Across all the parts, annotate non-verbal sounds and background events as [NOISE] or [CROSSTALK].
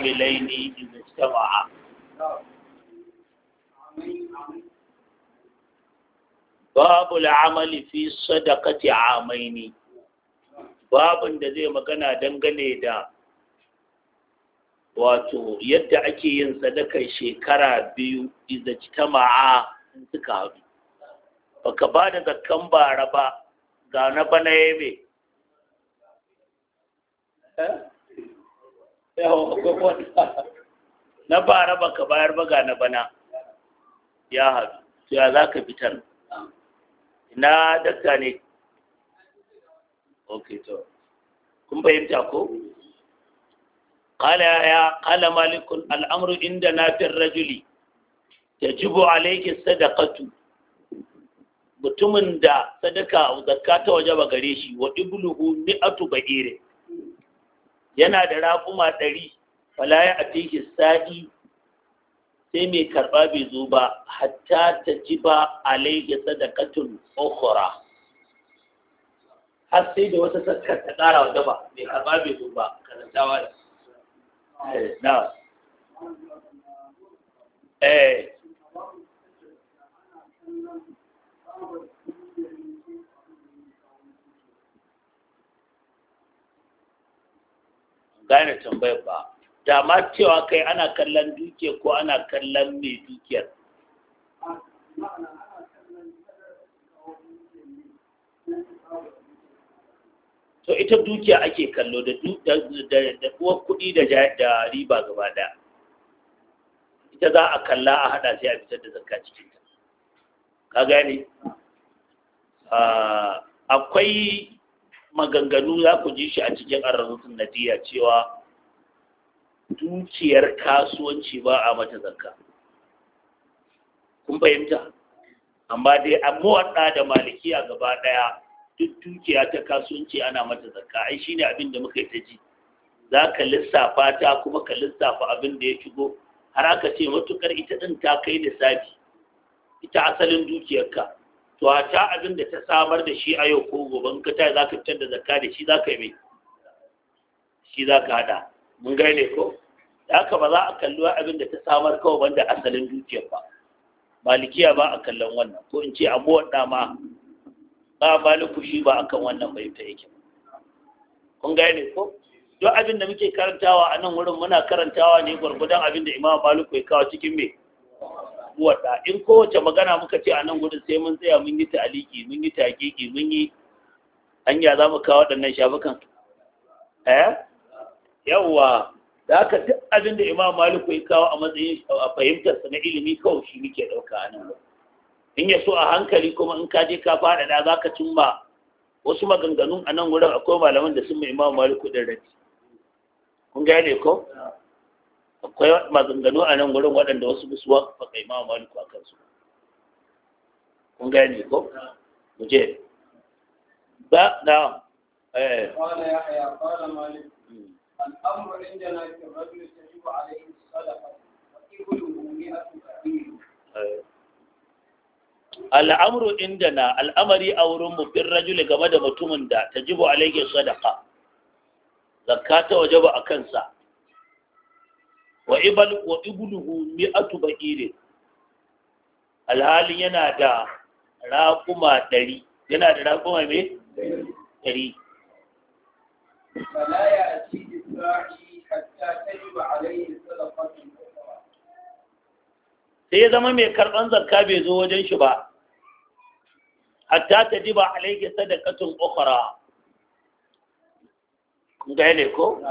Babu إذا اجتمعا باب العمل في صدقة عامين da zai magana dangane da wato yadda ake yin sadakar shekara biyu idan cita ma'a in suka haɗu baka ba da zakkan bara ba ga na bana yabe na bara ka bayar baga na bana ya haɗu ya za ka fitar na dakta ne ok to kun fahimta ko قال inda na fi rajuli. Ya ji الرجل يجب عليك sadakatu. mutumin da sadaka zakka ta waje ba gare shi wa ibluhu mi'atu ba'irin yana da raƙuma ɗari wala ya atiki sa'i sai mai karɓa bai zo ba hatta ta ci ba alaihi sadakatun okora har sai da wata sadaka ta ƙara wata ba mai karɓa bai zo ba karantawa da eh gane tambayar ba da ma cewa kai ana kallon dukiya ko ana kallon mai dukiyar to ita dukiya ake kallo da uwar kuɗi da riba gaba ɗaya ita za a kalla a haɗa sai a fitar da zarka cikinta ka gane ah, akwai maganganu za ku ji shi a cikin arzikin nadiya cewa dukiyar kasuwanci ba a mata zakka kun fahimta amma dai a muwaɗa da malikiya gaba ɗaya duk dukiya ta kasuwanci ana mata zakka ai shine abin da muka yi ta ji za ka lissafa ta kuma ka lissafa abin da ya shigo har aka ce matukar ita ɗin ta kai da safi ita asalin dukiyarka to a ta abin da ta samar da shi a yau ko gobe ka ta za ka fitar da zakka da shi za ka yi mai shi za ka hada mun gane ko da haka ba za a kalli abin da ta samar kawai banda asalin dukiyar ba malikiya ba a kallon wannan ko in ce abuwan dama ba maliku shi ba akan wannan bai ta yake kun gane ko duk abin da muke karantawa a nan wurin muna karantawa ne gwargwadon abin da imam maliku ya kawo cikin mai uwarta in kowace magana muka ce a nan gudun sai mun tsaya mun yi taliki mun yi takiki mun yi hanya za mu kawo waɗannan shafukan eh? yawwa da aka duk abin da imam maliku ya kawo a matsayin a fahimtarsa na ilimi kawai shi muke ɗauka a nan in ya so a hankali kuma in ka je ka faɗaɗa za ka cimma wasu maganganun a nan wurin akwai malaman da sun mai imam maliku ɗin rabi kun gane ko akwai maganganu a nan gurin waɗanda wasu bisu su wafa kai ma maliku a kansu kun gane ko mu je ba na eh qala yahya qala malik al-amru indana fi rajul tajibu alayhi sadaqa wa qibluhu mi'atu qabil eh. indana al'amari a wurin mu bin rajuli game da mutumin da ta tajibu alayhi sadaka zakka ta ba a kansa wa ibal wa ibluhu mi'atu ba'ire alhali yana da raƙuma ɗari yana da raƙuma me ɗari sai ya zama mai karɓar zakka bai zo wajen shi ba hatta ta ji ba alaiki sadakatun ukhra gane ko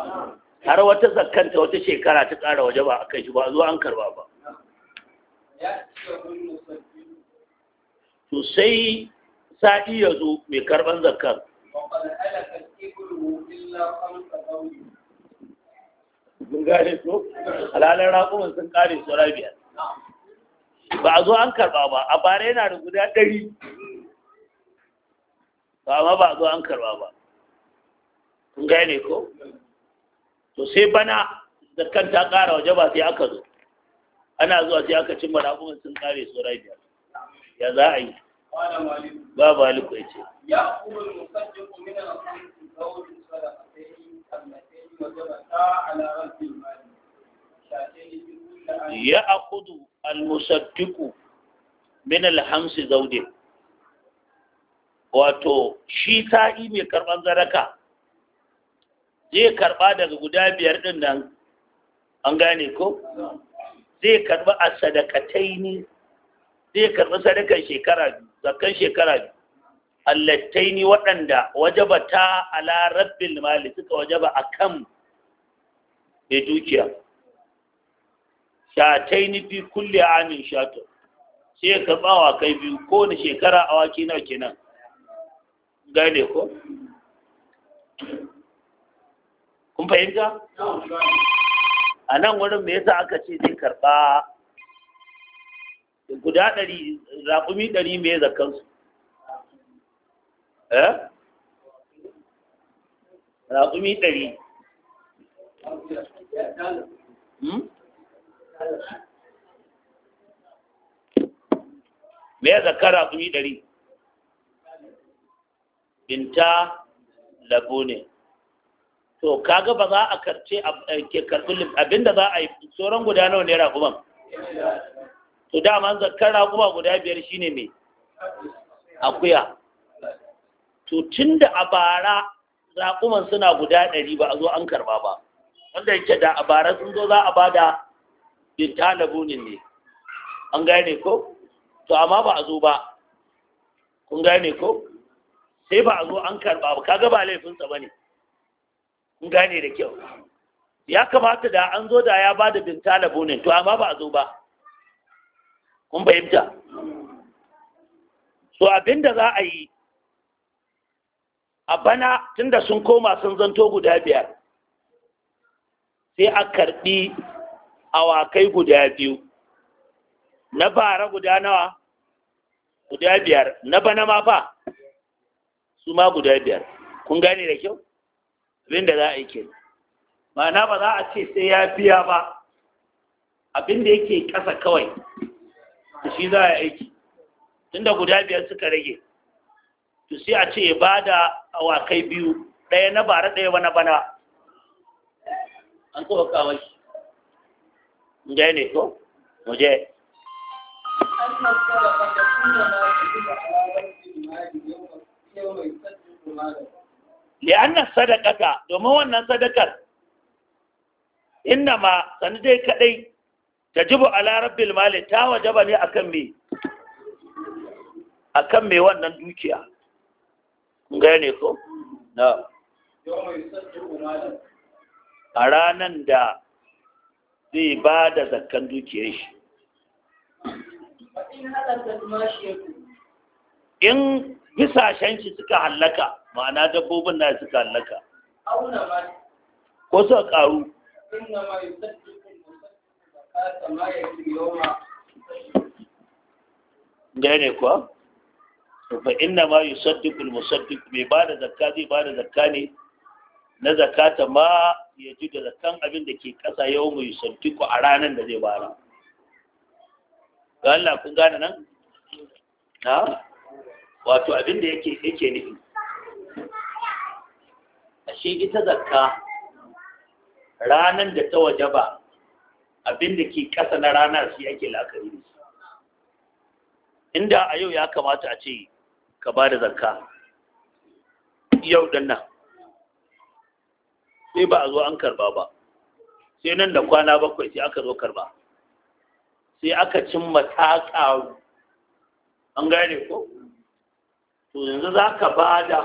har wata zakkanta wata shekara ta ƙara waje ba a kai shi ba zuwa an karba ba to sai sa'i ya zo mai karban zakar. mun gane alalar raƙumin sun ƙare su rabiyar ba a zo an karba ba a bara yana da guda ɗari ba ma ba a zo an karba ba mun gane ko to sai bana kan ta ƙara waje ba sai aka zo ana zuwa sai aka cimma raƙumin sun ƙare tsora biyar ya za a yi ba ba aliku ya ce ya akudu almusaddiku min alhamsi zaudin wato shi ta'i mai karɓar zaraka zai karba daga guda biyar din nan an gane ko zai karba a sadakatai ne zai karba sadakan shekara zakan shekara allatai ni waɗanda wajaba ta ala rabbin mali suka wajaba a kan mai dukiya shatai ni fi kulle amin shato sai ka wa kai biyu ko na shekara awaki na kenan gane ko kun fahimta a nan wurin me yasa aka ce zai karɓa guda ɗari raƙumi ɗari me kansu eh zaɓumi ɗari hmm? me ya zaka raƙumi ɗari binta labo ne to kaga ba za a karce eh, ke karbi abinda za a yi sauran guda nawa ne raƙuman to dama zakar raguma guda biyar shine me akuya to tunda a bara raƙuman suna guda ɗari ba a zo an karba ba wanda yake da a bara sun zo za a ba da bunin ne an gane ko to amma ba a zo ba kun gane ko sai ba a zo an karba ba kaga ba laifinsa ba ne gane da kyau ya kamata da an zo da ya ba da binta da bonin to amma ba a zo ba kun fahimta so abin da za a yi a bana tunda sun koma sun zanto guda biyar sai a karbi awakai guda biyu na bara guda nawa guda biyar na bana ma fa su ma guda biyar kun gane da kyau abin za a yi ke ma'ana ba za a ce sai ya biya ba Abinda da yake ƙasa kawai da shi za a aiki tunda guda biyar suka rage to sai a ce ba da awakai biyu ɗaya na bara ɗaya wani bana an kowa kawai shi ga ne ko waje Thank you. li'annan sadakata domin wannan sadakar inna ma sani dai kadai ta jibu ala rabbil mali ta wajaba ne akan me akan me wannan dukiya ko na a ranan da zai ba da zakkan dukiyar shi in bisashen shi suka hallaka ma'ana dabbobin na suka hallaka ko suka karu da ne kuwa fa inna ma yusaddiqu al-musaddiq mai bada zakka zai bada zakka ne na ta ma ya ji da zakan abin da ke kasa yau mai yusaddiqu a ranar da zai bara ga Allah kun gane nan na wato abin da yake yake nufi ashe ita zakka ranar da ta wajaba abin da ke ƙasa na ranar shi ake la'akari da shi inda a yau ya kamata a ce ka ba da zakka yau ɗin nan sai ba a zo an karba ba sai nan da kwana bakwai sai aka zo karba sai aka cimma ta an gane ko to yanzu za ka ba da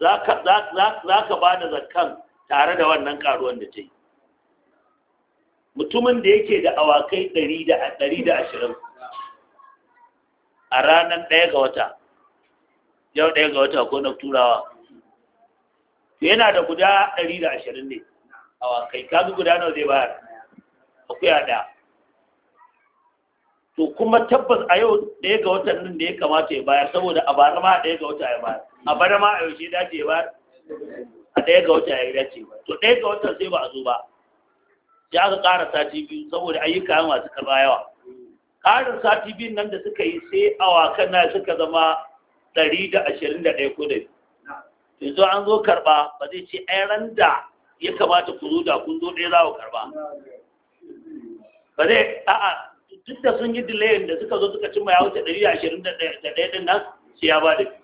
za ka ba da zakan tare da wannan karuwan da ta yi mutumin da yake da awakai ɗari da ashirin a ranar ɗaya ga wata yau ɗaya ga wata ko na turawa yana da guda ɗari da ashirin ne awakai kaga guda nau zai bayar akwai a ɗaya to kuma tabbas a yau ɗaya ga watan nan da ya kamata ya bayar saboda a bara ma ɗaya ga wata ya bayar a bara ma a yau shi dace ya bayar a ɗaya ga wata ya yi dace ba to ɗaya ga watan sai ba a zo ba sai aka ƙara sati biyu saboda ayyuka masu karɓa yawa ƙarin sati biyun nan da suka yi sai awakan na suka zama ɗari da ashirin da ɗaya ko da yanzu an zo karɓa ba zai ce ai ran da ya kamata ku zo da kun zo ɗaya za ku karɓa ba zai a'a duk da sun yi delayin da suka zo suka cimma ya wuce 121 ɗin nan sai ya ba da biyu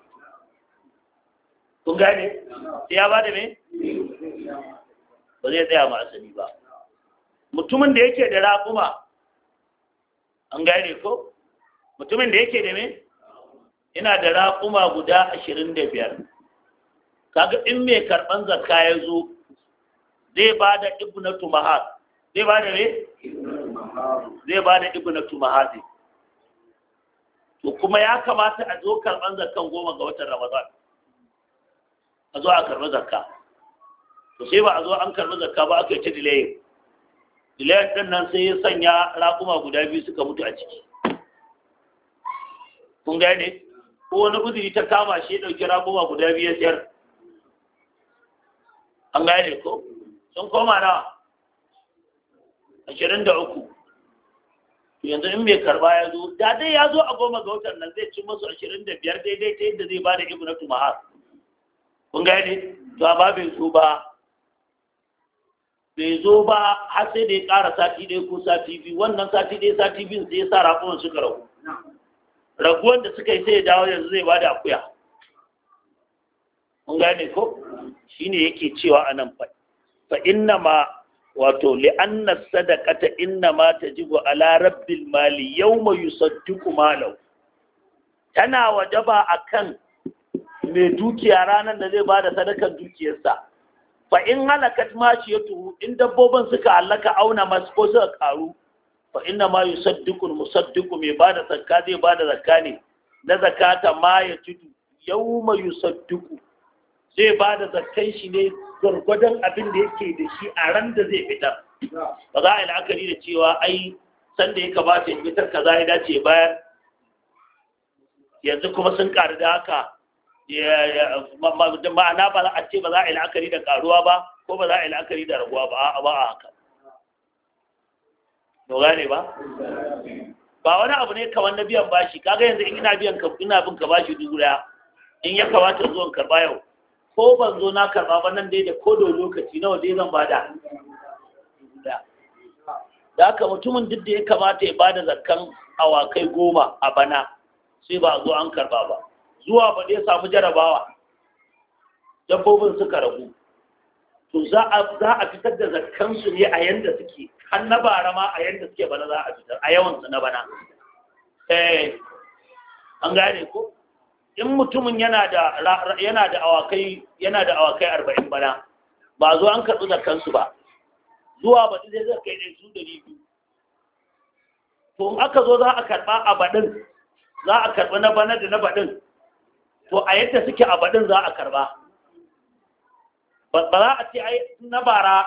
kun gane sai ya ba da me ba zai tsaya ma asali ba mutumin da yake da raƙuma an gane ko mutumin da yake da me ina da raƙuma guda ashirin da biyar kaga in mai karɓan zakka ya zo zai ba da ibnatu mahar zai ba da me zai ba da ibnatu mahazi to kuma ya kamata a zo karɓar zakkan goma ga watan ramadan a zo a karɓi zakka to sai ba a zo an karɓi zakka ba aka yi ta dilayin dilayin ɗin nan sai ya sanya raƙuma guda biyu suka mutu a ciki kun gane ko wani uzuri ta kama shi ya ɗauki raƙuma guda biyu ya sayar an gane ko sun koma nawa ashirin da uku yanzu in mai karba ya zo da dai ya zo a goma ga watan nan zai ci masu ashirin da biyar daidai ta yadda zai ba da ibu na tumahar kun ne to amma bai zo ba bai zo ba har sai da ya ƙara sati ɗaya ko sati biyu wannan sati ɗaya sati biyu sai ya sa raƙuwan suka rabu. raguwan da suka yi sai ya dawo yanzu zai ba da akuya kun gane ko shine yake cewa anan fa fa inna ma wato li'anna sadaqata inna ma tajibu ala rabbil mali yawma yusaddiqu malau tana wajaba akan mai dukiya ranar da zai bada sadakar dukiyarsa fa in halakat ma tuhu, in dabbobin suka halaka auna masu ko suka karu fa inna ma yusaddiqu musaddiqu mai bada zakka zai bada zakka ne na zakata ma ya tudu yawma yusaddiqu zai ba da zartan shi ne gwargwadon abin da yake da shi a ran da zai fitar ba za a yi la'akari da cewa ai sanda ya kamata ya fitar ka za a yi dace bayan yanzu kuma sun ƙaru da haka ma'ana ba a ce ba za a yi la'akari da ƙaruwa ba ko ba za a yi la'akari da raguwa ba a ba a haka to ne ba ba wani abu ne kawan na biyan bashi kaga yanzu in ina biyan ka ina bin ka bashi dubu ɗaya, in ya kamata zuwan karba yau ko ban zo na karba ba nan dai da kodo lokaci nawa dai zan bada da haka mutumin duk da ya kamata ya bada zakkan awakai goma a bana sai ba zo an karba ba zuwa ba dai samu jarabawa dabbobin suka ragu to za a fitar da su ne a yanda suke har na bara ma a yanda suke bana za a fitar a yawansu na bana eh an gane ko in mutumin yana da yana da awakai yana da awakai arba'in bana ba zo an karɓi kansu ba zuwa baɗi zai zai kai ɗari su ɗari biyu to in aka zo za a karɓa a baɗin za a karɓi na bana da na baɗin to a yadda suke a baɗin za a karɓa ba za a ce ai na bara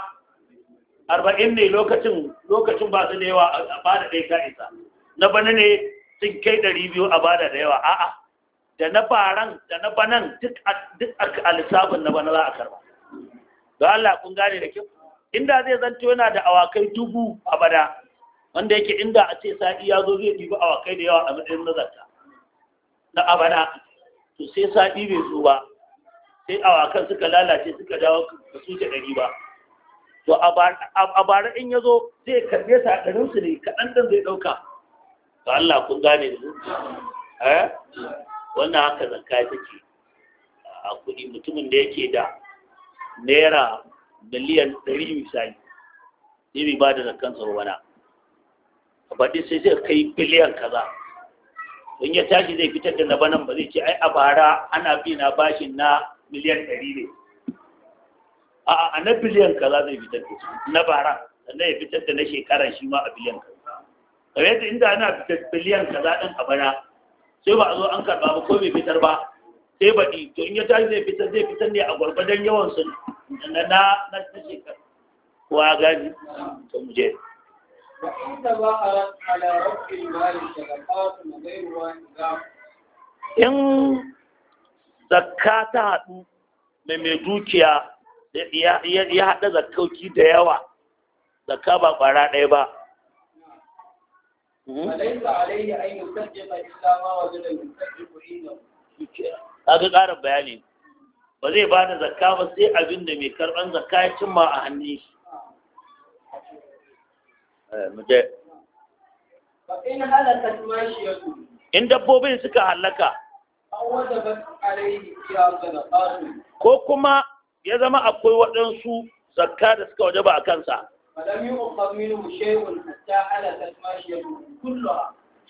arba'in ne lokacin lokacin ba su da yawa a bada ɗaya ka isa na bana ne sun kai ɗari biyu a bada da yawa a'a da na baran da na banan duk a lissafin na bana za a karba don Allah kun gane da kyau inda zai zanto yana da awakai dubu a bada wanda yake inda a ce sa'i ya zo zai ɗiba awakai da yawa a matsayin nazarta na abana to sai sa'i bai zo ba sai awakan suka lalace suka dawo su ta ɗari ba to a bara in ya zo zai karɓe sa a ɗarinsu ne kaɗan ɗan zai ɗauka to Allah kun gane da eh wannan haka zakka take a kuɗi mutumin da yake da naira miliyan ɗari misali zai ba da zakkan tsarwana a baɗi sai zai kai biliyan kaza in ya tashi zai fitar da na banan ba zai ce ai a bara ana bi na bashin na miliyan ɗari ne a na biliyan kaza zai fitar da su na bara sannan ya fitar da na shekarar shi ma a biliyan kaza kamar yadda inda ana fitar biliyan kaza ɗin a bana. sai ba a zo an karba ba ko bai fitar ba sai baɗi to in ya tashi zai fitar zai fitar ne a gwargwadon yawan su na na na shekara wa gani to mu je in zakka ta haɗu mai mai dukiya ya haɗa zakkauki da yawa zakka ba ƙwara ɗaya ba Hmm? فليس عليه أن يسجل إلا ما وجد المسجل عنده kaga ƙarin bayani ba zai ba da zakka ba sai abin da mai karɓar zakka ya cimma a hannun shi eh, in dabbobin suka hallaka ko kuma ya zama akwai waɗansu zakka da suka waje ba a kansa sai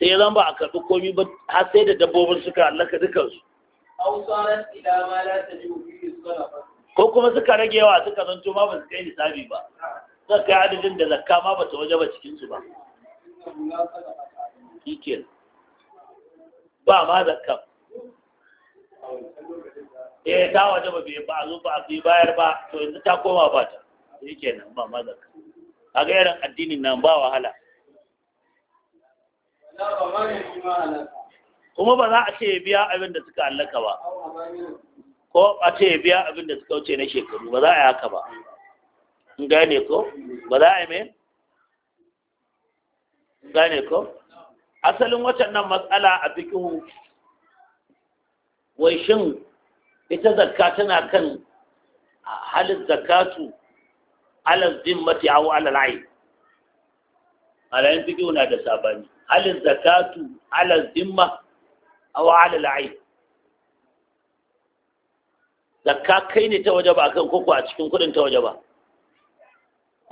ya zama ba a karɓi komi ba har sai da dabbobin suka halaka dukansu. Ko kuma suka rage yawa suka zan tuma ba su kai hisabi ba, suka kai adadin da zakka ma ba ta waje ba cikinsu ba. Kikin ba ma zakka. Eh ta waje ba bai ba a zo ba a bayar ba to yanzu ta koma ba ta. Kikin ba ma zakka. kaga yaran addinin nan ba wahala kuma ba za a ce ya biya abin da suka hallaka ba ko a ce ya biya abin da suka wuce na shekaru ba za a yi haka ba in gane ko ba za a yi mai gane ko asalin watan nan matsala a bikin wai shin ita zakka tana kan halin zakatu ala zimmati aw ala al'ayn alayin fiqh na da sabani ala zakatu ala zimma aw ala al'ayn zakka kai ne ta waje ba kan koko a cikin kudin ta waje ba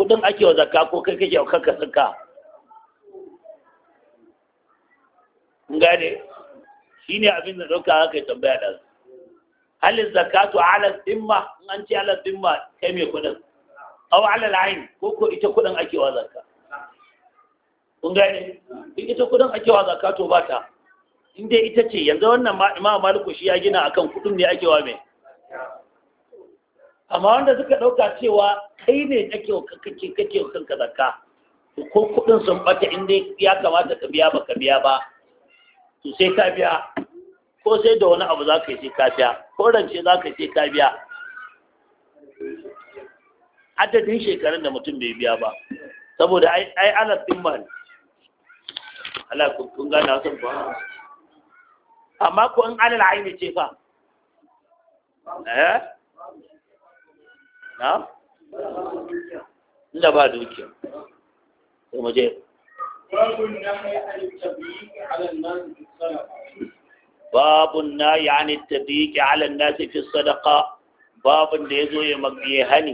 kudin ake wa zakka ko kai kake wa kanka zakka gane shi ne abin da dauka haka ya tambaya da halin zakatu ala zimma in an ce ala zimma kai mai kudin awa ala al'ain ko ko ita kudin ake wa zakka kun gane in ita kudin ake wa to ba ta in dai ita ce yanzu wannan imam maliku shi ya gina akan kudin ne ake wa mai amma wanda suka dauka cewa kai ne kake kake kake kanka zakka ko kudin sun bata in dai ya kamata ka biya ba ka biya ba to sai ka biya ko sai da wani abu za ka yi sai ka biya ko rance za ka yi sai ka biya adadin shekarun da mutum bai biya ba saboda ai ana simman ala kun gana sun ba amma ko in alal aini ce fa eh na inda ba dukiya sai maje je babun na yani tabiqi ala nasi fi sadaka babun da yazo ya magbiye hani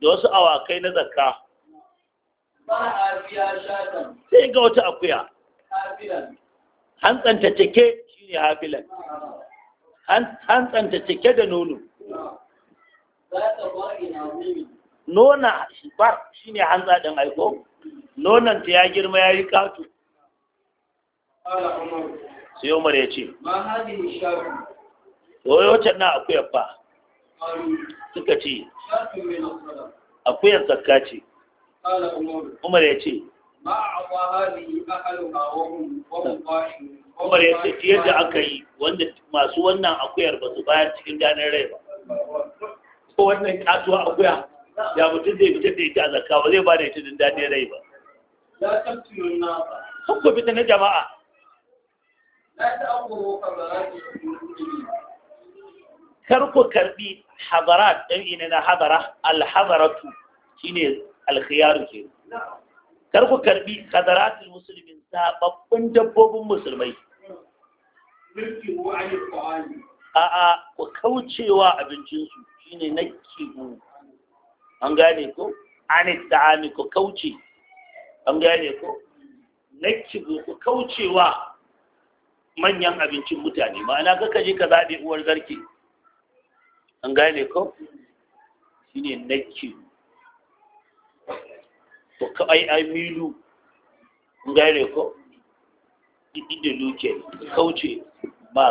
da wasu awakai na zakka sai ga wata akuya hantsanta cike shi ne hafilan hantsanta cike da nono nona bar shi ne hantsa ɗin aiko ta ya girma ya yi katu sai umar ya ce wai wacce na akuyar fa suka ce akuyar zakka ce umar ya ce umar ya ce yadda aka yi wanda masu wannan akuyar ba su bayar cikin ganin rai ba ko wannan katuwa akuya ya mutum zai fitar da ita a zakka ba zai ba da ita din daɗin rai ba sun ku fita na jama'a kar ku karɓi hadarat jam'i ne na hadara alhadaratu shine alkhiyaru ke kar ku karbi hadaratul musulmin sababbin dabbobin musulmai a'a ku kaucewa abincinsu shine nakihu an gane ko anit ta'ami ku kauce an gane ko nakihu ku kaucewa manyan abincin mutane ma'ana kaka je ka zaɓe uwar zarki an gane ko shine nakki to ka ai ai milu an gane ko da luke kauce ba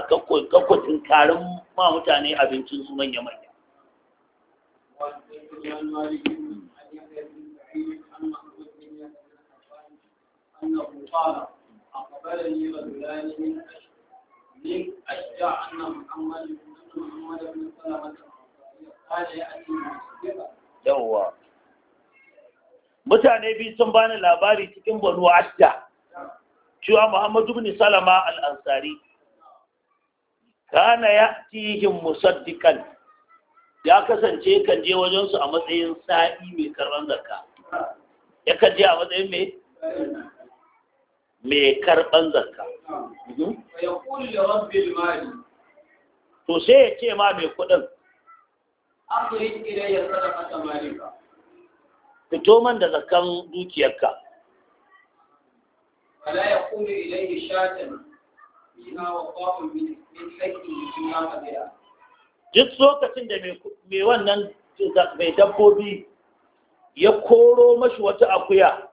kakwatin karin ma mutane abincin su manya manya أنه قال أقبلني رجلان من أشجع أن محمد بن yawwa mutane biyu sun bani labari cikin banu adda cewa muhammadu bin salama al'ansari kana ya tihin musaddikan ya kasance kan je wajensu a matsayin sa'i mai karɓar zakka ya kan je a matsayin mai mai karɓar zakka to sai ya ce ma mai kuɗin fito man da zakan dukiyarka wala ya kuma ya shatan bima wa qafun min hakki bima qadira duk lokacin da mai wannan mai dabbobi ya koro mashi wata akuya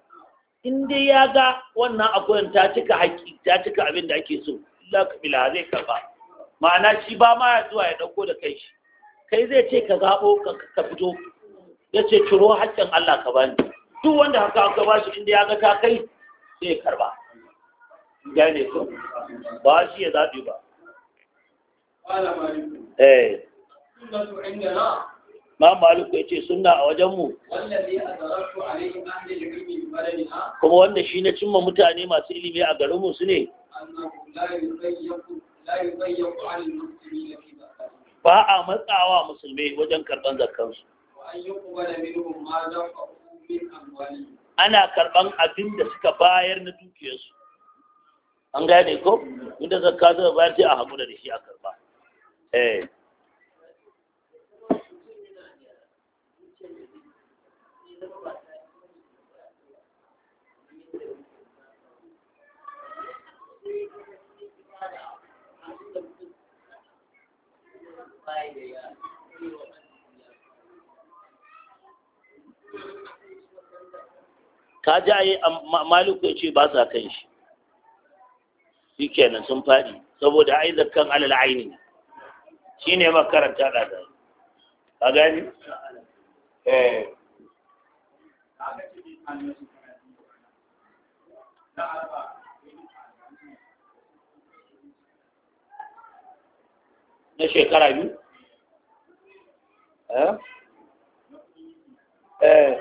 in dai ya ga wannan akuyan ta cika haƙƙi ta cika abin da ake so illa kabila zai karba ma'ana shi ba ma zuwa ya dauko da kai shi kai zai ce ka zaɓo ka fito ya ce ciro haƙƙin Allah ka bani duk wanda haka aka ba shi inda ya ga ta kai sai karba gane ko ba shi ya zaɓi ba eh ma maliku ya ce suna a wajenmu kuma wanda shi na cimma mutane masu ilimi a garinmu su ne ba a matsawa musulmi wajen karɓar zakansu ana karɓan abin da suka bayar na dukiyarsu an gane ko inda zakka zai bayar sai a haƙura da shi a karɓa eh ka ji a yi maliku ya ce ba sa kan shi shi kenan sun faɗi saboda yi zakkan alal aini shi ne makaranta da ta ka gani eh. na shekara biyu Eh? Eh.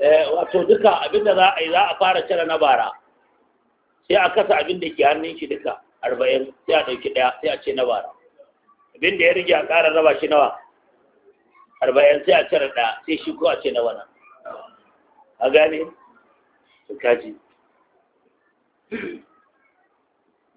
Eh. wato duka abinda za a yi za a fara cire na bara sai a kasa abin da ke hannun shi duka arba'in sai a ɗauki ɗaya sai a ce na bara abin da ya rige a ƙara raba shi nawa arba'in sai a cire ɗaya sai shi ko a ce na wana a gane su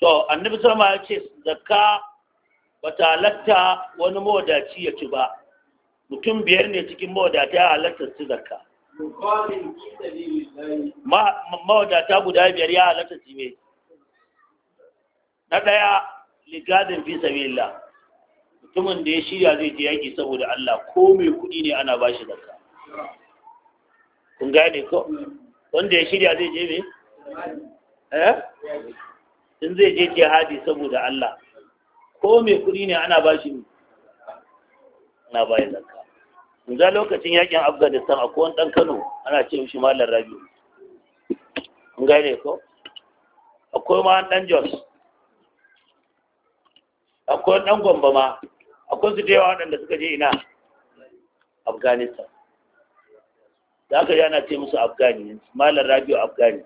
To, annabi sama ya ce, zakka ba ta halatta wani mawadaci ya ci ba, mutum biyar ne cikin mawadata ya halatta su zakka. Mawadata guda biyar ya halatta su mai. Na ɗaya, ligadin fi sabila, mutumin da ya shirya zai je yaƙi saboda Allah, ko mai kuɗi ne ana bashi shi zakka. Kun gane ko? Hmm. wanda ya shirya zai je me eh in zai je jihadi saboda Allah ko mai kuɗi ne ana ba shi ana ba ya zakka za lokacin yakin Afghanistan akwai wani ɗan Kano ana ce mishi Malam Rabi. In gane ko akwai ma ɗan Jos akwai ɗan gwamba ma akwai su da yawa waɗanda suka je ina Afghanistan da aka yana ce musu afghani malar rabiu afghani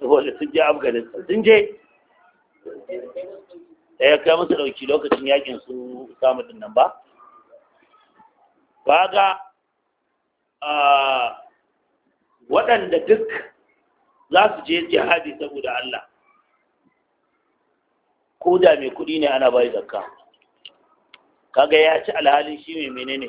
saboda sun je afghanistan sun je ya eh, kai musu ɗauki lokacin yakin su samu din nan ba ba ga waɗanda duk za su je jihadi saboda Allah ko da mai kuɗi ne ana bai zakka kaga ya ci alhalin shi mai menene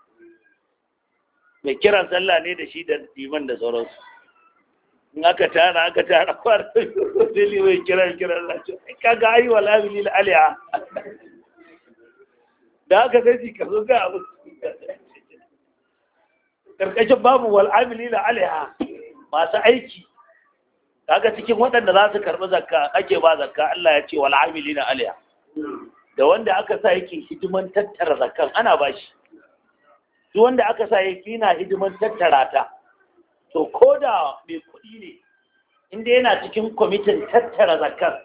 mai kiran sallah ne da shi da liman da sauransu in aka tara aka tara kwar [LAUGHS] dili mai kiran kiran lafiya kaga ayi wala bilil aliya da aka sai ka zo ga abu karkashin babu wal amilina alaiha masu aiki kaga cikin waɗanda za su karɓi zakka ake ba zakka Allah ya ce wal amilina alaiha da wanda aka sa yake hidiman tattara zakkan ana bashi duk wanda aka sa ya kina hidiman tattara ta to ko da mai kuɗi ne inda yana cikin kwamitin tattara zakar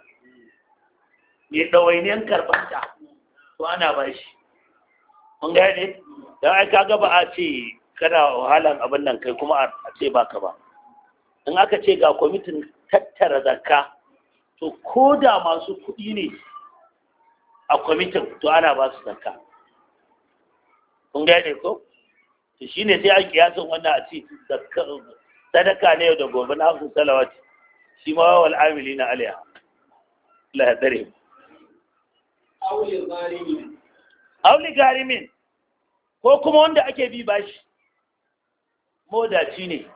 mai ɗawainiyar karɓarta to ana ba shi mun gane don ai ka gaba a ce kana wahalan abin nan kai kuma a ce baka ba in aka ce ga kwamitin tattara zakka to ko da masu kuɗi ne a kwamitin to ana ba su zakka kun gane ko to shine sai a kiyasin wannan a ce sadaka ne da gobe na hafsu salawati shi ma wal amili na alaiha Allah ya tsare mu auli garimin ko kuma wanda ake bi bashi modaci ne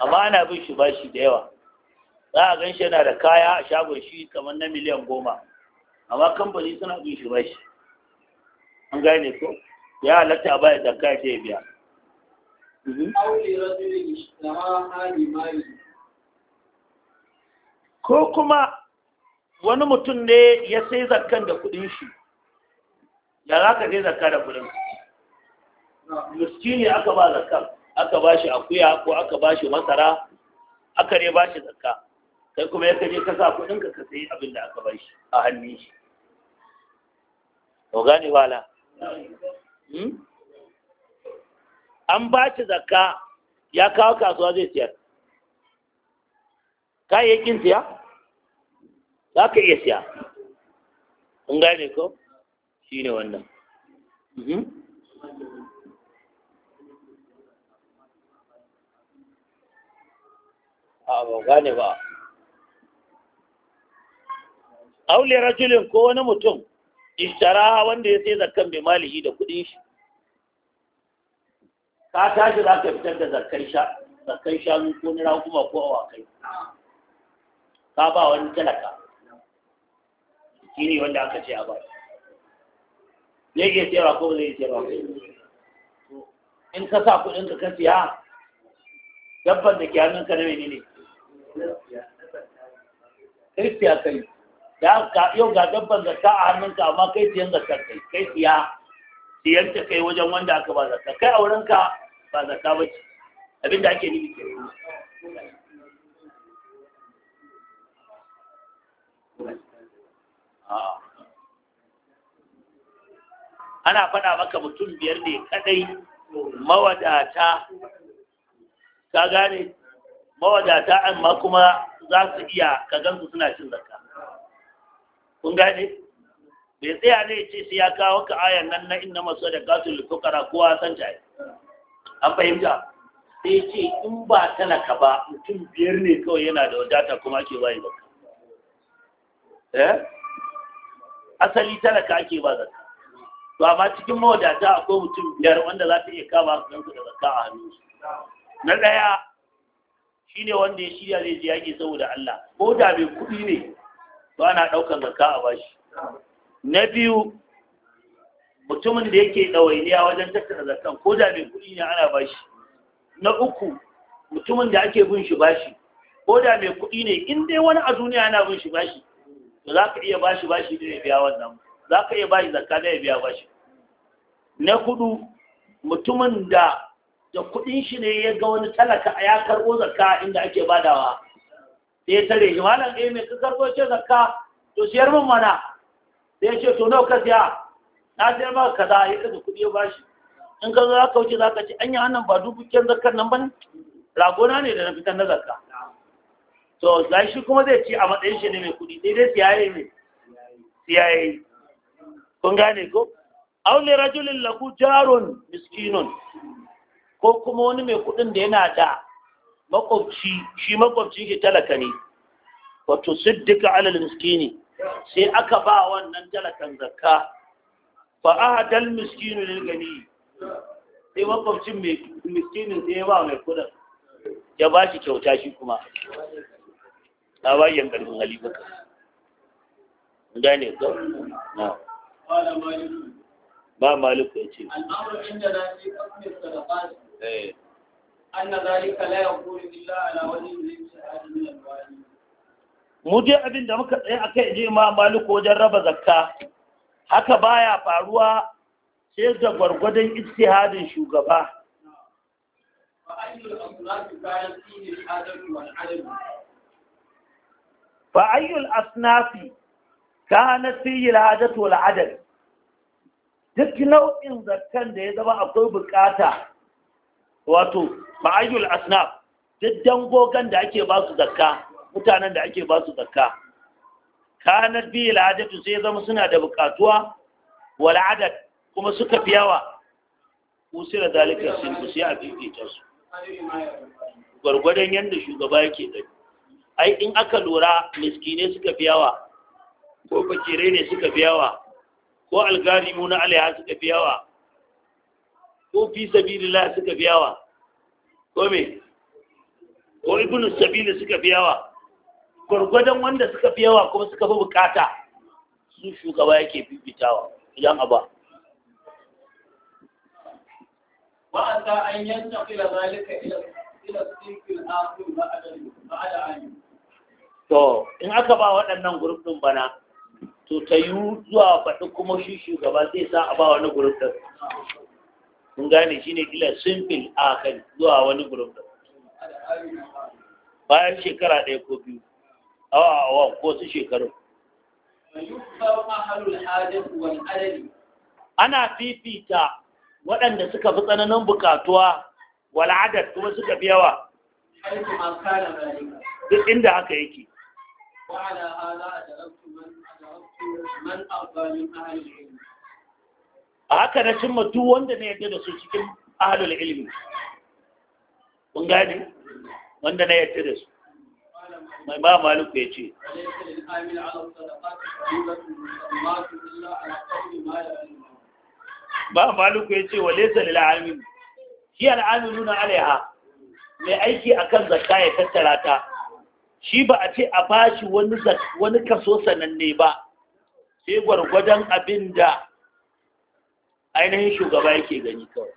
amma ana bin shi bashi da yawa za a gan shi yana da kaya a shagon shi kamar na miliyan goma amma kamfani suna bin shi bashi an gane ko ya halatta a baya zakka ya biya Mhm. Ko kuma wani mutum ne ya sai zakkan da kudin shi, da za ka sai zakka da kudin. Miskini aka ba zakkan, aka ba shi akuya ko aka ba shi masara, aka ne ba shi zakka. Kai kuma ya kaje kasa kudin ka sayi abin da aka ba shi a hannun shi. Ogani gane wala? Hmm? an ba shi zakka ya kawo kasuwa zai siyar kayayyakin siya za ka iya siya An gane ko shi ne wannan mhm. a ba gane ba aule rajulin ko wani mutum ishtara wanda ya sai zakkan bai malihi da kudin shi ka tashi za ka fitar da zakar sha zakar shanu ko na kuma ko awakai ka ba wani talaka shi ne wanda aka ce a ba zai iya sayarwa ko zai iya sayarwa in ka sa kudin ka siya dabban da ke ka na menene kai siya kai da ka yau ga dabban da ka a hannun ka amma kai siyan zakar kai kai siya siyan ta kai wajen wanda aka ba zakar kai a wurin ka ba zaka ba ce abin da ake nufi kenan ah. ana faɗa maka mutum biyar ne kadai mawadata ka gane mawadata amma kuma za su iya ka gansu suna cin zakka kun gane bai tsaya ne ce sai ya kawo ka ayan nan na inna masu da gasu lukukara kowa san jaye an fahimta sai ce in ba talaka ba mutum biyar ne kawai yana da wadata kuma ake bayi ba eh asali talaka ake ba zakka to amma cikin mawadata akwai mutum biyar wanda za ta iya kama kansu da zaka a hannu na ɗaya ne wanda ya shirya zai ji yaƙi saboda Allah ko da bai kuɗi ne ba na ɗaukan zaka a bashi na biyu mutumin da yake ɗawainiya wajen tattara zakan ko da mai kuɗi ne ana bashi na uku mutumin da ake bin shi bashi ko da mai kuɗi ne in dai wani a duniya ana bin shi bashi to za ka iya bashi bashi da ya biya wannan za ka iya bashi zakka da ya biya bashi na kudu mutumin da da kuɗin shi ne ya ga wani talaka ya karɓo zakka inda ake badawa sai ya tare shi malam eh mai ka karɓo ce zakka to siyar min mana sai ya ce to nawa ka siya na je ma kaza ya daga kuɗi ya bashi in ka zo ka wuce zaka ce anya hannun ba dubu kyan zakar nan bane ragona ne da na fitar na zakka to za shi kuma zai ce a matsayin shi ne mai kuɗi sai dai siyaye ne yi. kun gane ko aw li rajulin lahu jarun miskinun ko kuma wani mai kuɗin da yana da makwabci shi makwabci ke talaka ne wato siddika alal miskini sai aka ba wannan talakan zakka fa hadal miskinu lil gani sai makwabcin mai miskinin sai ba mai kudin ya ba shi kyauta shi kuma a bayan karfin halifaka ne ko na ba maluku ya ce eh. mu je abin da muka tsaye a kai je ma maliku wajen raba zakka haka baya faruwa sai da gwargwadon istihadin shugaba fa ayyul asnafi kana fi al wal wal duk nau'in zakkan da ya zama akwai bukata wato ayyul asnaf duk dangogan da ake ba su zakka mutanen da ake ba su zakka kanat biyu alhajatu sai zama suna da bukatuwa wal adad kuma suka fi yawa usira zalika sun ku sai a fifita su gwargwadon yadda shugaba yake gani ai in aka lura miskine suka fi yawa ko fakirai ne suka fi yawa ko algarimu na alaiha suka fi yawa ko fi sabilillah suka fi yawa ko me ko ibnu sabili suka fi yawa gwargwadon wanda suka fi yawa kuma suka fi bukata su shugaba yake fifitawa idan a ba sa an yanta kila zalika ila sinfil akhir ba'da an to in aka ba waɗannan group din bana to ta yi zuwa faɗi kuma shi shugaba zai sa a ba wani group din mun gane shine ila sinfil akhir zuwa wani group bayan shekara ɗaya ko biyu awa wa ko su shekaru ana fifita waɗanda suka fi tsananin bukatuwa wal'adar kuma suka fi yawa duk inda haka yake a haka na cimma duk wanda na yadda da su cikin ahalul ilimi kun gane wanda na yadda da su mai ba malu ya ce ba malu ce wa lesa lila almin shi al'amilu na alaiha mai aiki akan zakka ya tattara ta shi ba a ce a bashi wani kaso sananne ba sai gwargwadon abin da ainihin shugaba yake gani kawai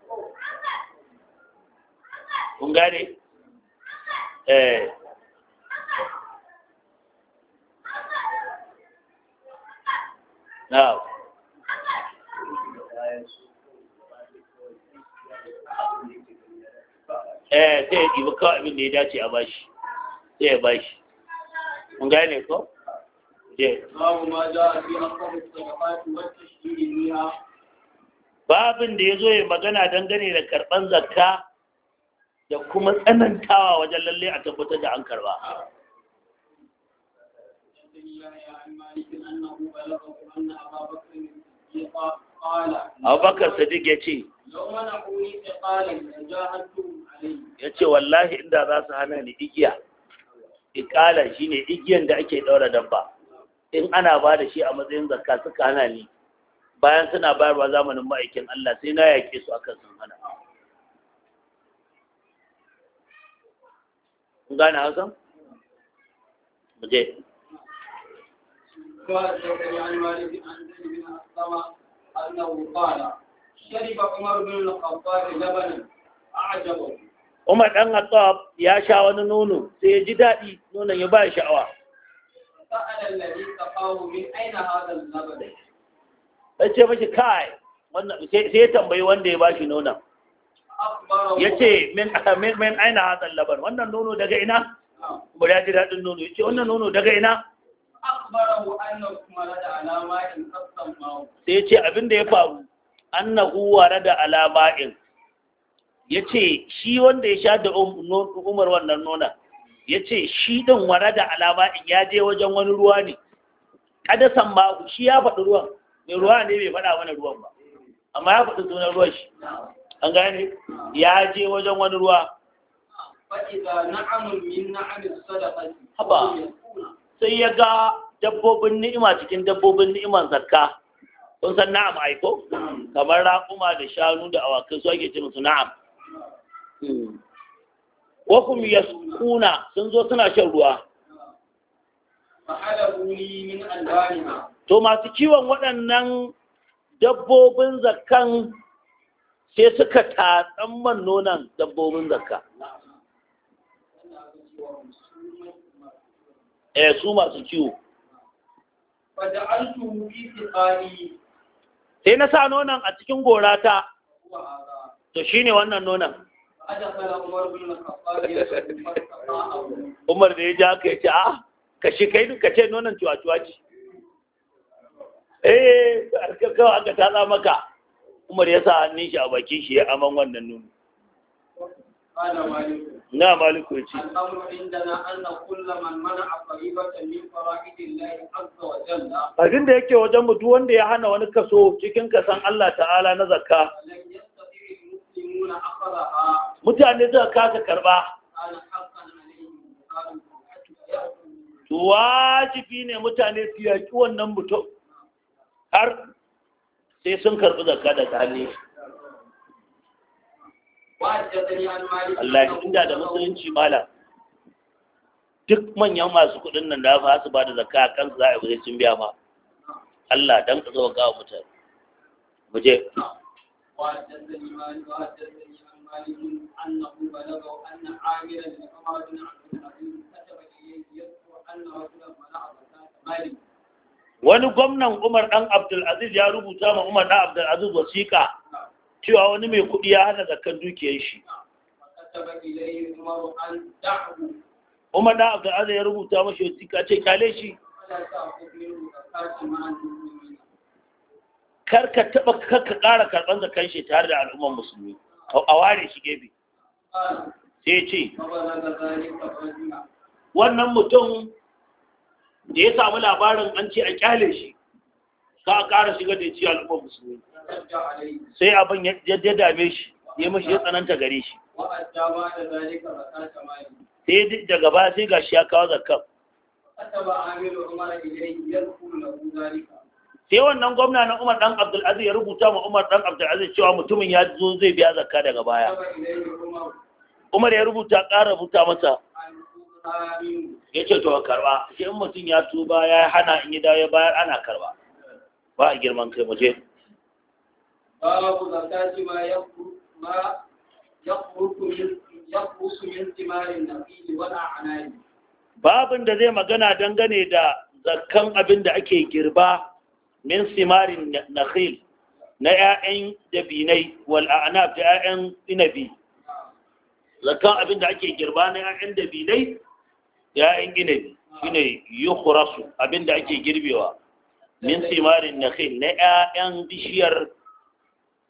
kun eh. na'am eh sai ya ɗibi kawai abin da ya dace a bashi sai ya bashi mun gane ko je babin da ya zo ya magana dangane da karɓar zakka da kuma tsanantawa wajen lalle a tabbatar da an karɓa. abubakar sadiq ya ce ya ce wallahi inda za su hana ni igiya ikala shi ne igiyan da ake ɗaura dabba in ana ba da shi a matsayin zakka suka hana ni bayan suna bayarwa zamanin ma'aikin Allah sai na yaƙe su akan sun hana gane hausa? Okay. قال عن مالك عن زيد بن اسلم انه قال شرب عمر بن الخطاب لبنا اعجبه Umar ɗan Hattab ya sha wani nono sai ya ji daɗi nonon ya ba sha'awa. Ya ce mashi kai, sai ya tambayi wanda ya ba shi nonon. Ya ce, min aina hatsar labar, wannan nono daga ina? Bari ya ji daɗin nono, ya ce, wannan nono daga ina? sai ce abin da ya faru annahu warada ala ma'in yace shi wanda ya sha da um, umar wannan nona yace shi din warada ala ma'in ya je wajen wani ruwa ne kada san shi ya faɗi ruwan mai ruwa ne bai faɗa mana ruwan ba amma ya faɗi sunan ruwan shi an gane ya je wajen wani ruwa haba sai ya ga dabbobin ni'ima cikin dabbobin ni'iman zakka kun san na'am ai ko kamar raƙuma da shanu da awaki su ake ce musu na'am wa kum yaskuna sun zo suna shan ruwa to masu kiwon waɗannan dabbobin zakkan sai suka tatsan man nonan dabbobin zakka eh su masu kiwo sai na sa nonon a cikin gora ta, to shi ne wannan nonon umar da ya ja ka ya ce a ka shi kai ka ce nonon cuwa-cuwa ce eh kawo aka tatsa maka umar ya sa hannun shi a bakin shi ya aman wannan nono na maliku ya ce abin da yake wajen mutu wanda ya hana wani kaso cikin kasan Allah ta'ala na zakka mutane zai kasa karba wajibi ne mutane su yaƙi wannan mutum har sai sun karɓi zakka daga hannu. Allah inda da musulunci mala duk manyan masu kudin nan da fa su ba da zakka kan za a yi sun biya ma Allah dan ka zo ga mutane muje wani gwamnan Umar dan Abdul Aziz ya rubuta ma Umar dan Abdul Aziz wasiƙa cewa wani mai kuɗi ya hana zakar dukiyar shi umar da abdulaziz ya rubuta mashi ka ce kale shi karka taba karka ƙara karɓar zakan shi tare da al'ummar musulmi a ware shi gebe sai ce wannan mutum da ya samu labarin an ce a kyale shi ka ƙara shiga da ya ci al'ummar musulmi sai abin ya dame shi ya mashi ya tsananta gare shi sai daga baya sai gashi ya kawo zakka sai wannan gwamna na umar dan abdulaziz ya rubuta ma umar dan abdulaziz cewa mutumin ya zo zai biya zakka daga baya umar ya rubuta ƙara rubuta masa ya ce to karba sai in mutum ya tuba ya hana in yi dawo ya bayar ana karba ba a girman kai mu je babu zakati ما ma yakhruku min yakhruku min timarin nakhil babin da zai magana dangane da zakkan abin da ake girba min simarin nakhil na 'ya'yan dabinai wal a'nab da 'ya'yan inabi zakkan abin da ake girba na 'ya'yan dabinai ‘ya'yan inabi shine yukhrasu abin da ake girbewa min simarin nakhil na ‘ya'yan bishiyar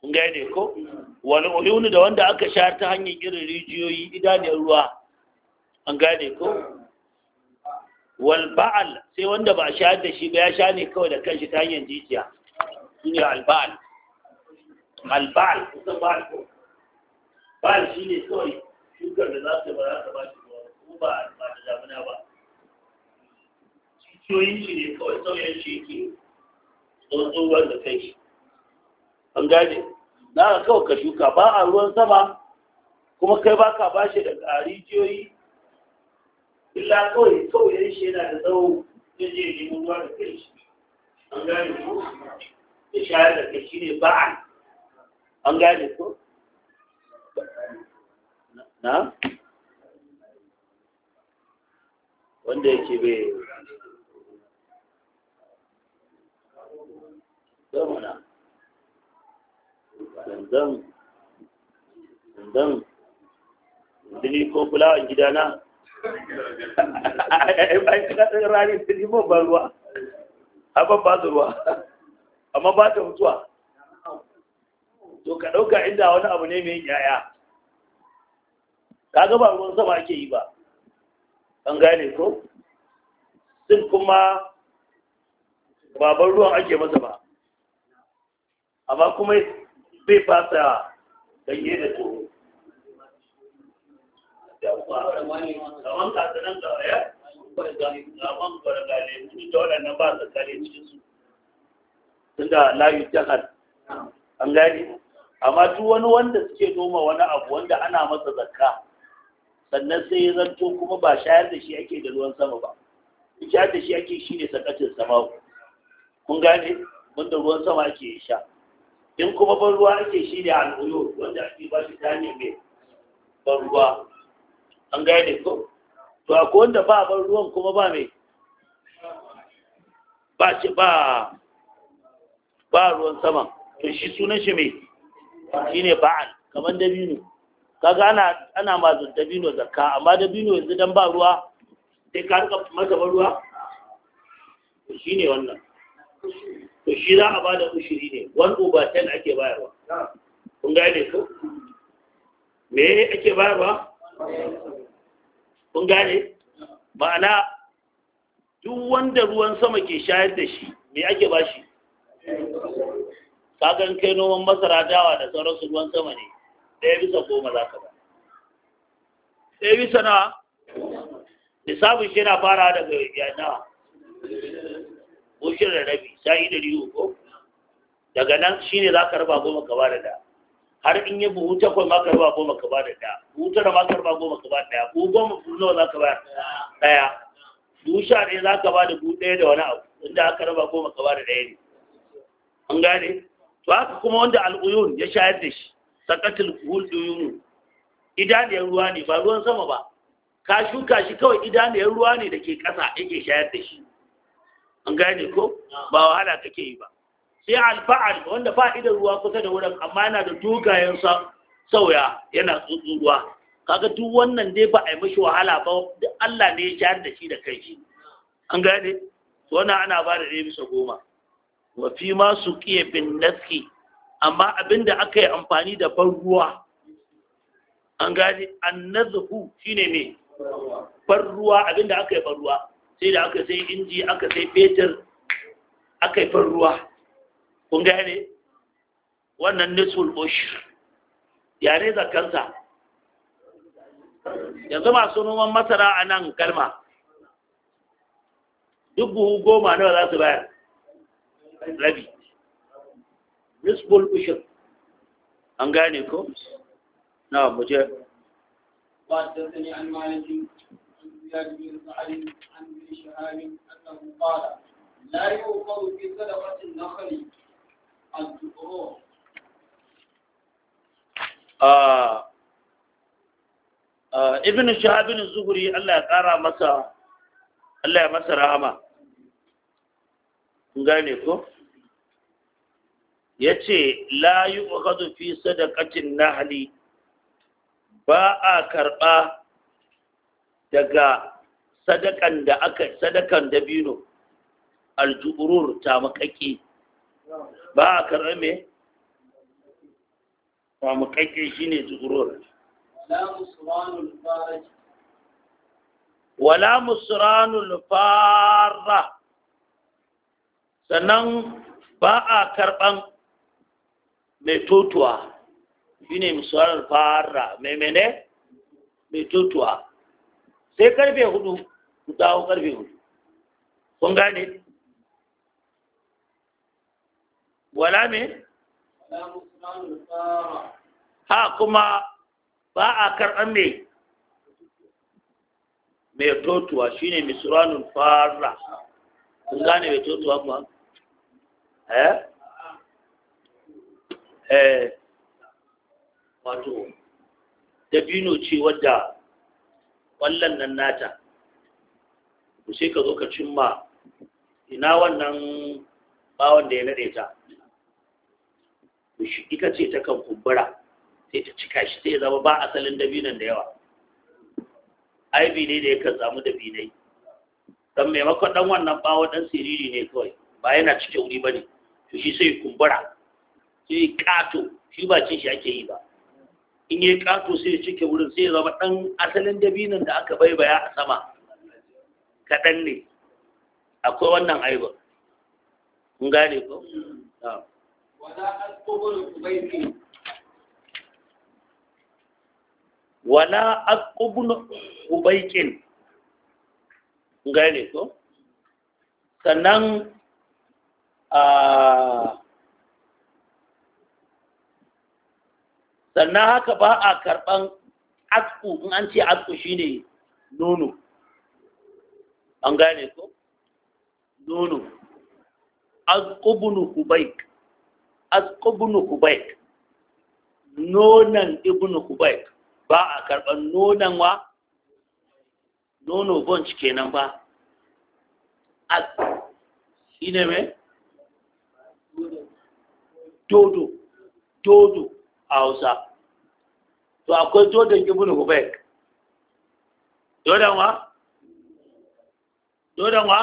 kun gane ko wani uyuni da wanda aka sha ta hanyar irin rijiyoyi idaniyar ruwa an gane ko wal ba'al sai wanda ba sha da shi ba ya sha ne kawai da kanshi ta hanyar jijiya shine al ba'al al ba'al kusan ba'al ko ba'al shi ne kawai shukar da za ta ba za ta ba shi ko ba ba da damuna ba jijiyoyin shi ne kawai sauyan shi yake tsotsuwar da kai shi an gane na kawai ka shuka ba a ruwan sama kuma kai ba ka ba shi da jiyoyi illa kawai kawai yan shi yana da tsawo zai je nemo ruwa da kai shi an gane ko da shayar da kai shi ne ba'an an gane ko na wanda yake bai na. zanzan zanzan dili ko fulawan gidana bayan cika ɗin rani dili ko ban ruwa abin ba su ruwa amma ba ta mutuwa to ka ɗauka inda wani abu ne mai yaya ka ga ruwan sama ake yi ba an gane ko sun kuma baban ruwan ake masa ba amma kuma zai fasa ganye da tsoro kaman kasanan gawaya kaman gwargale mutu ta waɗannan ba su kare cikinsu tunda layu jihar an gani amma duk wani wanda suke noma wani abu wanda ana masa zakka sannan sai ya zanto kuma ba shayar da shi ake da ruwan sama ba shayar da shi ake shi ne sakacin sama kun gane wanda ruwan sama ake sha in kuma ban ruwa ake shi ne al'uyo wanda ake ba shi tani mai ban ruwa an gaya da ko to a wanda ba ban ruwan kuma ba mai ba ce ba ba ruwan sama to shi sunan shi mai shi ne ba'al kamar dabino kaga ana ana mazun dabino zakka amma dabino yanzu dan ba ruwa sai ka rika masa ban ruwa shi ne wannan to shi za a ba da ushiri ne one over ten ake bayarwa kun gane ko me ake bayarwa kun gane ma'ana duk wanda ruwan sama ke shayar da shi me ake ba shi kagan kai noman masara dawa da sauransu ruwan sama ne ɗaya bisa goma za ka ba ɗaya bisa na lissafin shi na fara daga yana ko rarrabi rabi da ɗari uku daga nan shi ne za ka raba goma ka bada da har in yi buhu takwai ma ka raba goma ka bada da buhu tara ma ka raba goma ka bada da buhu goma buhu nawa za ka bayar ɗaya buhu sha ɗaya za ka bada buhu ɗaya da wani abu inda aka raba goma ka bada ɗaya ne an gane to haka kuma wanda al'uyun ya shayar da shi sakatul duyunu idaniyar ruwa ne ba ruwan sama ba ka shuka shi kawai idaniyar ruwa ne da ke ƙasa yake shayar da shi an gane ko ba wahala take yi ba sai alfa'al wanda fa'idar ruwa kusa da wurin amma yana da dogayen sauya yana tsutsun ruwa kaga duk wannan dai ba a yi mashi wahala ba duk Allah ne ya jayar da shi da kai shi an gane wannan ana ba da ɗaya bisa goma wa fi ma su kiye bin naski amma abinda aka yi amfani da ban ruwa an gane an shine ne ban ruwa abinda aka yi ban ruwa sai da aka sai inji aka sai fetur aka yi ruwa kun ne? wannan nisful ushir yare zakansa yanzu masu noman masara a nan kalma duk buhu goma nawa za su bayar rabi nisful ushir an gane ko na muje زياد بن سعد عن ابن شهاب انه قال لا في صدقه النخل ibn shahabin zuhuri Allah ya ƙara masa Allah ya masa rahama gane ko yace ce la yi ƙwaƙazu fi sadakacin nahali ba a karɓa daga sadakan da aka sadakan dabino aljurur ta makaki ba a karɓar me ta makaki shine jurur wala musranul farra sannan ba a karɓan mai totuwa shine musranul farra mai mene mai totuwa sai karfe hudu ku dawo karfe hudu kun gane wala me ha kuma ba a karɓar me mai totuwa shine misranun fara kun gane mai totuwa kuwa eh? eh wato dabino ce wadda ƙwallon nan nata ku sai ka zo ka cimma ina wannan bawon da ya naɗe ta ita ce ta kan kumbura sai ta cika shi sai ya zama ba asalin dabinan da yawa aibi ne da ya kan samu dabinai don maimakon ɗan wannan bawon ɗan siriri ne kawai ba yana cike wuri ba ne to shi sai kumbura sai ƙato shi ba cin shi ake yi ba in yi ƙato sai ya cike wurin sai ya zama ɗan asalin dabinan da aka baibaya a sama kaɗan ne akwai wannan aiba kun gane ko wala aqubun ubaikin kun gane ko sannan a ah, sannan haka ba a karɓan atku in an ce atku shine nono an gane ko nono azqubnu hubayk azqubnu hubayk nonan ibnu hubayk ba a karɓan nonan wa nono bunch kenan ba az shine me dodo dodo a hausa to akwai jordan ibn hubayk jordan wa jordan wa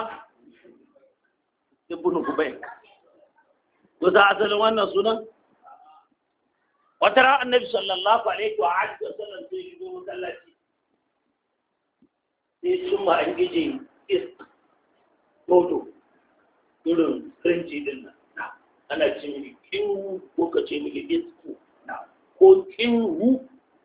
ibn hubayk ko za a asalin wannan sunan wata na annabi sallallahu alaihi wa a wa sanar sai yi zo masallaci sai sun ma an gije isk moto irin rinci din nan ana ce miki ko ka ce mai isk ko kin hu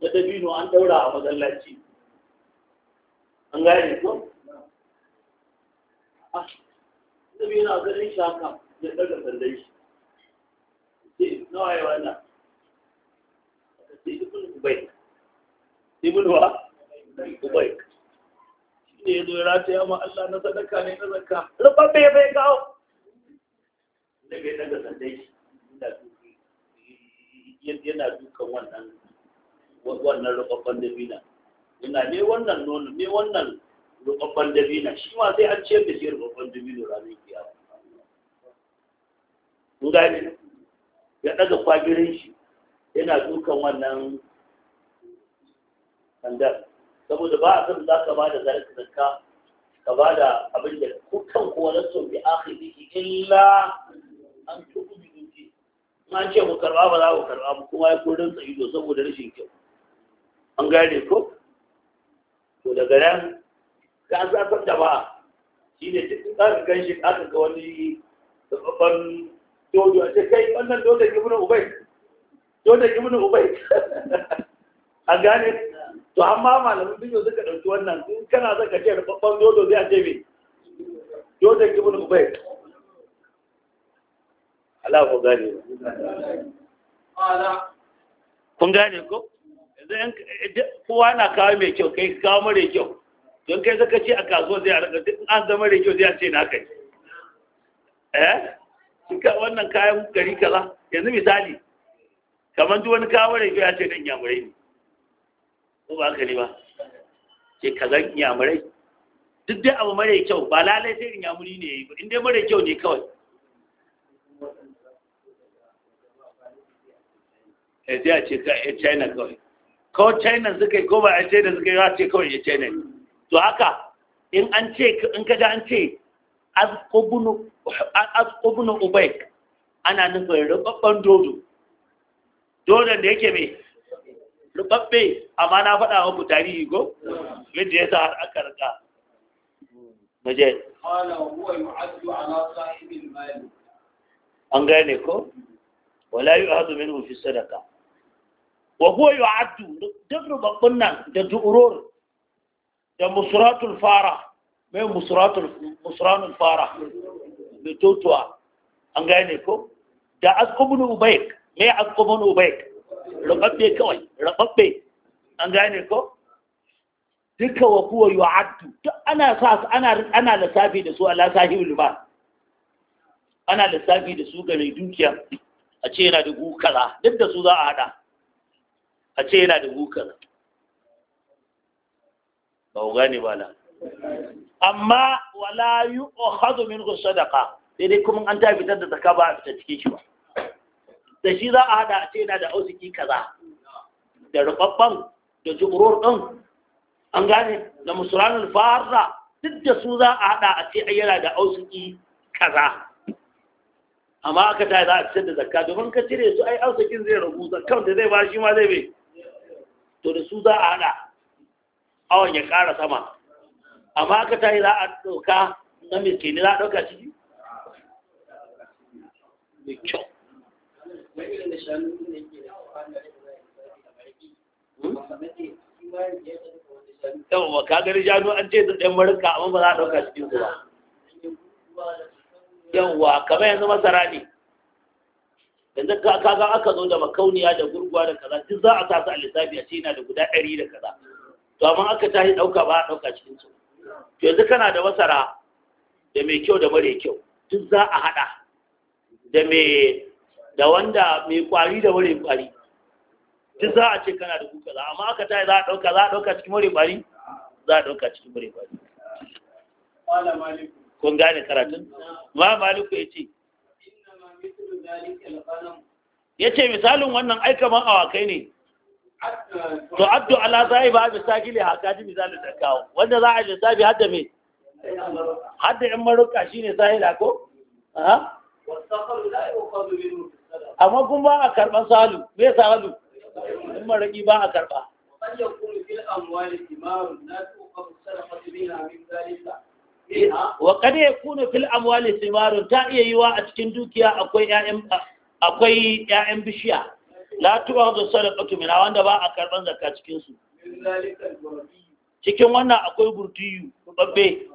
na dabino an daura a masallaci an gane ko dabino ah, ganin shaka, haka daga sandan shi ce nawa ya wannan aka ce ibn ubayk ibn wa ubayk shi ne ya zo ya rataya ma Allah na sadaka ne na zakka rubabbe bai Na daga daga sandan shi yana dukan wannan wannan rubabban dabina ina ne wannan nono ne wannan rubabban dabina shi ma sai an ciyar da shi rubabban dabino ranar kiyama kun gane ya daga kwagirin shi yana dukan wannan sandar saboda ba a san za ka ba da zarka ka ba da abin da kukan kowa na son bi akhirihi illa an tuku bi ma an ce mu karba ba za mu karba ba kuma ya kurin tsayi saboda rashin kyau an gane ko to daga nan ka zafar da ba shi ne cikin tsarin kan shi aka ga wani tsababban dodo a ce kai wannan dodo gibin ubai dodo gibin ubai [LAUGHS] an gane to amma malamin bidiyo suka ɗauki wannan in kana zaka ce rubabban dodo zai a ce me dodo gibin ubai Allah ku gane kun gane ko Eh, kowa na kawo mai kyau kai kawo mara kyau don kai zaka ce a kasuwa zai a duk an zama mara kyau zai a ce na kai eh suka wannan kayan gari kaza yanzu misali kamar duk wani kawo mara kyau ya ce dan yamurai ne ko ba ka ne ba ce kazan yamurai duk dai abu mara kyau ba lalai sai in yamuri ne yayi ba in dai mara kyau ne kawai eh a ce ka eh, china kawai ko china suka yi ko ba a china suka yi ya ce kawai ya china to haka in an ce in kaga an ce azkubnu ubai ana nufin rubabban dodo dodon da yake mai rubabbe amma na faɗa ku tarihi ko yadda ya sa har aka rika muje an gane ko wala yu'adu minhu fi sadaka? wa huwa yu'addu duk rubabbun nan da du'urur da musratul fara mai musratul fara mai totuwa an gane ko da asqubun ubayk mai asqubun ubayk rubabbe kawai rubabbe an gane ko duka wa huwa yu'addu duk ana sa ana lissafi da su ala sahibul mal ana lissafi da su ga dukiya a ce yana da gukala duk da su za a hada a ce yana da gukar ba ku gane ba na amma wala yi ohadu min sadaka sai dai kuma an ta fitar da zaka ba a fitar cikin shi ba da shi za a hada a ce yana da ausiki kaza da rubabban da jumurur din an gane da musulman farra duk da su za a hada a ce yana da ausiki kaza amma aka ta za a fitar da zaka domin ka cire su ai ausakin zai ragu zakkan da zai ba shi ma zai bai to da su za a haɗa awon ya ƙara sama amma aka ta yi za a ɗauka na miskini za a ɗauka ciki mai kyau hmm? ka gani shanu an ce da ɗan marinka amma ba za a ɗauka cikin su ba yawwa kamar yanzu masara ne yanzu ga aka zo da makauniya da gurguwa da kaza duk za a sa su a lissafi a ce yana da guda ɗari da kaza to amma aka tashi ɗauka ba a ɗauka cikin su to yanzu kana da masara da mai kyau da mare kyau duk za a haɗa da mai da wanda mai ƙwari da mare ƙwari duk za a ce kana da kuka za amma aka tashi za a ɗauka za a ɗauka cikin mare ƙwari za a ɗauka cikin mare ƙwari. kun gane karatun ma maliku ya ce ya ce misalin wannan aikaman awakai ne to abdu ala zai ba misali ne haka ji misalin da kawo wanda za a lissafi hadda mai. hadda yan maruka shi ne sahila ko amma kun ba a karɓar salu me salu in maraki ba a karɓa wa kada ya kuna fil amwali simarun ta iya yiwa a cikin dukiya akwai ƴaƴan akwai ƴaƴan bishiya la da sadaqatu min wanda ba a karban zakka cikin su cikin wannan akwai burtiyu babbe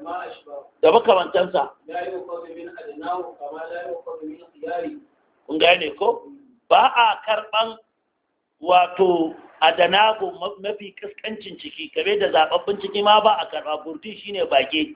da mantansa kun gane ko ba a karban wato adanago mafi kaskancin ciki kabe da zababbin ciki ma ba a karba burti shine bage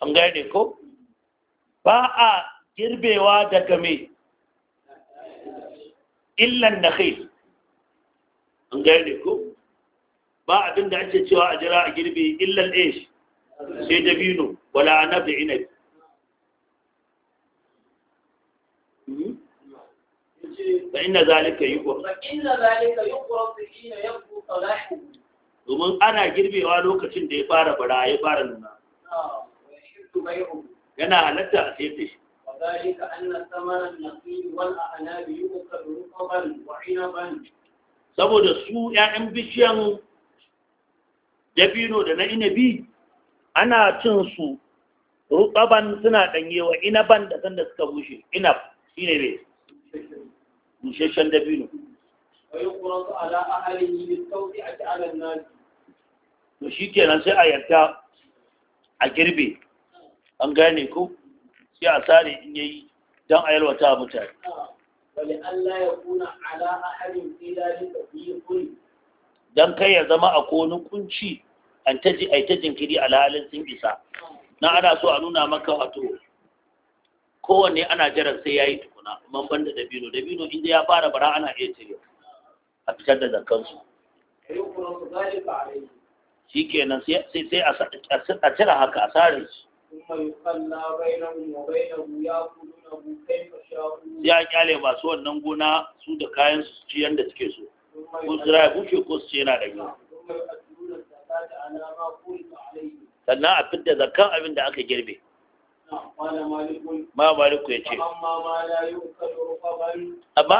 an gane ko ba a girbewa daga me illan na kai an gane ko ba abin da ake cewa a jira a girbe illan ish sai bino wala anab da inabi hmm? fa inna zalika yuqra fa inna zalika yuqra fi domin ana girbewa lokacin da ya fara bara ya fara nuna yana halatta a sai shi النقي رطبا وعنبا saboda su ‘ya'yan bishiyan dabino da na inabi ana cin su rutsaban suna ɗanyewa inaban da sanda suka bushe inab shi ne ne busheshen dabino to shi kenan sai a yarta a girbe an gane ku? sai a tsari in yayi dan a yalwata mutane wani Allah ya kuna ala ahadin filali tafiyun dan kai ya zama a konu kunci an taji ai ta jinkiri alhalin sun isa na ana so a nuna maka wato kowanne ana jiran sai yayi tukuna man banda dabino dabino inda ya fara bara ana iya cire a fitar da zakansu shi kenan sai a cire haka a sare shi ثم يصلى بينهم وبينه كيف شاءوا masu wannan gona su da kayan su ci yanda suke so ko su ya buke ko su ce yana da gina sannan a fidda zakkan abin da aka girbe ma maliku ya ce amma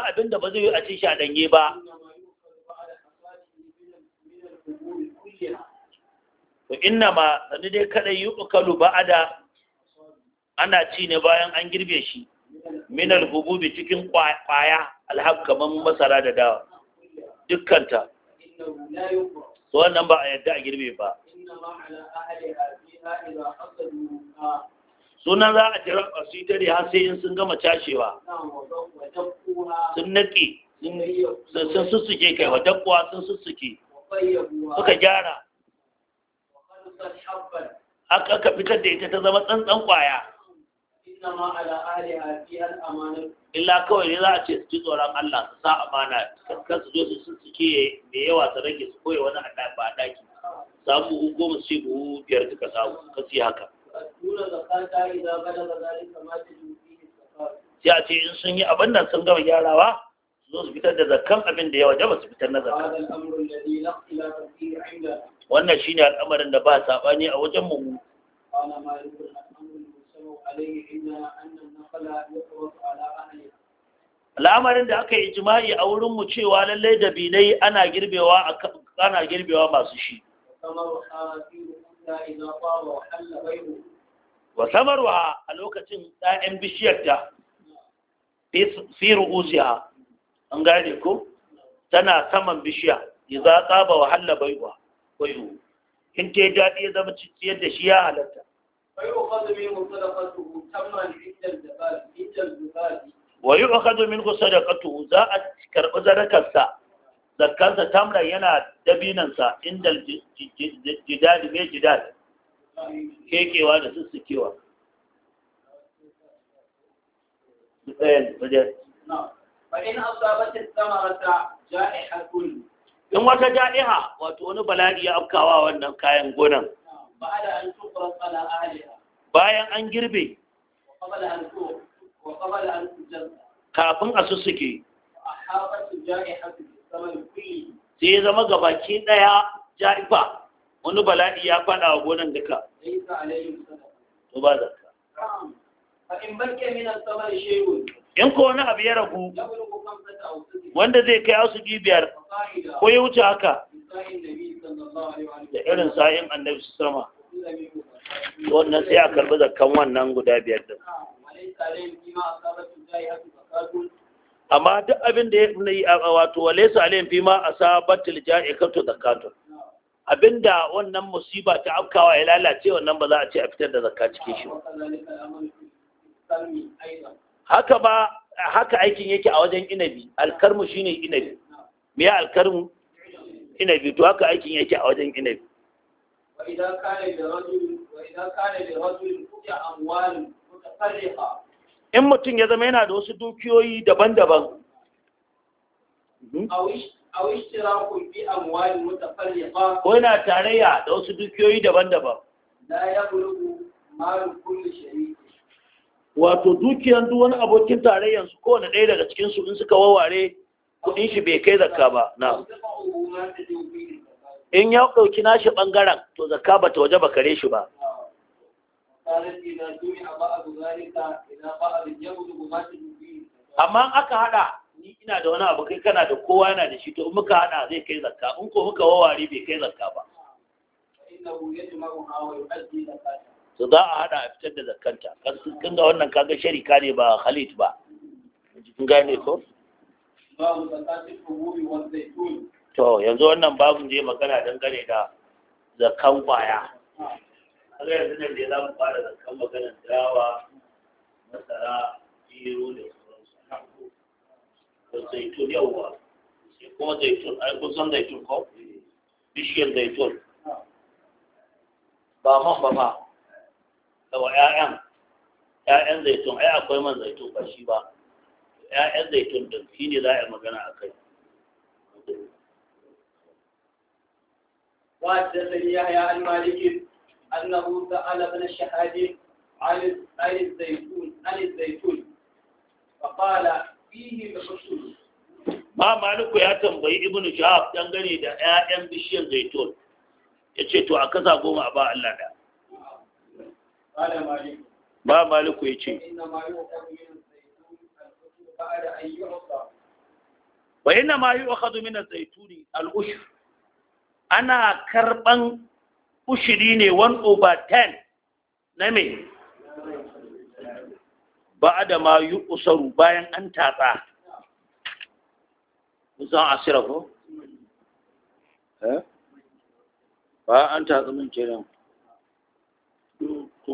abin da ba zai yi a ci shi a ba to inna ma sani dai kada yi ukalu ba'ada ana ci ne bayan an girbe shi minal hububi cikin kwaya alhab kaman masara da dawa dukkanta to wannan ba a yadda a girbe ba sunan za a jira a su tare har sai sun gama cashewa sun naƙi sun sussuke kai wa dakkuwa sun sussuke suka gyara aka fitar da ita ta zama tsantsan kwaya illa kawai ne za a ce su ji tsoron Allah su sa amana kan su zo su sun suke mai yawa su rage su koya wani a ba a daki samu buhu goma su ce buhu biyar duka samu ka siya haka sai a ce in sun yi abin nan sun gama gyarawa su zo su fitar da zakan abin da yawa jaba su fitar na zakan wannan shi ne al'amarin da ba sabani a wajen mu al'amarin da aka yi jima'i a wurin mu cewa lallai da binai ana girbewa masu shi wa samarwa a lokacin ɗayan bishiyar ta fi ru'usiha an gane ko tana saman bishiya idza qaba wa halla baiwa wayo in ta yi daɗi ya zama ciyar da shi ya halatta wayo akadu min ku sadaqatu za a karɓi zarakarsa zarkarsa tamra yana dabinansa inda jidadi mai jidadi kekewa da sussukewa فإن أصابت الثمرة جائحة in wata ja'iha wato wani bala'i ya afkawa wannan kayan gonan bayan an girbe kafin a sussuke sai ya zama gabaki daya ja'ifa wani bala'i ya faɗawa wa gonan duka ba in ko wani abu ya ragu wanda zai kai wasu biyar ko ya wuce haka da irin sa'in annabi su sama wannan sai a karbi zakan wannan guda biyar da amma duk abin da ya yi a wato wale su alayin fi ma a sabatul ja'ikatu zakatun abinda wannan musiba ta afkawa ya lalace wannan ba za a ce a fitar da zakka cikin shi ba haka ba haka aikin yake a wajen inabi alkarmu shine inabi me ya alkarmu inabi to haka aikin yake a wajen inabi وإذا كان لرجل وإذا da لرجل قطع أموال متفرقة in mutum ya zama yana da wasu dukiyoyi daban-daban hmm? ko yana tarayya da wasu dukiyoyi daban-daban wato dukiyan duk wani abokin tarayyar su kowane ɗaya daga cikin su in suka waware kuɗin shi bai kai zakka ba na in ya ɗauki nashi ɓangaren to zakka ba ta waje ba kare shi ba amma aka haɗa ni ina da wani abu kai kana da kowa yana da shi to muka haɗa zai kai zakka in ko muka waware bai kai zakka ba to za a hada a fitar da zakanta kan ga wannan kaga sharika ne ba khalid ba kun gane ko to yanzu wannan babu je magana dangane da zakan kwaya kaga yanzu nan da za mu fara zakan maganar dawa masara gero da sauransu da zaitun yawwa sai kuma zaitun ai kusan zaitun ko eh. bishiyar zaitun ba man ba ba wa 'ya'yan ƴaƴan zaitun ai akwai man zaitun ba shi ba 'ya'yan zaitun da shi ne za a yi magana a kai وحدثني يحيى عن مالك انه سال ابن الشهاد عن عن zaitun عن الزيتون فقال فيه الحصول ma maliku ya tambayi ibn shahab dangane da 'ya'yan bishiyar zaitun ya ce to a kasa goma a ba Allah da ba maliku ya ce wa ina ma yi wakadu minan zaituni al'ushir ana karban ushiri ne 1 over 10 na me ba a da ma yi usaru bayan an tatsa kusan asira ko? ba an tatsa min kenan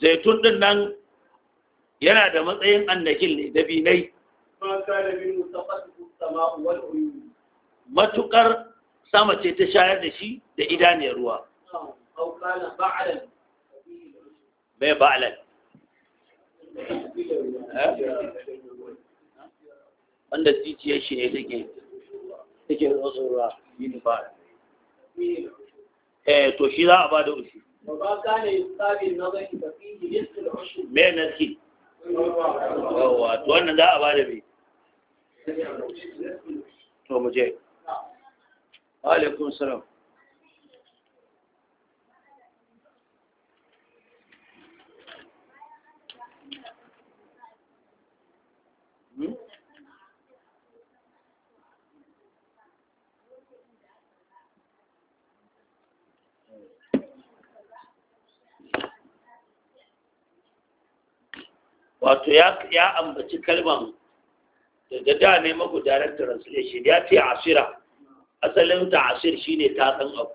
zaitun din nan yana da matsayin annakil ne da binai matukar sama ce ta shayar da shi da idaniyar ruwa bai ba'alan wanda zuciyar shi ne take take ruwa yin ba'alan eh to shi za a ba da ushi وما naski. يستابي to wannan za a ba da bi to mu je a'laikun salam wato ya ambaci kalman da da ne magudanar translation ya ce asira asalin ta asir shine tatsan abu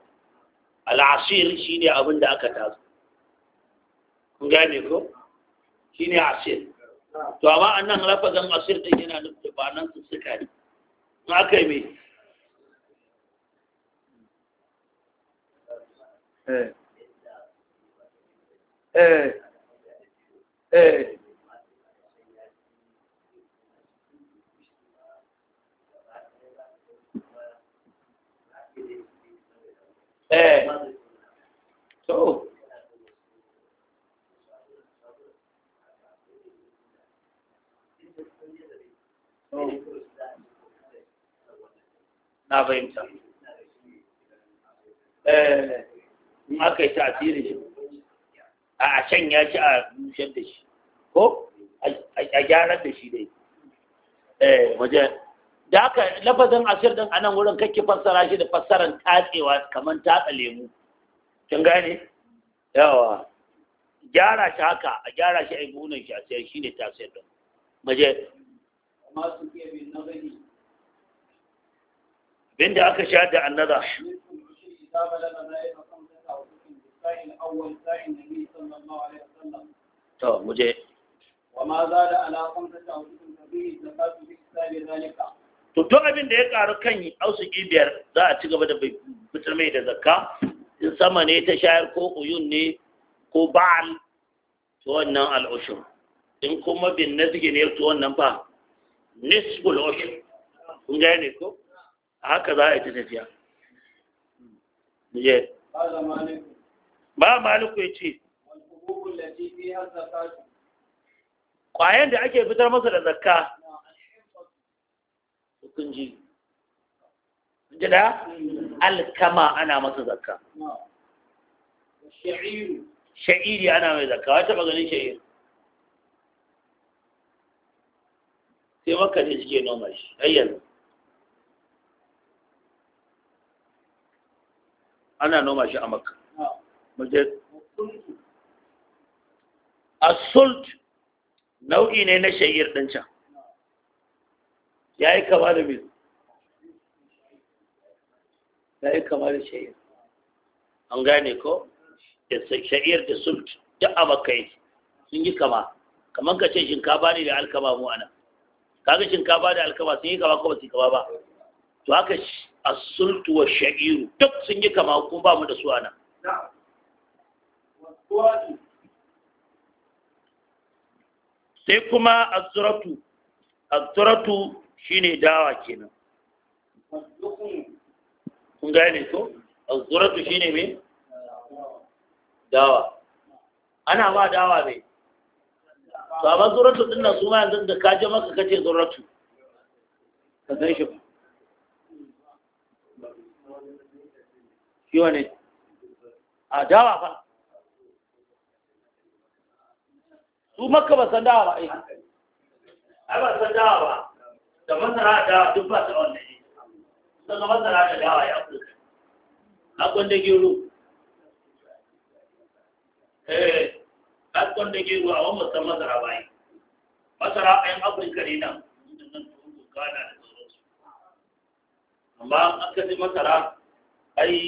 al'asir shine abin da aka tatsu kun gane ko shine asir to amma annan lafazan asir din yana nufin ba nan su suka ne in aka yi me eh eh eh ya shi a nushar da shi ko a gyarar da shi dai eh waje da haka lafazin ashir din anan wurin kake fassara shi da fassaran tatsewa kamar tatsa lemu kin gane yawa gyara shi haka a gyara shi a bunan shi a sayar shi ne tasir din maje bin da aka sha da annada to duk abin da ya karu kan yi ausuki biyar za a ci gaba da fitar mai da zakka in sama ne ta shayar ko uyun ne ko ba'al to wannan al'ushin, in kuma bin nazgi ne to wannan ba nisbul ushur kun gaya ne ko haka za a yi ta tafiya ba maliku ya ce ƙwayen da ake fitar masa da zakka hukunji jida alkama ana masa zakka sha'iri ana mai zakka wata maganin sha'iri sai maka ne suke noma shi ayyana ana noma shi a makka muje asult nau'i ne na shayir din can yayi kama da me yayi kama da shayir an gane ko da shayir da sult duk a makka sun yi kama kamar ka ce shinkafa ne da alkama mu ana kaga shinkafa da alkama sun yi kama ko ba su kama ba to haka asultu wa sha'iru duk sun yi kama ko ba mu da su ana sai kuma azuratu azuratu shine dawa kenan kun gane ko azuratu shine me dawa ana ba dawa ne sabon ba din nan su ma yanzu da kaje maka kace zuratu ka san shi ba shi wane a dawa fa su makka ba san dawa ba ai ai ba san dawa ba da masara da duk ba san wannan ne sun ga masara da dawa ya kuka akon da gero eh akon da gero a wannan san masara ba ai masara ayin afirka ne nan nan gana da sauransu amma an kasi masara ai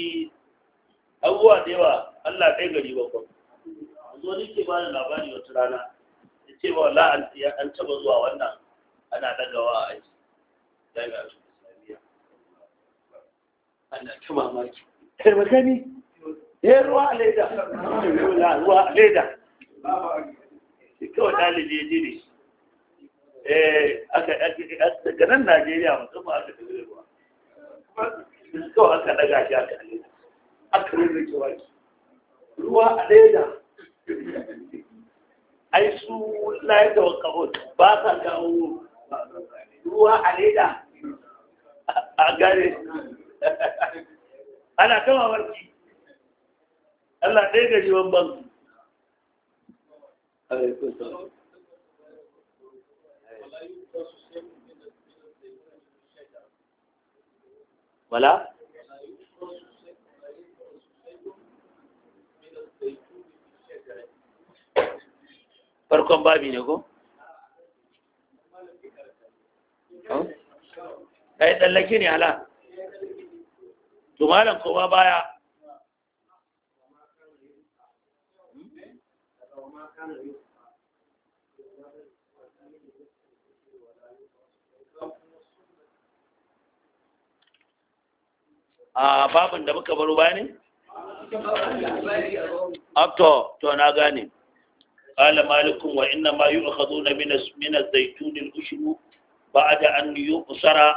abubuwa da yawa allah ɗaya gari bakwai zo nake ba da labari wata rana ce ba wala an taba zuwa wannan ana dagawa a aji jami'a su islamiyya ana ta mamaki kai magani ya ruwa a leda ruwa a leda kawai ɗalibi ya jiri daga nan najeriya musamman aka tafi ruwa kawai aka daga shi aka leda aka rinrike waki ruwa a leda ai su layar da wakahon ba ka gawo ruwa a leda a gare ana kama warki Allah ɗaya gari wani banki wala farkon babi ne ko? ai tsallake ne hala tumalan ba baya a babin da muka baro baya ne? to to na gane قال مالك وإنما يؤخذون من من الزيتون الأشر بعد أن يقصر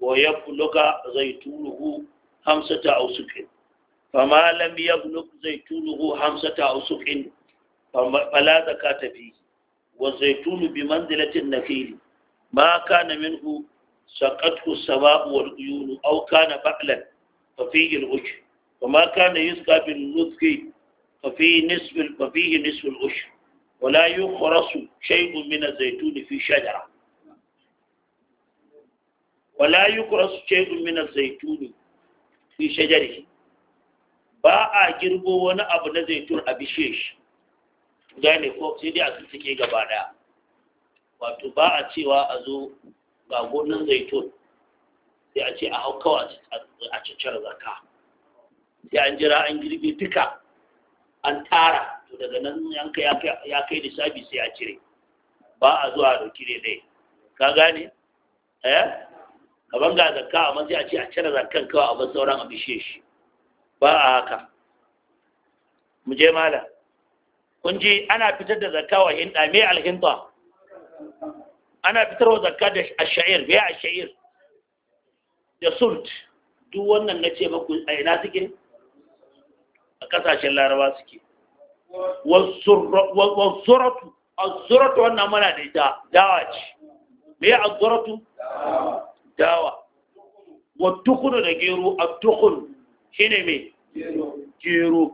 ويبلغ زيتونه خمسة أوسق فما لم يبلغ زيتونه خمسة أوسق فلا زكاة فيه والزيتون بمنزلة النخيل ما كان منه سقته السماء والعيون أو كان بقلا ففيه الغش وما كان يسقى بالنطق ففيه نصف ففيه نصف الغش ولا يخرس شيء من الزيتون في fi ولا يخرس شيء من الزيتون في شجره ba a girbo wani abu na zaitun a bishe shi gane ko sai dai a tsintike gaba daya wato ba a cewa a zo ga gonan zaitun sai a ce a hau kawai a cicciyar zaka sai an jira an girbe duka an tara to daga nan yanka ya kai sabi sai a cire ba a zuwa a ɗauki ne dai ka gane eh kaban ga zakka a mazi a ce a cire zakkan kawai a bar sauran a bishe shi ba a haka mu je mala kun ji ana fitar da zakka wa hinda me alhinda ana fitar wa zakka da ashair me ashair da sult duk wannan na ce maku a ina suke a kasashen laraba suke wasuratu azuratu wannan mana da ita dawa ce me ya azuratu dawa wattukunu da gero attukun ne me gero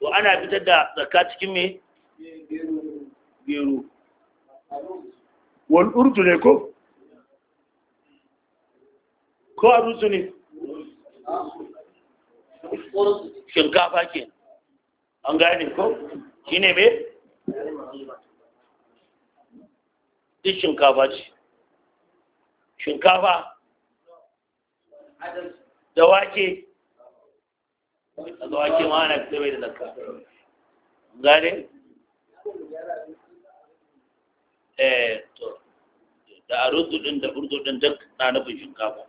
to ana fitar da zakka cikin me gero Wani urdu ne ko ko arusu ne shinkafa kenan an gane ko shi ne mai shinkafa ce shinkafa da wake da wake ma ana fita bai da zakka gane eh to da arudu din da urdu din duk na nufin shinkafa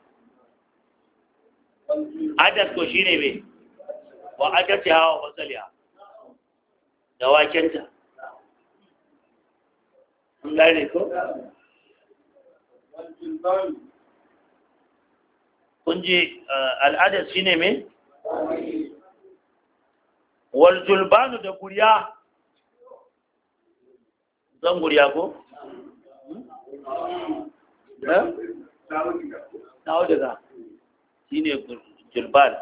adas ko ne me wa ya hawa matsaliya da wakenta an gane ko kunji eh, al'adar shi ne mai waljulbanu da guriya zan guriya ko? Hmm? Eh? na daga shi ne julban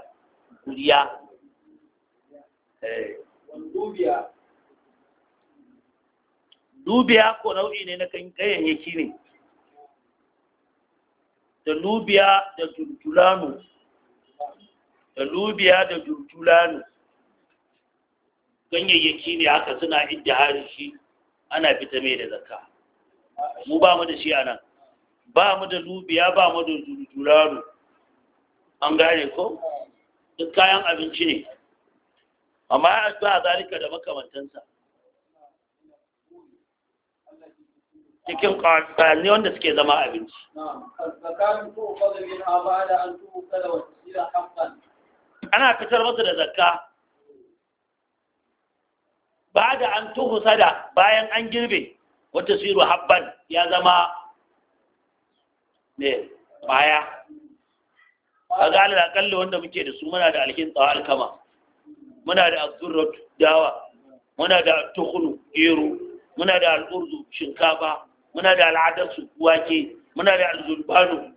guriya eh. lubiya ko nau'i ne na ganyayyaki ne da lubiya da Jujulanu, da lubiya da jurjulano ganyayyaki ne haka suna idda shi ana fita mai da zakka mu ba mu da shi anan ba mu da lubiya ba mu da Jujulanu. an gane ko duk kayan abinci ne amma ya ba zalika da makamantansa cikin ƙwaƙwani wanda suke zama abinci. Ana fitar masu da zakka ba da an tuhu sada bayan an girbe wata siru habban ya zama ne baya. A ga alaƙalli wanda muke da su muna da alhin tsawa alkama, muna da abdurrad dawa, muna da tuhunu gero, muna da al’urzu shinkafa, muna da al'adar su wake muna da alzurbanu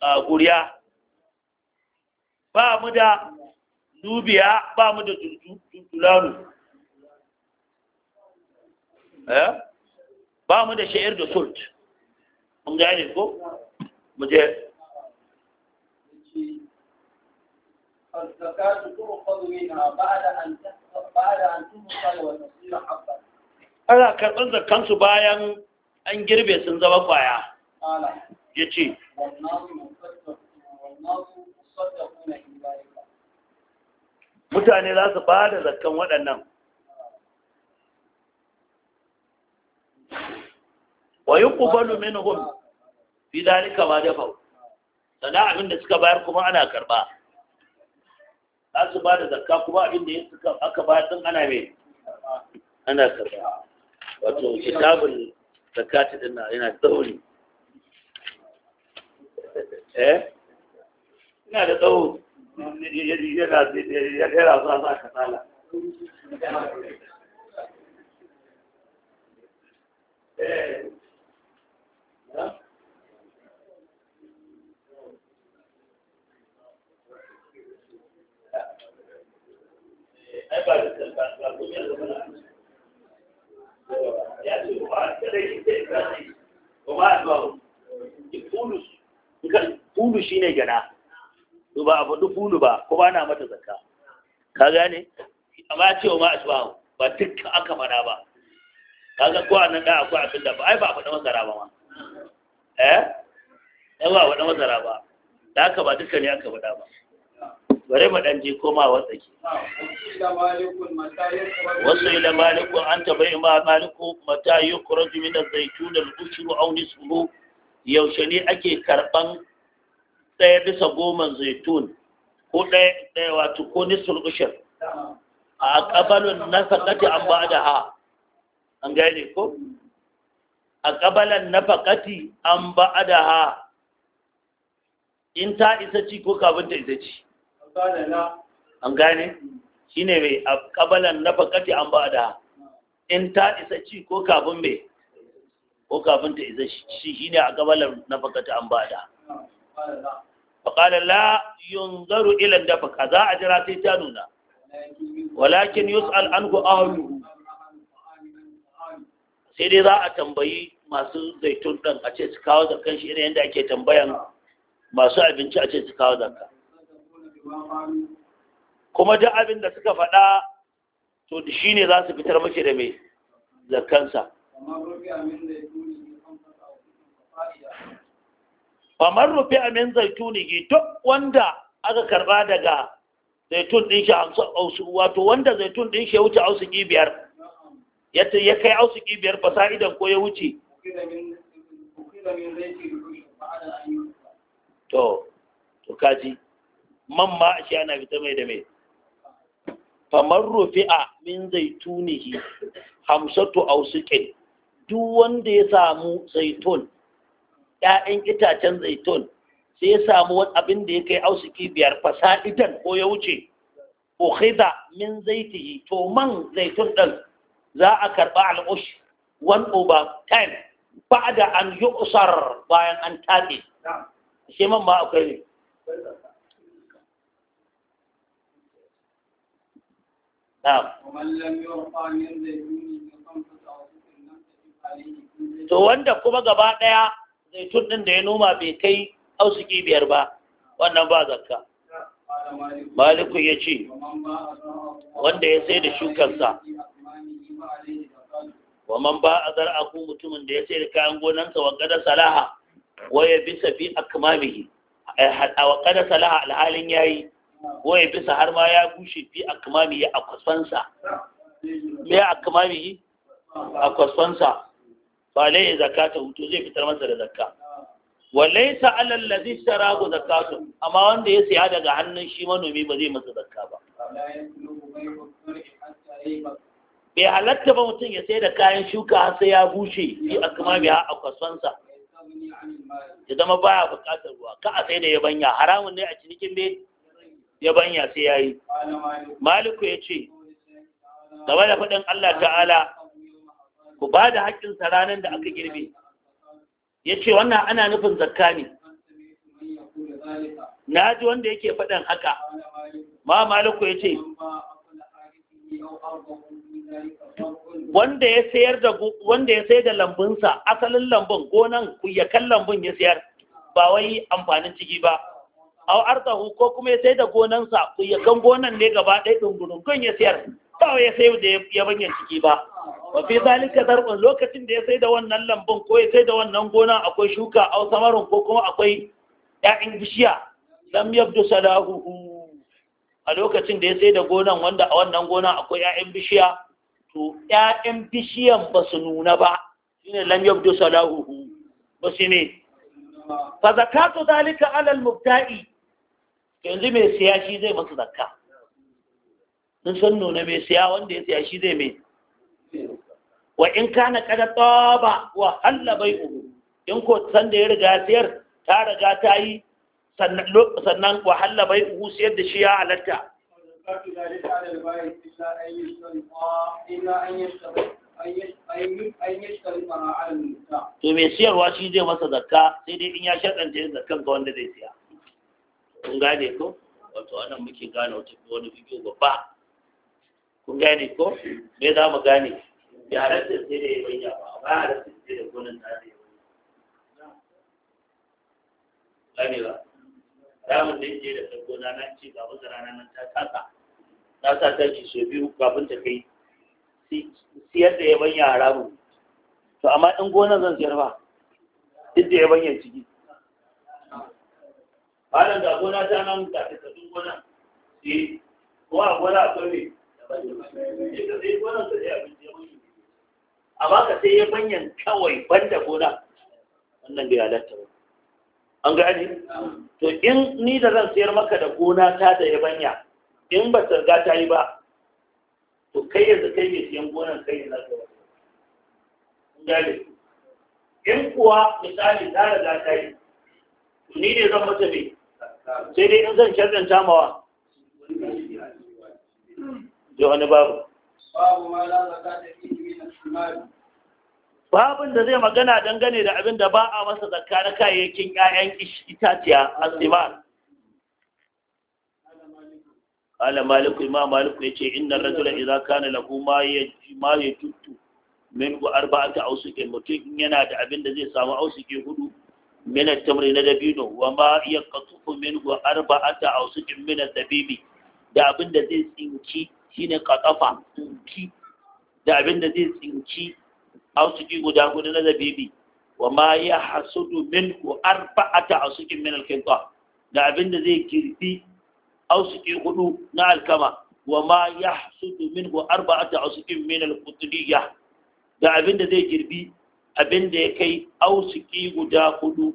a guriya ba mu da dubiya ba mu da tulanu eh? ba mu da sha'ir da sult mun gane ko mu je ana karɓar zakansu bayan an girbe sun zama kwaya ya ce mutane za su ba da zakan waɗannan wa yi ƙubalu minuhun fi dalika ma dafa sana abin da suka bayar kuma ana karɓa za su ba da zakka kuma abin da aka bayar sun ana mai ana karɓa wato kitabul zakati din na yana tsauri eh ina da tsawo yana yana sa eh ai ba da ya ce ba ta da shi da ikirari ba ba ba fulus fulu gana to ba abu fulu ba ko ba na mata zakka ka gane amma ce ma asbahu ba dukkan aka fada ba kaga ko anan da akwai abin da ba ai ba a faɗa masara ba ma eh ai ba a faɗa masara ba da haka ba dukkan ne aka faɗa ba bare mu dan je wa tsaki wasu ila maliku an tabai ma maliku mata yukhraju min az-zaytun al-ushru aw nisfuhu yaushe ne ake karban tsaye bisa goma zaitun ko ɗaya wato ko nisful ushur a ƙabalin na faƙati an ba da ha an gane ko a ƙabalan na faƙati an ba da ha in ta isa ci ko kabin ta isa ci an gane shi ne mai a ƙabalan na fakati an ba da in ta isa ci ko kafin mai ko kafin ta isa shi shi ne a ƙabalan na fakati an ba da faƙalala yun zaru ilan dafa faƙa za a jira sai ta nuna walakin yus'al an ku ahalu sai dai za a tambayi masu zaitun ɗan a ce su kawo zarkan shi irin yadda ake tambayan masu abinci a ce su kawo zakka kuma duk abin da suka faɗa to shi ne za su fitar mace da mai zarkansa kamar rufe amin ke duk wanda aka karba daga zaitun ɗin shi wato wanda zaitun ɗin shi ya wuce ausuki biyar ya kai ausuki biyar fasa'idan ko ya wuce to to kaji man ma a shi ana fita mai da mai famar rufi'a min zaitunihi hamsatu ausiqin duk wanda ya samu zaitun ‘ya'yan itacen zaitun sai ya samu wani abin da ya kai ausiki biyar fasa'idan ko ya wuce ukhida min zaitihi to man zaitun ɗin za a karɓa al'ush one over ten ba an yi bayan an taɗe shi man ma akwai ne to wanda kuma gaba ɗaya zaitun ɗin da ya noma bai kai ausiki biyar ba wannan ba zakka maliku ya ce wanda ya sai da shukarsa wa man ba a zar'aku mutumin da ya sai da kayan gonansa wa gada salaha waya bisa fi akmamihi a wa gada salaha alhalin yayi waye bisa har ma ya bushe fi a kamami ya akwasansa me ya kamami akwasansa fa lai zakata hutu zai fitar masa da zakka walaisa alal ladhi bu zakatu amma wanda ya siya daga hannun shi manomi ba zai masa zakka ba bai halatta ba mutum ya sai da kayan shuka har sai ya bushe fi a kuma a kwasonsa ya zama baya bukatar ruwa ka a sai da yabanya haramun ne a cinikin bai Ya banya sai ya yi maliku ya ce game da faɗin Allah ta'ala ku ba da haƙƙinsa ranar da aka girbe ya ce wannan ana nufin zakka ne na ji wanda yake faɗin haka ma maliku ya ce wanda ya sayar da lambunsa asalin lambun gonan kuyakan lambun ya sayar ba wai amfanin ciki ba aw hu ko kuma ya sai da gonansa kuyakan gonan ne gaba ɗaya kun ya sayar ba ya sai da ya banya ciki ba wa fi zalika zar'un lokacin da ya sai da wannan lambun ko ya sai da wannan gonan akwai shuka aw samarin ko kuma akwai ya'in bishiya lam yabdu salahuhu a lokacin da ya sai da gonan wanda a wannan gona akwai ya'in bishiya to ya'in bishiyan ba su nuna ba shine lam yabdu salahuhu ba shine ne fa zakatu zalika alal mubta'i yanzu mai siya shi zai masu zakka sun san nuna mai siya wanda ya siya shi zai mai wa in kana kada taba wa halla bai uku in ko san da ya riga siyar ta riga ta yi sannan wa halla bai uku siyar da shi ya halatta to mai siyarwa shi zai masa zakka sai dai in ya shaɗanta yin zakkan ga wanda zai siya kun gane ko wato anan muke gane wata wani bidiyo babba kun gane ko me za mu gane yaran da sai da ya bayyana ba ba a da sai da gonan da ya gane ba ramin da yake da gona na ci ce ga wata rana nan ta tsatsa ta sa ta ci so biyu kafin ta kai siyar da ya bayyana haramun to amma in gonan zan siyar ba duk da ya bayyana ciki malam da gona ta nan ta tattun gona eh ko a gona akwai ne da sai gona ta ya bi a ka sai ya banyan kawai banda gona wannan bai halatta ba an gane to in ni da zan sayar maka da gona ta da ya banya in ba ta ta yi ba to kai yanzu kai mai siyan gonan kai ne za ka in kuwa misali ta za ta yi ni ne zan mata mai sai dai in zan shirin tamawa da wani babu babun da zai magana dangane da abin da ba a masa zakka na kayayyakin 'ya'yan itace a tsibar ala maliku ma maliku ya ce inna rajula idan kana lahu ma ya min ku arba'a ta ke mutum yana da abin da zai samu ausuke hudu من التمر ندبين وما يقطف منه أربعة أوسج من الدبيب da abin da zai shi ne katafa tsinki da abin da zai tsinki ausuki guda guda na zabibi wa ma ya hasudu min ku arba'ata ausukin min alkinqa da abin da zai girbi ausuki hudu na alkama wa ma ya hasudu min ku arba'ata ausukin min alqutliya da abin da zai girbi abin da ya kai ausiki guda hudu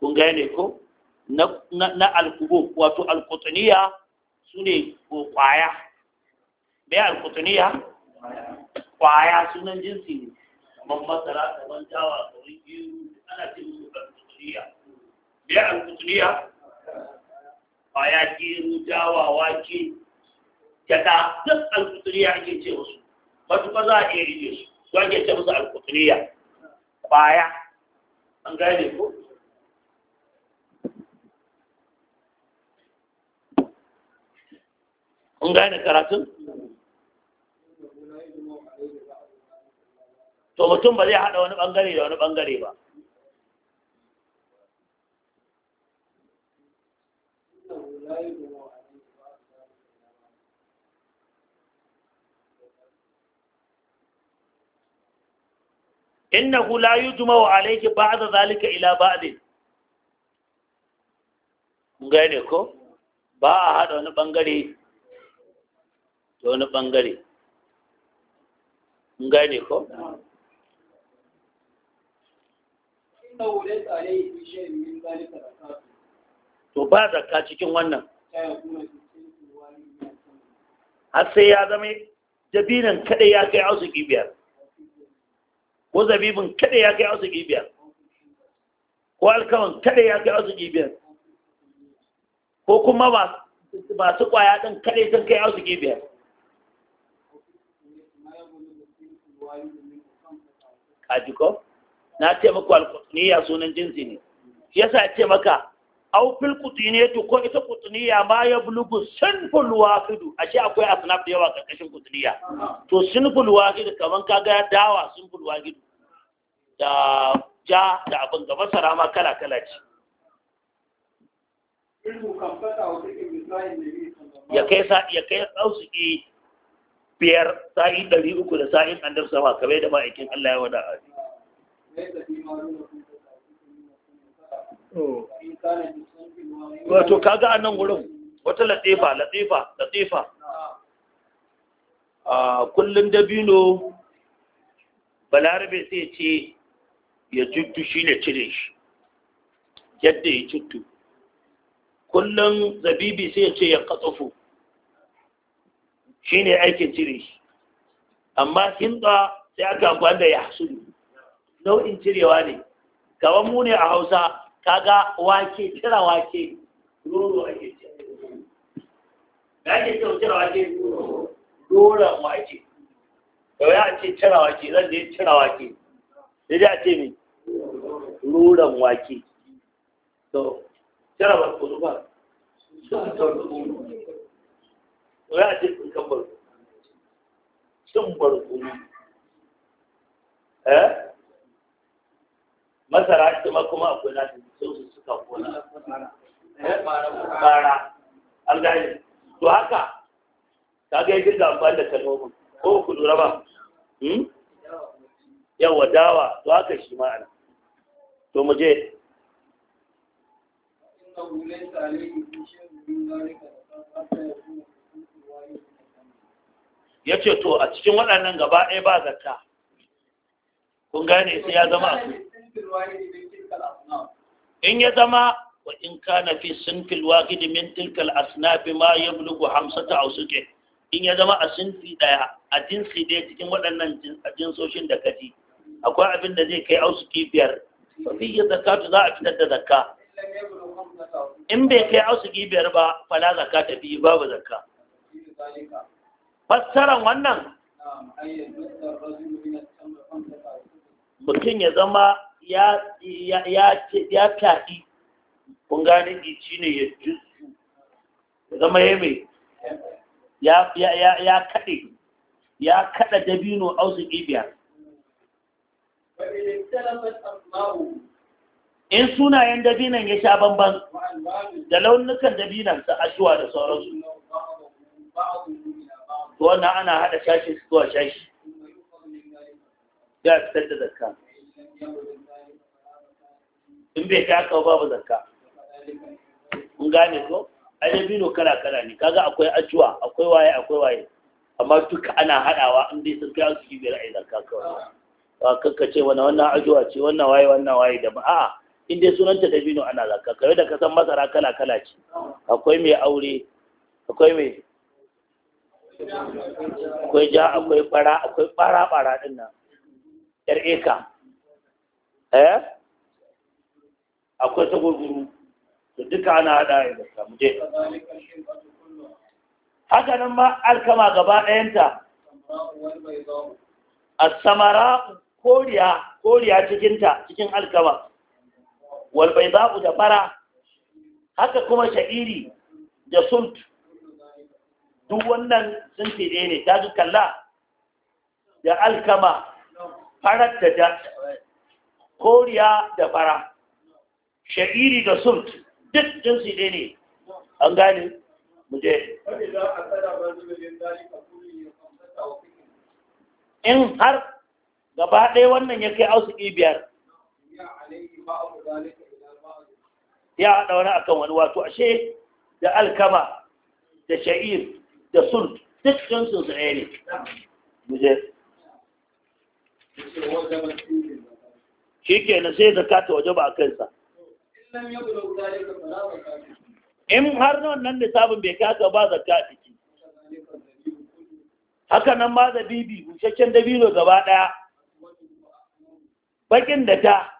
kun gane ko na alkubo wato alkutaniya su ne kwaya bai alkutaniya kwaya sunan jinsi ne kamar masara kamar dawa kamar yiwu ana ce musu alkutaniya bai alkutaniya kwaya jiru dawa wake gada duk alkutaniya ake ce musu matuƙa za a iya rike su Su ake ce musu alkutaniya ƙwaya an gane ko an gane karatun to mutum ba zai haɗa wani ɓangare da wani ɓangare ba Thank you. Inna innahu la yujma'u alayki ba'da zalika ila ba'd mun gane ko ba a hada wani bangare da wani bangare mun gane ko to ba zakka cikin wannan har sai ya zama jabinan kada ya kai arziki biyar ko zabibin kada ya kai arziki biyar ko alkawan kada ya kai arziki biyar ko kuma masu kwaya ɗin kada ya kai arziki biyar kajiko na ce muku alkutuniya sunan jinsi ne yasa ce maka au fil to ko ita kutuniya ma ya bulugu sinful wahidu ashe akwai asinaf da yawa karkashin kutuniya to sinful wahidu kamar kaga dawa sinful wahidu da ja da abin da masara ma kala kala ce ya kai sa ya kai tsausuki biyar sa'i ɗari uku da sa'in annabi sama kamar da ma'aikin Allah ya wada a wato kaga a nan wurin wata latsifa, latsifa, latsifa. a kullum dabino balarabe sai ce ya shi ne cire shi yadda ya juddu kullum zabibi sai ya ce ya katsufu shi ne aikin cire shi amma hinda sai aka amfani da ya hasulu nau'in cirewa ne gaban mu ne a hausa kaga wake cira wake roro ake cire ke ake cire wake roron wake da ya ce cira wake zan da ya cira wake sai dai a ce mai Ruran wake to ba kudu ba ya ce kun kan barku bar barku eh masara ita ma kuma akwai na sun su suka kona eh? bara an ni. to haka ta ga yake da amfani da kalmomin ko ku lura ba hmm? yawa dawa to haka shi ma'ana to muje. ya ce to a cikin waɗannan gaba ɗaya ba zata. kun gane sai ya zama a in ya zama wa in ka na fi sinfil gidi min tilkal asnaf ma bulugu hamsata a suke in ya zama a sinfi ɗaya a jinsi ɗaya cikin waɗannan jinsoshin da kaji akwai abin da zai kai suke biyar fafiyya zakatu za a fitar da zakka in bai kai ausugi biyar ba fala zakka ta biyu babu zakka fassaran wannan mutum ya zama ya fyaɗi kun gane gici ne ya jutsu ya zama ya mai ya kaɗe ya kaɗa dabino ausugi biyar in sunayen dabinan ya sha bamban da launukan dabinan ta ashuwa da sauransu to wannan ana haɗa shashi zuwa shashi ya fitar da zakka in bai ta kawo babu zakka mun gane ko ai dabino kala kala ne kaga akwai ajuwa akwai waye akwai waye amma duka ana haɗawa in dai sun kai su bai yi zakka kawai ba kakka ce wani wannan ajuwa ce wannan waye wannan waye da ba a'a in dai sunanta dabino ana zaka kai da kasan masara kala kala ce akwai mai aure akwai mai akwai ja akwai fara akwai fara fara din nan yar eka eh akwai ta gurguru to duka ana hada da zakka mu je haka nan ma alkama gaba ɗayanta as-samara'u koriya koriya cikinta cikin alkama wal bayda'u da fara haka kuma sha'iri da sult duk wannan sun fide ne ta su kalla da alkama farar da da koriya da fara sha'iri da sult duk sun fide ne an gane muje in har gaba ɗaya wannan ya kai ausuki biyar ya haɗa wani akan wani wato ashe da alkama da sha'ir da sun duk sun sun tsaye ne shi ke na sai zaka ta waje ba a kansa in har na wannan sabon bai kaka ba zaka ciki haka nan ma da bibi busasshen dabino gaba ɗaya bakin da ta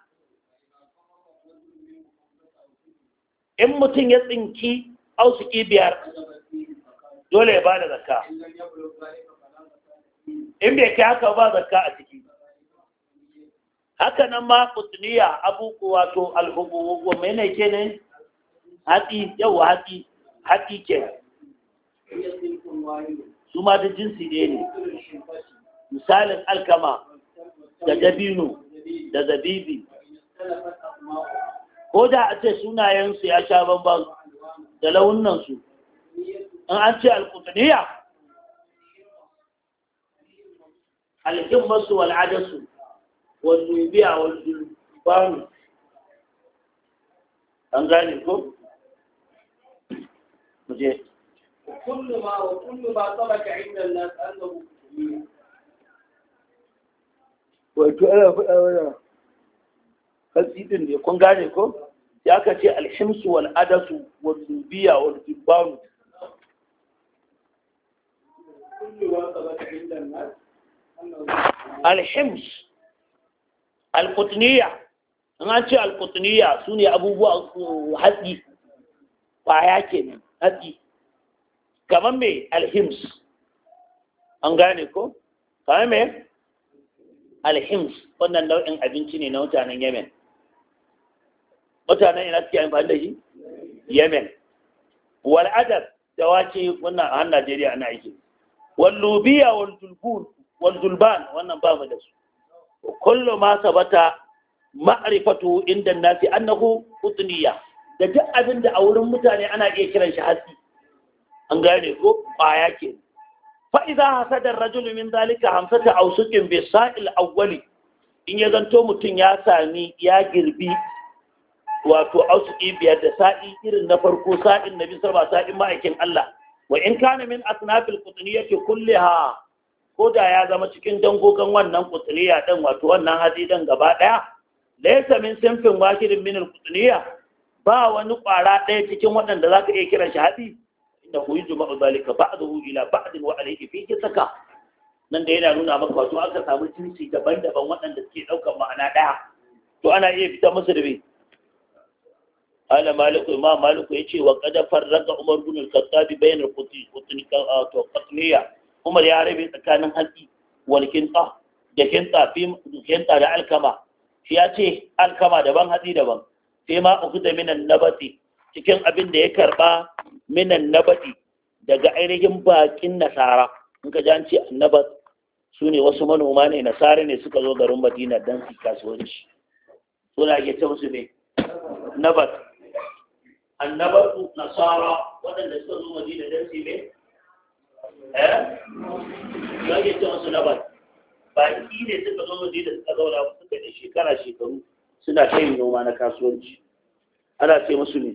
in mutum ya tsinki ausuki kibiyar dole ya ba da zaka in bai kai haka ba zaka a ciki haka nan ma kutuniya abubuwa wato alhubu mai ne ke ne yau hatsi hatsi ke su ma da jinsi ne ne misalin alkama da dabino da zabibi ko da a ce sunayensu ya sha bambam da launansu in an ce alkutaniya alhimmasu wal'adarsu wanzubiya bani. an gane ko? muje kullu ma wa kullu ma tsaraka inda nas wato ana faɗa mana hatsi ɗin ne kun gane ko ya ka ce alhimsu wal adasu wal biya wal zibbanu alhims alkutniya in an ce alkutniya su ne abubuwa uh, hatsi ke kenan hatsi kamar mai alhims an gane ko kamar mai alhims wannan nau'in abinci ne na mutanen yemen mutanen yana suke amfani da shi yemen wal adab da wace wannan a hannun najeriya ana aiki wal lubiya wal dulban wannan ba mu da su kullu ma sabata ma'rifatu inda nasi annahu utniya da duk abin da a wurin mutane ana iya kiran shi hatsi an gane ko kwaya ke fa idza hasada rajulu min zalika hamsata sukin bi sa'il awwali in ya zanto mutum ya sami ya girbi wato ausuki biyar da sa'i irin na farko sa'in nabi sarba sa'in ma'aikin Allah wa in kana min asnafil qutuniyati kulle ko Koda ya zama cikin dangogon wannan kutuniya din wato wannan hadi din gaba ɗaya. laysa min sinfin wakilin min al ba wani ƙwara ɗaya cikin waɗanda zaka iya kiran shi hadi innahu yujma'u zalika ba'dahu ila ba'din wa alayhi fihi saka nan da yana nuna maka wato aka samu jinsi daban-daban waɗanda suke ɗaukar ma'ana ɗaya to ana iya fita musu da bai قال مالك ما مالك يجي وقد فرق عمر بن الخطاب بين القطنية عمر يعرف كان da والكنطة دكنطة في كنطة الكما في الكما دبان هذه دبان فيما أخذ من النبات cikin abin da ya karɓa minan nabadi daga ainihin bakin nasara in ka an ce annabat su ne wasu manoma ne nasara ne suka zo garin madina don su kasuwanci suna ke ce musu ne nabat annabatu nasara waɗanda suka zo madina don su ne eh suna ke ce musu nabat baki ne suka zo madina suka zauna suka da shekara shekaru suna ta yin noma na kasuwanci ana ce musu ne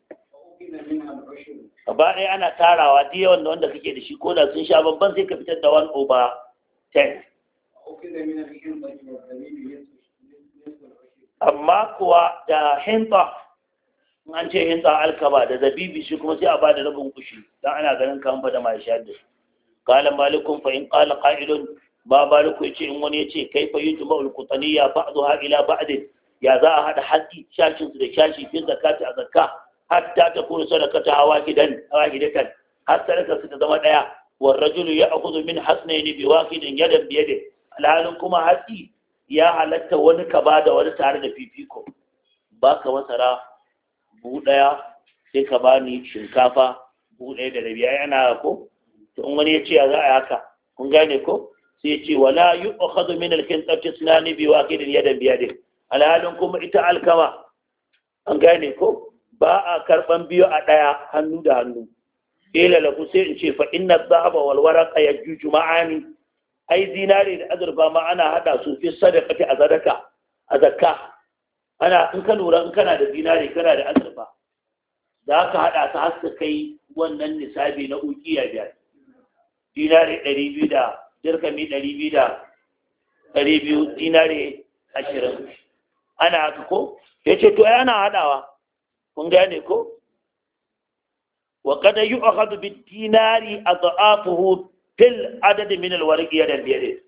gaba ɗaya ana tarawa duk yawan da wanda kake da shi ko da sun sha babban sai ka fitar da one over ten. amma kuwa da hinta an ce hinta alkaba da zabibi shi kuma sai a ba da rabin kushi don ana ganin kamfa da mai shayar da su kala malikun fa in kala ka'ilun ba baliku ya ce in wani ya ce kai fa yi jima'ul kutaniya ba'adu ha ila ba'adin ya za a haɗa haƙi shashinsu da shashi fi zakati a zakka hatta ta kuna sadakata hawa gidan hawa gidatan har sadaka su ta zama daya wal rajulu ya'khudhu min hasnaini bi waqidin yadan bi yadin alhalin kuma hatsi ya halatta wani ka ba da wani tare da fifiko ba ka masara bu daya sai ka ba ni shinkafa bu daya da rabi yana ko to in wani ya ce za a yi haka kun gane ko sai ce wala yu'khadhu min al-kintatis nani bi waqidin yadan bi yadin alhalin kuma ita alkama an gane ko ba a karban biyu a ɗaya hannu da hannu ila lahu sai in ce fa inna dhahaba wal waraqa yajuju ma'ani ai zinare da azurfa ma ana haɗa su fi sadaqati a zadaka a zakka ana in ka lura in kana da zinare kana da azurfa za ka haɗa su haska kai wannan nisabi na ukiya biyar dinare ɗari biyu da dirkami ɗari biyu da ɗari biyu dinare ashirin ana haka ko ya ce to ana haɗawa. kun gane ko wa kada yi ahadu bi dinari a za'afuhu fil adadin minal alwarqi ya dan biyade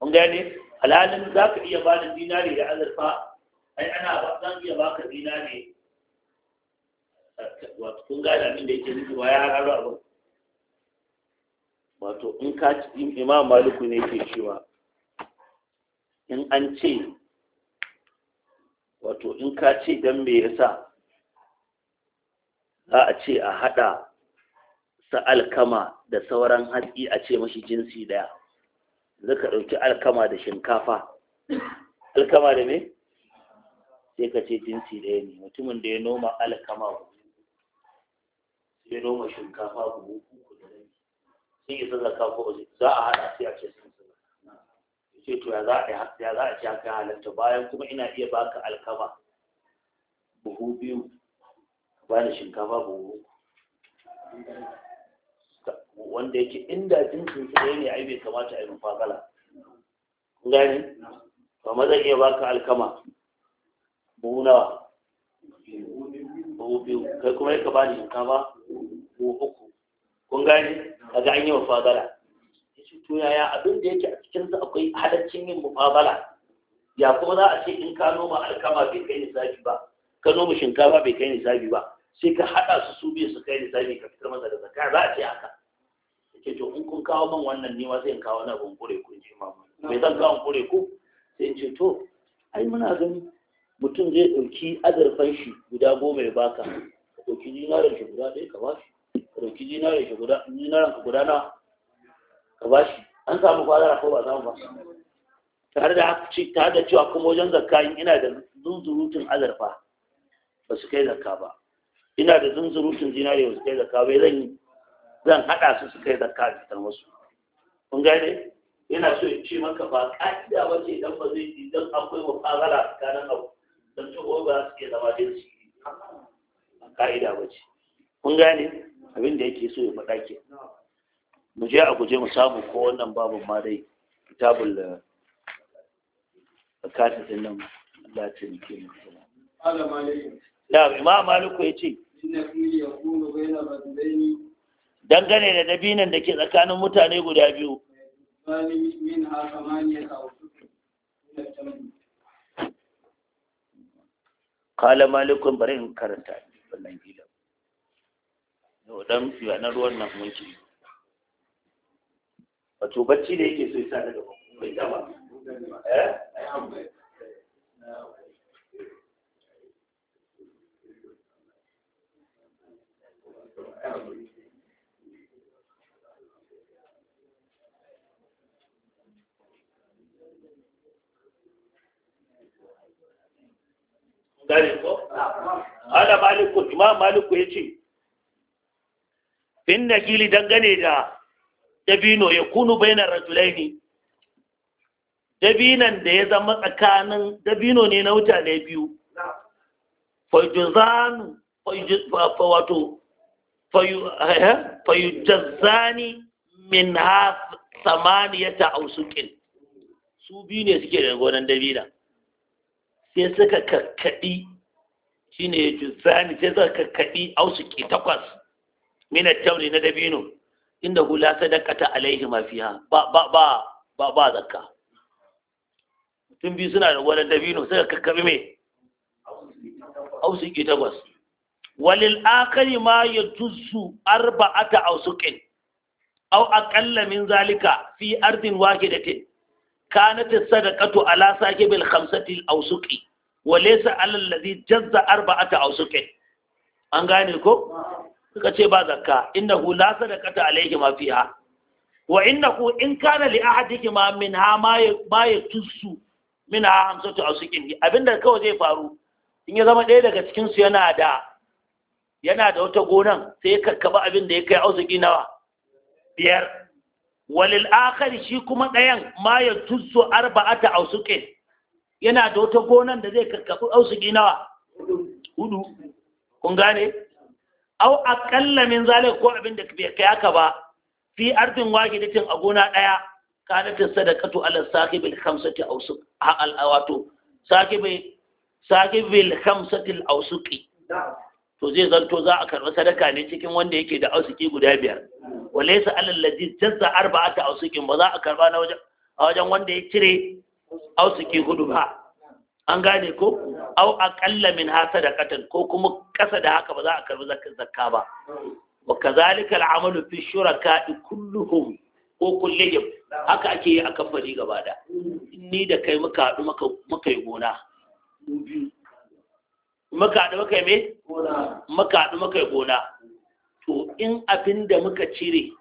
kun gane halalin za ka iya ba da dinari da azurfa ai ana ba zan iya baka dinari wato kun gane abin da yake nufi wa ya hararo abin wato in ka ci imam maliku ne ke cewa in an ce wato in ka ce dan me yasa za a ce a haɗa sa alkama da sauran hatsi a ce mashi jinsi ɗaya zaka ɗauki alkama da shinkafa alkama da me sai ka ce jinsi ɗaya ne mutumin da ya noma alkama ya noma shinkafa buhu uku da rabi sun isa zaka ko za a haɗa sai a ce sun ce to ya za a ci haka halatta bayan kuma ina iya baka alkama buhu biyu bani shinkafa buhu wanda yake inda jinsin su ɗaya ne ai bai kamata a yi mufakala gani ba ma zan iya baka alkama buhu nawa buhu biyu kai kuma yaka bani shinkafa buhu uku kun gani ga an yi shi to yaya abin da yake a cikin sa akwai halaccin yin mufakala ya kuma za a ce in ka noma alkama bai kai ni zabi ba ka noma shinkafa bai kai ni zabi ba sai ka haɗa su su biyu su kai lissafi ka fitar masa da zakka za a ce haka yake to in kun kawo man wannan ne ma sai in kawo na abin kure ku ji mamu me zan kawo kure ku sai in ce to ai muna gani mutum zai ɗauki azurfan shi guda goma ya baka ka ɗauki jinarar shi guda ɗaya ka bashi ka ɗauki jinarar shi guda jinarar ka guda na ka bashi an samu kwadara ko ba samu ba tare da haka ce tare da cewa kuma wajen zakka ina da zunzurutun azurfa ba su kai zakka ba ina da zunzurutun zinare wasu kai zaka bai zan yi zan haɗa su su kai zaka a fitar wasu. kun gane yana so ya ce maka ba ƙa'ida ba ce idan ba zai yi don akwai mafazara tsakanin abu don cewa ba za su iya zama jinsi ba ka'ida ba ce kun gane abin da yake so ya faɗa ke mu je a guje mu samu ko wannan babin ma dai kitabul eh, kafin nan Allah ya taimake mu. Allah malikin. Da ma Maliku ya ce dangane da dabinan da ke tsakanin mutane guda biyu kala malikun bari in karanta wannan gida yau dan fiya na ruwan nan mun ci wato bacci da yake so ya sa daga bai dama eh gane ko ala maliku ya ce dangane da dabino ya kunu bainar rajulaini dabinan da ya zama tsakanin dabino ne na mutane biyu fayujazanu wato fayujazani eh, eh, min ha ta ausukin su biyu ne suke da gonan dabina sai suka kakkaɗi shi ne ya ni sai suka kakkaɗi ausuki takwas mina tauri na dabino inda hula sadakata alaihi mafiya ba ba ba ba zakka mutum biyu suna da wani dabino suka kakkaɓi mai ausuki takwas walil akari ma ya juzzu arba'ata ausukin au akalla min zalika fi ardin wahidatin kanat as-sadaqatu ala sakibil khamsati al-awsuqi walaysa alal ladhi jazza arba'ata awsuqin an gane ko suka ce ba zakka innahu la sadaqata alayhi ma fiha wa innahu in kana li min ha ma tusu min ha hamsatu awsuqin abinda kawai zai faru in ya zama ɗaya daga cikin su yana da yana da wata gonan sai ya karkaba abin da ya kai awsuqi nawa biyar walil akhari shi kuma ɗayan ma tusu arba'ata awsuqin yana da wata gonan da zai karkafi ausigi nawa hudu kun gane au aqalla min zalika ko abin da bai kai haka ba fi ardin wahidatin a gona daya kanat sadaqatu ala sahibil khamsati awsuq al awato sahibi sahibil khamsati al awsuqi to zai zanto za a karɓi sadaka ne cikin wanda yake da ausuki guda biyar walaysa alal ladhi jazza arba'ata ausukin ba za a karba na wajen a wajen wanda ya cire au suke hudu ba an gane ko au aƙalla min ha sadaqatan ko kuma kasa da haka ba za a karbi zakka ba wa kazalika al'amalu fi shuraka'i kulluhum ko kullihim haka ake yi a kamfani gaba da ni da kai muka haɗu muka yi gona muka haɗu muka yi me muka haɗu muka yi gona to in abin da muka cire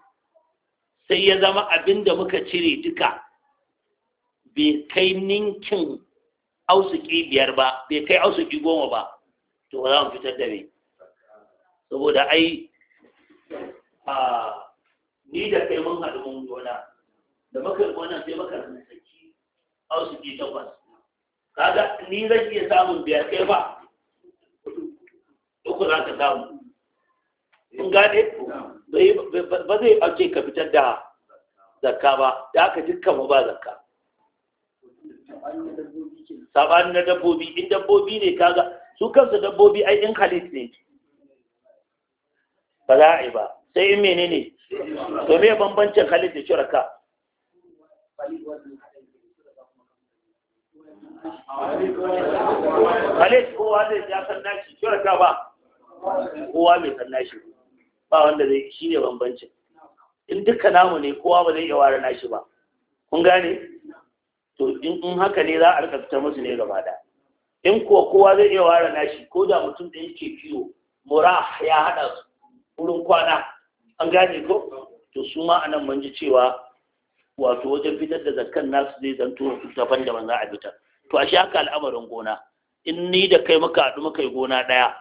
sai ya zama abin da muka cire duka bai kai ninkin ausuki biyar ba bai kai ausuki goma ba to ba za mu fitar da mai saboda ai ni da kai mun haɗu mun gona da maka yi sai maka saki ausuki takwas kaga ni zan iya samun biyar kai ba uku za ka samu in gane ba zai ce ka fitar da zakka ba da aka dukkan mu ba zakka sabanin na dabbobi in dabbobi ne kaga su kansu dabbobi ai in halit ne ba za a yi ba sai in menene to me bambancin halit da shuraka halit kowa zai ya san nashi shuraka ba kowa mai san nashi ba wanda zai shi ne bambancin in duka namu ne kowa ba zai iya ware nashi ba kun gane to in haka ne za a rika fitar musu ne gaba da in kuwa kowa zai iya ware nashi ko da mutum da yake kiwo mura ya haɗa wurin kwana an gane ko to su ma anan mun ji cewa wato wajen fitar da zakkan nasu zai zanto daban da za a fitar to a shaka al'amarin gona in ni da kai muka haɗu muka yi gona ɗaya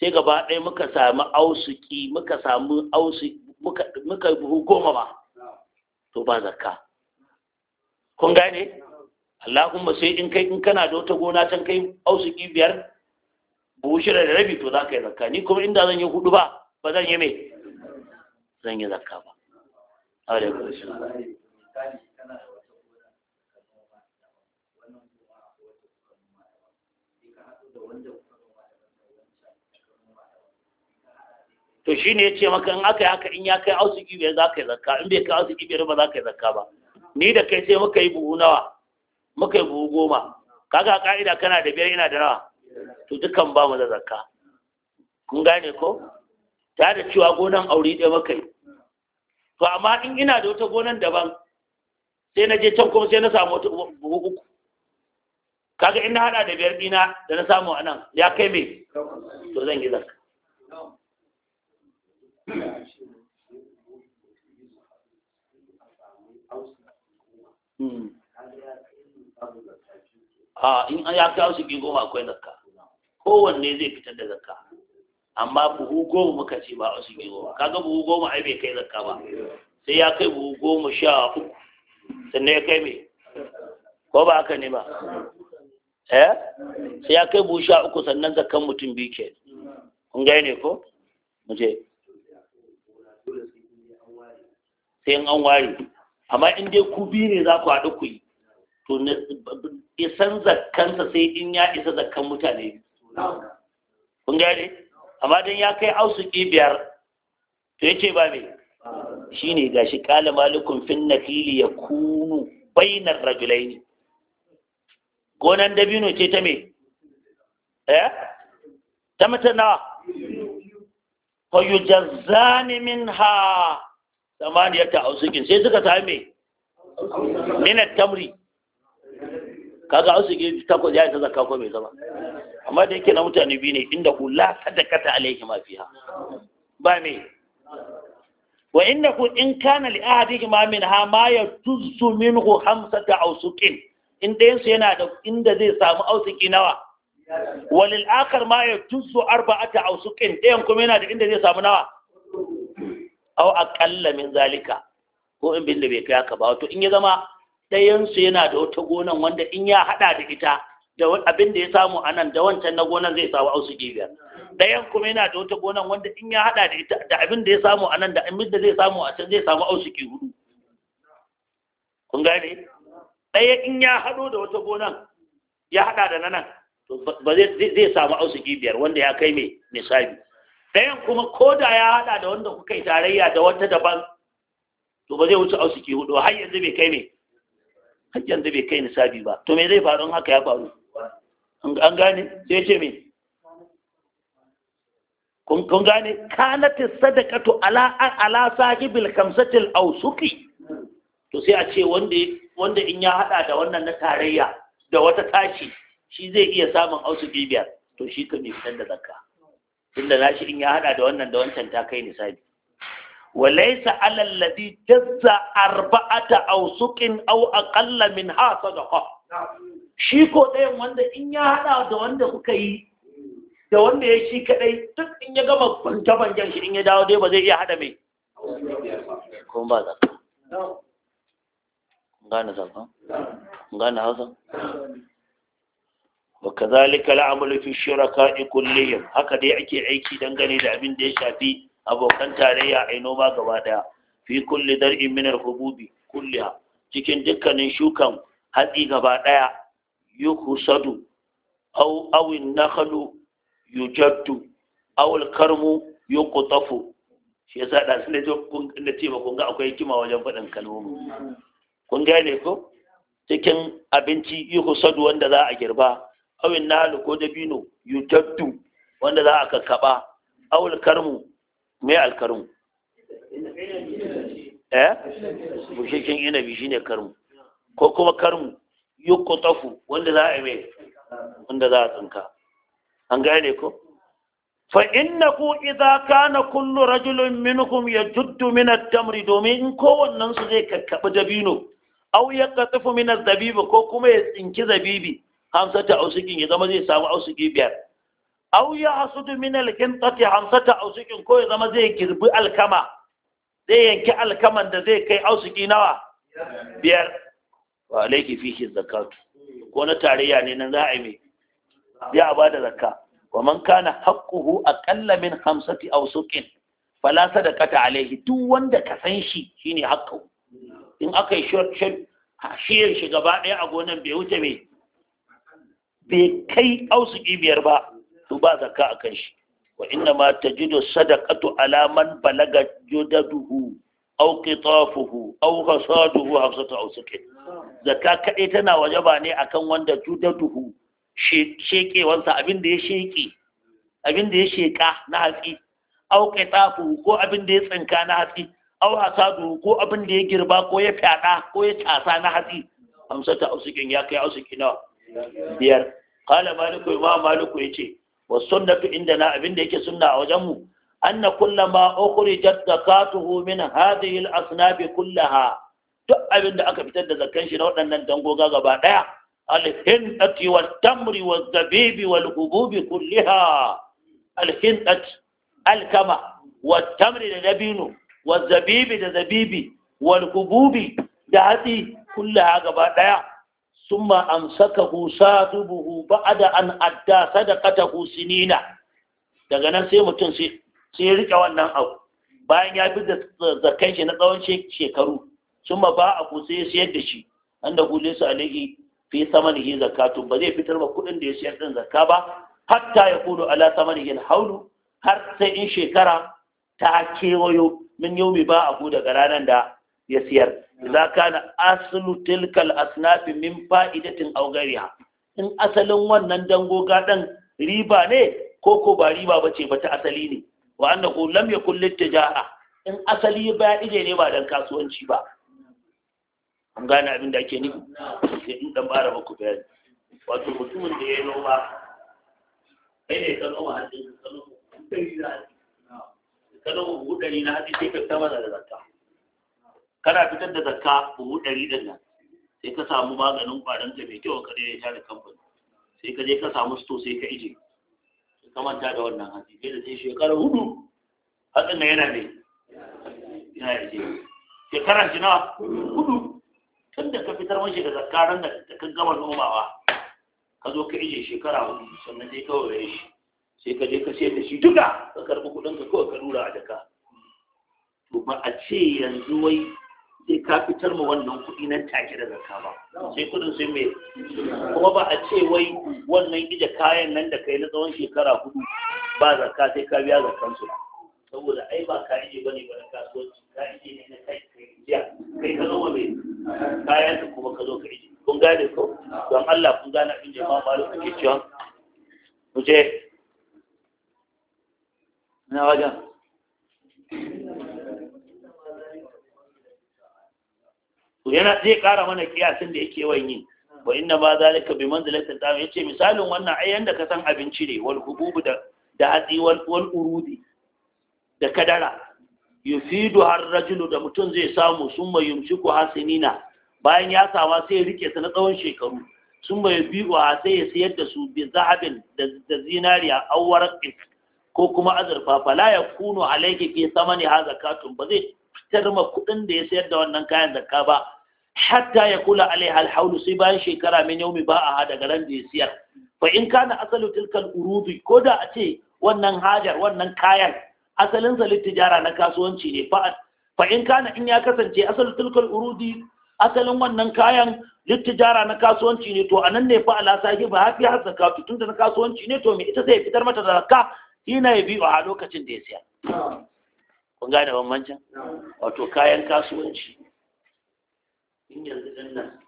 sai gaba ɗaya muka samu ausuki muka samu ausuki muka buhu goma ba to ba zakka kun gane Allahumma sai in kai in kana da wata gona can kai ausiki biyar bushira da rabi to za ka yi zakka ni kuma inda zan yi hudu ba ba zan yi mai zan yi zakka ba to shi ne ya ce maka in aka yi haka in ya kai ausiki biyar za ka yi zakka in bai kai ausiki biyar ba za ka yi zakka ba ni da kai sai muka yi buhu nawa muka yi buhu goma kaga ka'ida kana da biyar yana da nawa to dukan ba mu da zakka kun gane ko ta da cewa gonan aure ɗaya muka yi to amma in ina da wata gonan daban sai na je can kuma sai na samu wata buhu uku kaga in na hada da biyar dina da na samu a nan ya kai me to zan yi zakka Hmm. a in an ya kawo shigi goma akwai zakka kowanne zai fitar da zakka amma buhu goma muka ce ba a shigi goma kaga buhu goma ai bai kai zakka ba sai ya kai buhu goma sha uku sannan ya kai mai ko ba haka ne ba eh sai ya kai buhu sha uku sannan zakkan mutum biyu ke kun ne ko mu je sai in an ware amma in dai ku biyu ne za ku haɗu ku yi isan zakkansa sai in ya isa zakkan mutane kun ne? amma don ya kai ausuki biyar to ya ce ba me shi ne ga shi kala fin na fili ya kunu bainar rajulai ne gonan dabino ce ta me eh ta mata nawa fayujazzani minha samaniyata ausukin sai suka same minat tamri kaga an suke takwas ya ta zakka ko mai zama amma da yake na mutane biyu ne inda ku la sadaqata alayhi ma fiha ba me wa inda ku in kana li ahadihi ma min ha ma yatuzzu minhu khamsata awsuqin in dayan su yana da inda zai samu ausuki nawa walil akhar ma yatuzzu arba'ata awsuqin dayan kuma yana da inda zai samu nawa aw aqalla min zalika ko in bin da bai kai haka ba wato in ya zama ɗayansu yana da wata gonan wanda in ya haɗa da ita da abin da ya samu a nan da wancan na gonan zai samu ausu biyar ɗayan kuma yana da wata gonan wanda in ya haɗa da ita da abin da ya samu a nan da abin da zai samu a can zai samu ausu hudu kun gane ɗaya in ya haɗo da wata gonan ya haɗa da nan ba zai samu ausu biyar wanda ya kai mai misali ɗayan kuma ko da ya haɗa da wanda kuka yi tarayya da wata daban to ba zai wuce ausu hudu har yanzu bai kai mai har da bai kai nisabi ba to me zai faru haka ya faru an gane sai ce me kun gane kanati sadaqatu ala ala sahibil khamsatil ausuki to sai a ce wanda wanda in ya hada da wannan na tarayya da wata tashi shi zai iya samun ausuki biyar to shi ka mai fitar da zakka tunda nashi in ya hada da wannan da wancan ta kai nisabi وليس على الذي جز أربعة أو سك أو أقل منها صدقة shi ko wanda in ya hada da wanda kuka yi da wanda ya shi kadai, duk in ya gama banje-banjen shi in ya dawo dai ba zai iya hada mai kuma ba zaka gane zaka gane hausa wa kazalika la'amalu fi shuraka'i kulliyam haka dai ake aiki dangane da abin da ya shafi abokan tarayya a noma gaba daya fi kulli dar'in min al-hububi kulliha cikin dukkanin shukan hatsi gaba daya yuhsadu aw aw an-nakhlu yujaddu aw al-karmu yuqtafu shi yasa da sun da kun da ce kun ga akwai kima wajen faɗin kalmomi kun gane ko cikin abinci yuhsadu wanda za a girba aw an-nakhlu ko dabino yujaddu wanda za a kakkaba aw al-karmu me alkarin eh bushashen inabi shine karin ko kuma karin tafu wanda za a yi mai wanda za a tsinka an gane ko fa innahu idza kana kullu rajulun minkum yajuddu min at-tamri domin in wannan su zai kakkabi dabino aw yaqtafu min az-zabib ko kuma ya tsinki zabibi hamsata ausukin ya zama zai samu ausuki biyar aw ya hasudu min alqintati hamsata ausukin ko ya zama zai kirbi alkama zai yanki alkaman da zai kai ausuki nawa biyar wa alayki fihi zakatu ko na tarayya ne nan za a yi mai za a da zakka wa man kana haqquhu aqalla min hamsati ausukin fala sadaqata alayhi duk wanda ka san shi shine haqqu in aka yi short shi gaba ɗaya a gonan bai wuce mai bai kai ausuki biyar ba to ba zakka a kan shi wa inna ma tajidu sadaqatu ala man balaga judaduhu aw qitafuhu aw hasaduhu hafsatu aw sakin zakka kade tana wajaba ne akan wanda judaduhu shekewansa abin da ya sheke abin da ya sheka na hatsi aw qitafuhu ko abin da ya tsinka na hatsi aw hasaduhu ko abin da ya girba ko ya fyada ko ya tsasa na hatsi hamsata ausukin ya kai ausuki nawa biyar qala maliku imam maliku yace wa sunnatu indana abinda yake sunna a wajen mu anna kullama ukhrijat zakatuhu min hadhihi al-asnaf kullaha duk abinda aka fitar da zakkan shi na waɗannan dangoga gaba ɗaya, al-hindati wat-tamri waz-zabibi wal-hububi kullaha al-hindat al tamri da dabino waz-zabibi da zabibi wal-hububi da hatsi kullaha gaba ɗaya. ثم أمسكه صاحبه بعد أن أدى صدقته سنين daga nan sai mutum sai ya rike wannan abu bayan ya bi da zakan shi na tsawon shekaru sun ma ba abu sai ya sayar da shi an da hule su alaihi fi samanihi zakatu ba zai fitar ba kuɗin da ya sayar din zakka ba hatta ya kudu ala samanihi haulu har sai in shekara ta kewayo min yau ba abu daga ranar da ya siyar ka na asalu tilkal asnafi min fa'idatin augariya. in asalin wannan dango gadan riba ne ko ko ba riba bace ba ta asali ne wa annahu lam yakul littijaha in asali ba ije ne ba dan kasuwanci ba an gane abin da ake ni? sai in dan bara muku bayani wato mutumin da ya yi noma kai ne ka noma hadin ka noma kudari na hadin ka tsamana da zakka kana fitar da zakka buhu ɗari ɗin nan sai ka samu maganin ƙwaron ka mai kyau ka ɗaya ta da kamfani sai ka je ka samu sto sai ka ije ka manta da wannan hatsi sai da sai shekara hudu hatsin na yana ne yana ije shekara shi na hudu tun da ka fitar mashi da zakka ran da ka gama nomawa ka zo ka ije shekara hudu sannan sai ka waye shi sai ka je ka sayar da shi duka ka karɓi kuɗin ka kawai ka lura a jaka to ba a ce yanzu wai sai ka fitar mu wannan kuɗi nan take da zakka ba sai kuɗin sai me kuma ba a ce wai wannan ije kayan nan da kai na tsawon shekara hudu ba zakka sai ka biya zakkan su saboda ai ba ka ije bane ba na kasuwanci ka ije ne na kai kai jiya kai ka zama mai kayan ka kuma ka zo ka ije kun gane ko don Allah kun gane abin da ma malu kake cewa mu je na wajen yana zai kara mana kiyasin da yake yi wa inna ba zalika bi manzilatin ta yace misalin wannan ai yanda ka san abinci ne wal hububu da da hatsi wal urudi da kadara yufidu har rajulu da mutum zai samu summa yumshiku hasinina bayan ya sama sai ya rike su na tsawon shekaru sun bai biyu sai ya sayar da su bi zahabin da zinariya awwar ko kuma azurfa fala ya kuno alaiki fi samani ha ba zai fitar ma kuɗin da ya sayar da wannan kayan zakka ba hatta ya kula alaiha alhaulu sai bayan shekara min yaumi ba a daga ran da ya siyar fa in kana asalu tilkal urudi ko da a ce wannan hajar wannan kayan asalin zalit tijara na kasuwanci ne fa fa in kana in ya kasance asalu tilkal urudi asalin wannan kayan tijara na kasuwanci ne to anan ne fa ala ba hafi har zakatu tunda na kasuwanci ne to me ita zai fitar mata da zakka ina ya biyo a lokacin da ya siya kun gane bambancin wato kayan kasuwanci in yanzu ɗin nan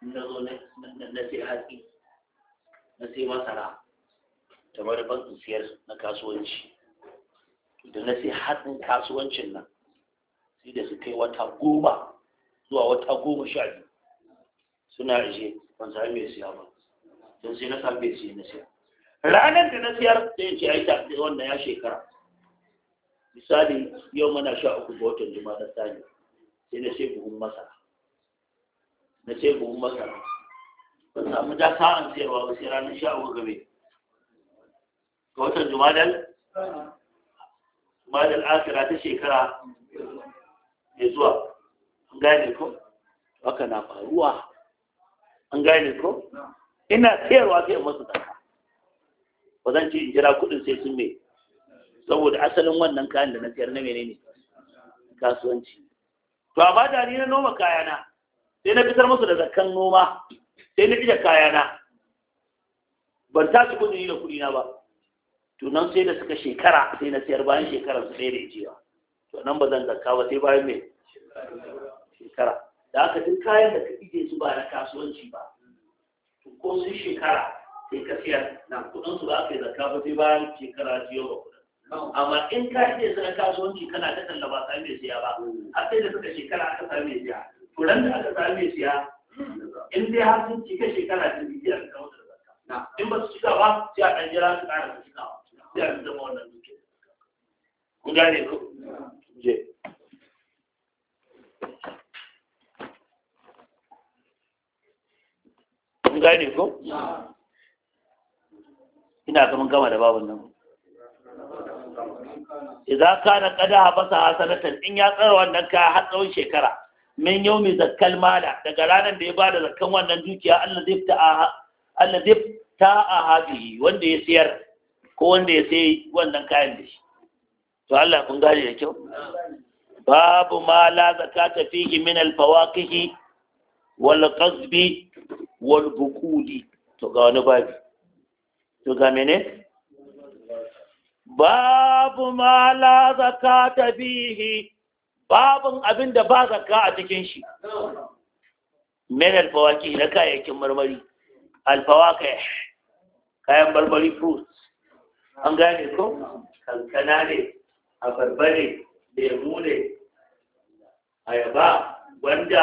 na zo na sai hatsi na sai masara ta manufan in siyar na kasuwanci da na sai haɗin kasuwancin nan sai da su kai wata goma zuwa wata goma sha biyu suna ajiye ban sami mai siya ba don sai na sami mai siya na siya ranar da na siyar da ya ce a yi ta wannan ya shekara misali yau mana sha uku ga watan juma'a da sani sai na sai buhun masara na ce buhun masara ba samu ja sa'an sayarwa ba sai ranar sha uku gabe ga watan jumadal jumadal asira ta shekara mai zuwa an gane ko haka na faruwa an gane ko ina sayarwa sai masu daga ba zan ce in jira kuɗin sai sun mai saboda asalin wannan kayan da na sayar na menene kasuwanci to amma ba ni na noma kayana sai na fitar musu da zakkan noma sai na ije kayana ban ta kudu kudi da kudi na ba to nan sai da suka shekara sai na sayar bayan shekarar su ɗaya da ijewa to nan ba zan zakka ba sai bayan mai shekara da aka duk kayan da ka ije su ba na kasuwanci ba to ko sun shekara sai ka siyar na kudin su ba aka yi zakka ba sai bayan shekara jiya ba amma in ka ije su na kasuwanci kana ta tallaba sai mai siya ba har sai da suka shekara aka sami mai siya kuran da aka sami siya in dai har sun cika shekara ta biyar da wata zakka in ba su cika ba sai a ɗan jira su cika sai a zama wannan duke ku gane ko je Ku gane ko ina kaman gama da babun nan in ya tsara wannan ka har tsawon shekara min yau mai zakkal mala daga ranar da ya bada zakkan wannan dukiya Allah zai ta a haɗi wanda ya siyar ko wanda ya sai wannan kayan da shi to Allah kun gane da kyau babu ma la zakata fihi min alfawakihi wal qasbi wal bukuli to ga wani babu to ga mene babu ma la zakata fihi babin abin da ba zakka a cikin shi men alfawaki na kayayyakin marmari alfawaka kayan marmari fruits an gane ko kankana ne abarba ne lemu ne ayaba gwanda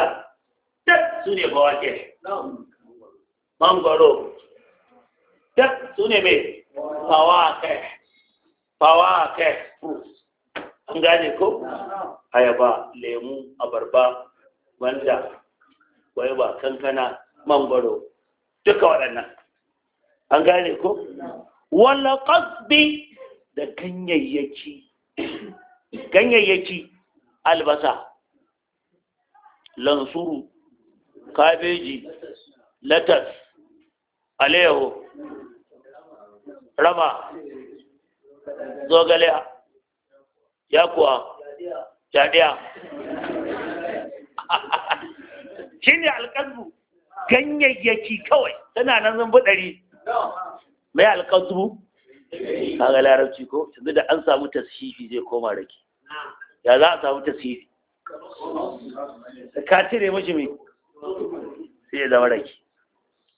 duk su ne fawake mangoro duk su ne mai fawaka fawaka fruits an gane ko ayaba lemu abarba wanda gwaiba kankana mangoro duka waɗannan an gane ko wala ƙasbi da ganyayyaki ganyayyaki albasa lansuru kabeji latas aleho rama zogale ya kuwa jadiya [LAUGHS] shi ne alƙalbu ganyayyaki kawai tana nan zan ɗari mai alƙalbu kaga larabci ko yanzu da an samu tashifi zai koma ke ya za a samu tashifi ka cire mashi mai sai ya zama ke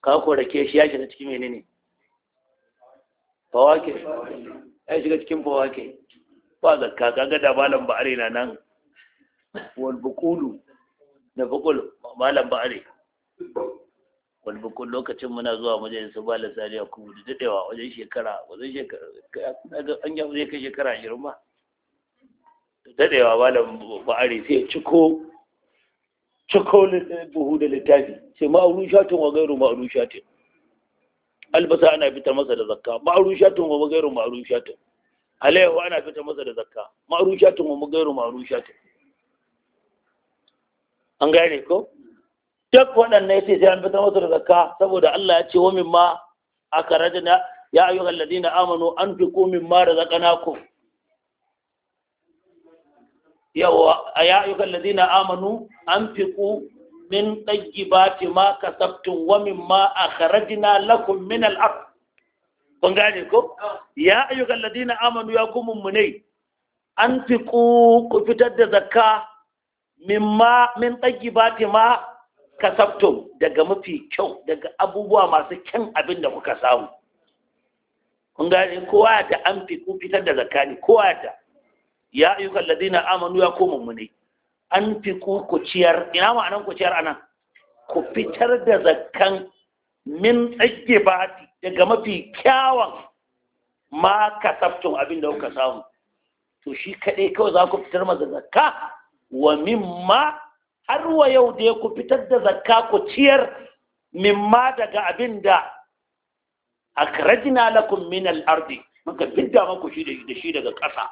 ka da ke shi ya shiga cikin menene fawake ya shiga cikin fawake ba zakka kaga da malam ba'are na nan wal buqulu da buqul malam ba'are wal buqul lokacin muna zuwa majalis su bala sariya ku da dadewa wajen shekara wajen shekara an ya zai kai shekara 20 ba dadewa malam ba'are sai ciko ciko buhu da littafi sai ma'aurun shatin wa gairu ma'aurun shatin albasa ana fitar masa da zakka ma'aurun shatin wa gairu ma'aurun shatin alayyahu ana fita masa da zakka ma'arushatun wa mugairu ma'arushatun an gane ko duk waɗannan yace sai an fita masa da zakka saboda Allah ya ce wa min mimma akarajna ya ayyuhal alladina amanu an fi ma da zakana ku yawa ya ayyuhal alladina amanu an ku min tajibati ma kasabtum wa ma akhrajna lakum min al-ardh kun gane ko ya ayyukan ladina amanu ya kuma munai an fi ku fitar da zakka min ɗagi ba ma kasabtum daga mafi kyau daga abubuwa masu kyan abin da kuka samu kun gane kowa da an fi ku fitar da zakka ne kowa da ya ayyukan ladina amanu ya kuma munai an fi ku ku ciyar ina ma'anan ku ciyar anan ku fitar da zakkan min ba bati daga mafi kyawan ma kasabtum abin da kuka samu to shi kaɗai kawai za ku fitar masa zakka wa mimma har wa yau da ku fitar da zakka ku ciyar mimma daga abin da akrajna lakum min al-ardi muka fidda muku shi da shi daga ƙasa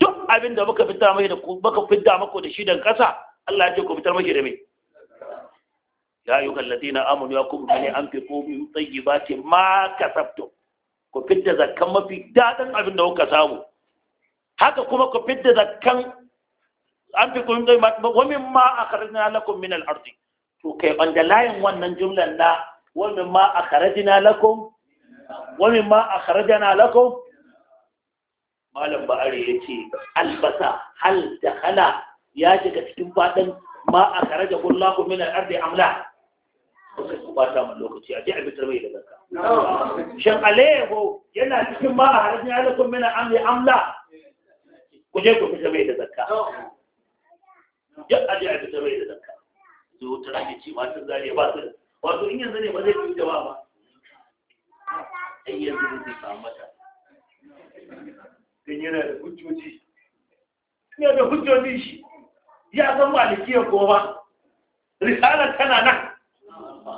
duk abin da muka fidda muku da shi daga ƙasa Allah ya ce ku fitar maki da mai ya ayyuhal ladina amanu ya kum an anfiqu ba ce ma kasabtum ku fidda zakkan mafi daɗin abin da kuka samu haka kuma ku fidda zakkan an fi kun zai wa min ma na lakum min al-ard to kai banda layin wannan jumlan na wa min ma akhrajna lakum wa min ma akhrajna lakum malam ba'ari ce albasa hal da dakhala ya shiga cikin fadin ma akhrajahu Allah min al-ard amla kuka ku bata mu lokaci a ji bitar mai da zarka shin alayyahu yana cikin ma a harajin halakun mina amli amla ku je ku fita mai da zakka duk a ji abin tarbai da zarka zo ta rage ce sun zane ba su wato in yanzu ne ba zai fi jama'a ba ai yanzu ne zai samu mata don yana da hujjoji yana da hujjoji shi ya san malikiyar goma risalar tana nan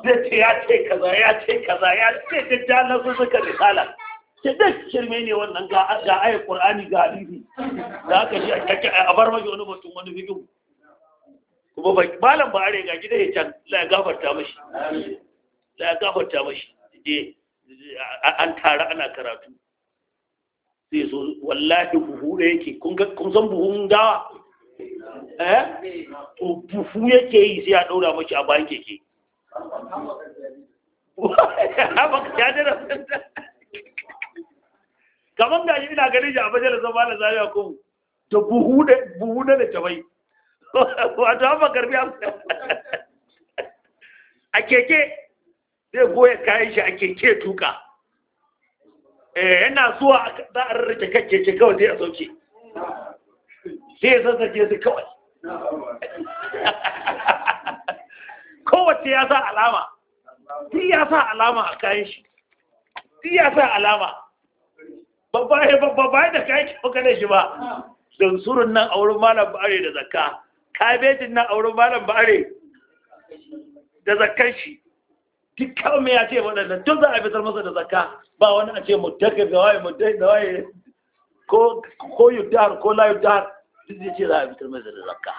zai ce ya ce kaza ya ce kaza ya ce dajja na su suka risala ce da shirme ne wannan ga ga ayat qur'ani ga hadisi da aka shi a bar mashi wani batun wani bidiyo kuma ba malam ba are ga gida ya can la ya gafarta mashi la ya gafarta mashi je an tara ana karatu sai so wallahi buhu da yake kun san buhun dawa eh to buhu yake yi sai a daura mashi a bayan keke [LAUGHS] kamar gashi ina gani shi a bajar zama da zariya ko da buhu na da tabai [LAUGHS] wato haɓa karfi [LAUGHS] a keke zai goya kayan shi a keke tuka eh, yana zuwa za a rarrake kan keke kawai sai a sauke sai ya sassake su kawai kowace ya sa alama ti ya sa alama a kayan shi ti ya sa alama babba ya babba da kayan shi baka ne shi ba dansurun nan a wurin malam ba'are da zakka kabejin nan a wurin malam ba'are da zakkan shi duk kawai ya ce waɗannan tun za a fitar masa da zakka ba wani a ce mutakar da waye mutakar da waye ko ko yudar ko la yudar duk zai ce za a fitar masa da zakka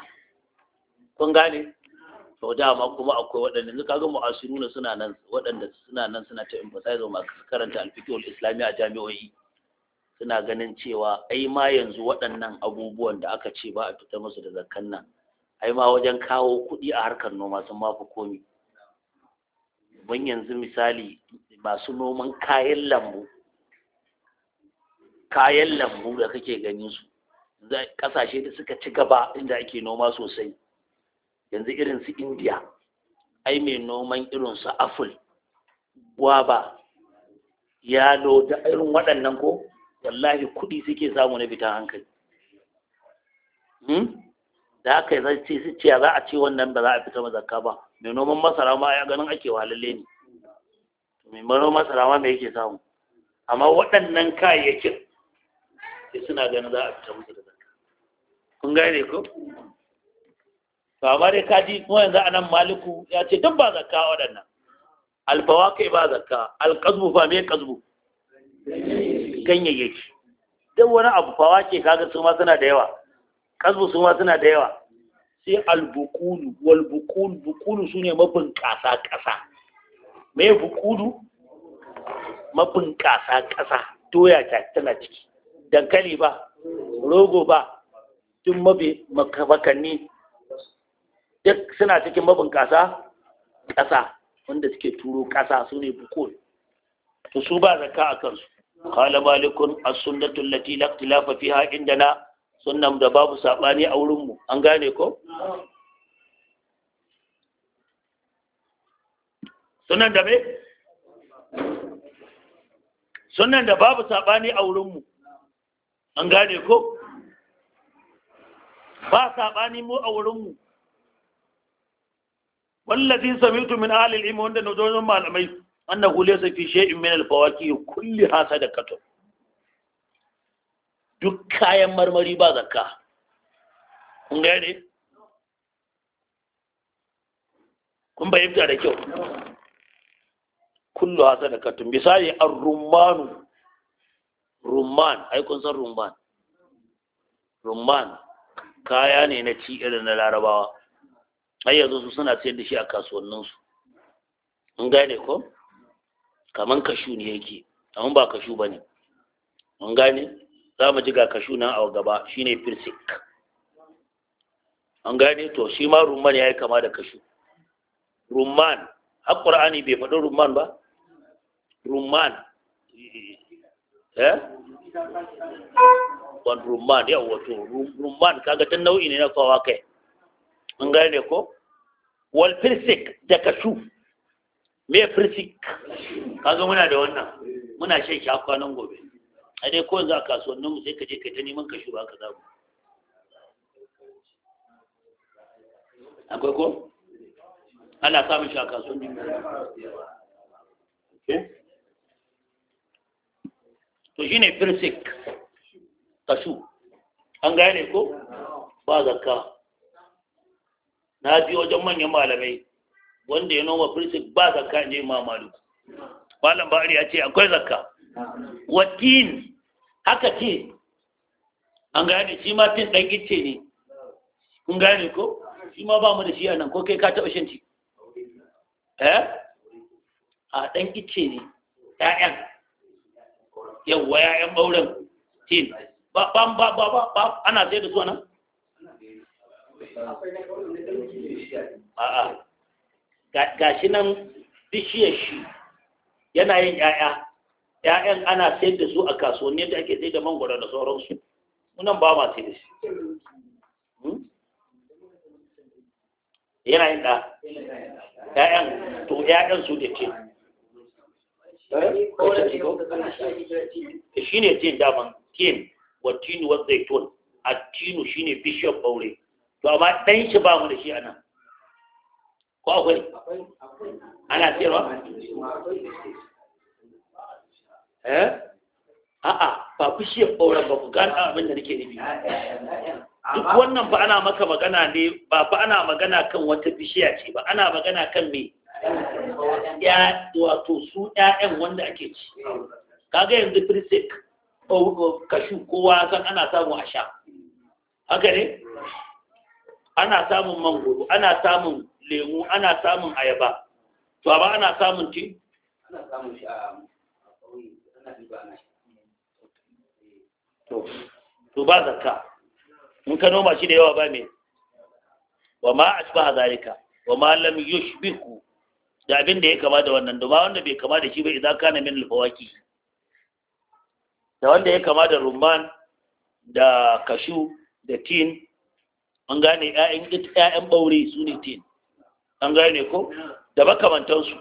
kun gane to ma kuma akwai waɗanda yanzu kaga ne suna nan waɗanda suna nan suna ta emphasize ma karanta alfiqul islami a jami'o'i suna ganin cewa ai ma yanzu waɗannan abubuwan da aka ce ba a fita musu da zakkan nan ai ma wajen kawo kuɗi a harkar noma sun ma fi komi ban yanzu misali masu noman kayan lambu kayan lambu da kake ganin su kasashe da suka ci gaba inda ake noma sosai yanzu irin su India, ai mai noman irin su aful gwaba yalo da irin waɗannan ko wallahi kuɗi suke samu na fitan hankali hmm? da aka zai ce su ce za a ce wannan ba za a fita mazaka ba mai noman masara ma ya ganin ake walalle ne mai noman masara ma mai yake samu amma waɗannan kayayyakin suna ganin za a fita musu kun gane ko to amma dai kaji mu yanzu anan maliku ya ce duk ba zakka waɗannan kai ba zakka alqazbu fa mai qazbu ganyayyaki duk wani abu ke kaga su ma suna da yawa qazbu su ma suna da yawa sai albukulu wal bukulu sune mabin kasa kasa mai bukulu mabin kasa kasa doya ta tana ciki dankali ba rogo ba tun mabe makabakanni. duk suna cikin mabunƙasa ƙasa wanda suke turo ƙasa su ne bukol to su ba zakka a kansu qala malikun as-sunnatu allati la ikhtilafa fiha indana da babu sabani a wurin mu an gane ko sunan da me sunan da babu sabani a wurin mu an gane ko ba sabani mu a wurin mu wallazi sami'tu min ahli al-ilm wanda nojojin malamai annahu laysa fi shay'in min al fawaki kulli kato duk kayan marmari ba zakka kun ga ne kun bayyana da kyau kullu kato misali ar-rumman rumman ai kun san rumman rumman kaya ne na ci irin na larabawa ai yanzu su suna sayar da shi a kasuwanninsu mun gane ko kaman kashu ne yake amma ba kashu ba ne mun gane za mu ji ga kashu nan a gaba shine firsik an gane to shi ma rumman ya yi kama da kashu rumman har qur'ani bai faɗi rumman ba rumman eh wan rumman yawa wato rumman kaga ta nau'i ne na kowa kai an gane ko wal firsik da kashu me firsik zo muna da wannan muna shan shakwa nan gobe a dai ko za a kasuwannin mu sai ka je ka ta neman kashu ba ka zamu akwai ko ana samun shi a kasuwannin to shine firsik kashu an gane ko ba zakka na ji wajen manyan malamai wanda ya noma firsik ba zakka in je ma malam bari ya ce akwai zakka watin haka ce an gane shi ma tin dan gicce ne kun gane ko shi ma ba mu da shi a nan ko kai ka taɓa shan ci eh a dan gicce ne ƴaƴan yawwa ƴaƴan bauren tin ba ba ba ba ana sai da su nan a'a gashi nan bishiyar shi yana yin ƴaƴa ƴaƴan ana sayar da su a kasuwanni da ake sayar da mangoro da sauransu munan ba ma sayar da shi hmm? yana yin da ya'yan to ya'yan su da ce eh? shi ne tin daman tin wa tinu wa zaitun a tinu shi ne bishiyar ɓaure to amma ɗan shi ba mu da shi a nan ko akwai ana cewa eh a'a ba bishiyar ɓauren ba ku gane abin da nake nufi duk wannan ba ana maka magana ne ba ba ana magana kan wata bishiya ce ba ana magana kan me ya wato su ƴaƴan wanda ake ci kaga yanzu firsik kashu kowa san ana samun a sha haka ne ana samun mangoro ana samun lemu ana samun ayaba to ba ana samun ti ana samun shi a ana to to ba zakka in ka noma shi da yawa ba me wa ma asbaha zalika wa ma lam yushbihu da abin da ya kama da wannan da wanda bai kama da shi ba idan kana min alfawaki da wanda ya kama da rumman da kashu da tin an gane 'ya'yan ɓaure su ne tin an gane ko da makamantansu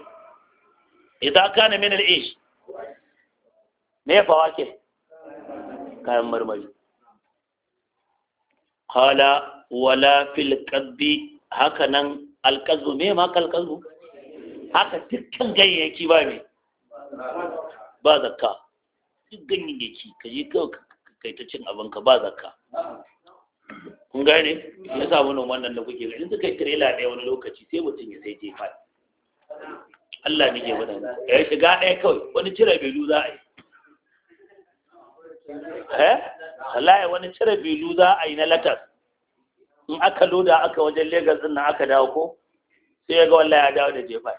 idan kana min al-ish me ke kayan marmari qala wala fil qadbi haka nan al me ma kal haka dukkan ganyayyaki ba me ba zakka duk ganyayyaki kaje kawai kai ta cin abinka ba zakka kun gane ya samu noman nan da kuke in suka yi tirela ɗaya wani lokaci sai mutum ya sai jefa Allah ne ke wadanda ya shiga ɗaya kawai wani cire belu za a yi eh wallahi wani cire belu za a yi na latas in aka loda aka wajen Legas din nan aka dawo ko sai ya ga wallahi ya dawo da jefa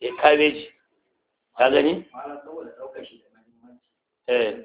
ya kabeji ka gani eh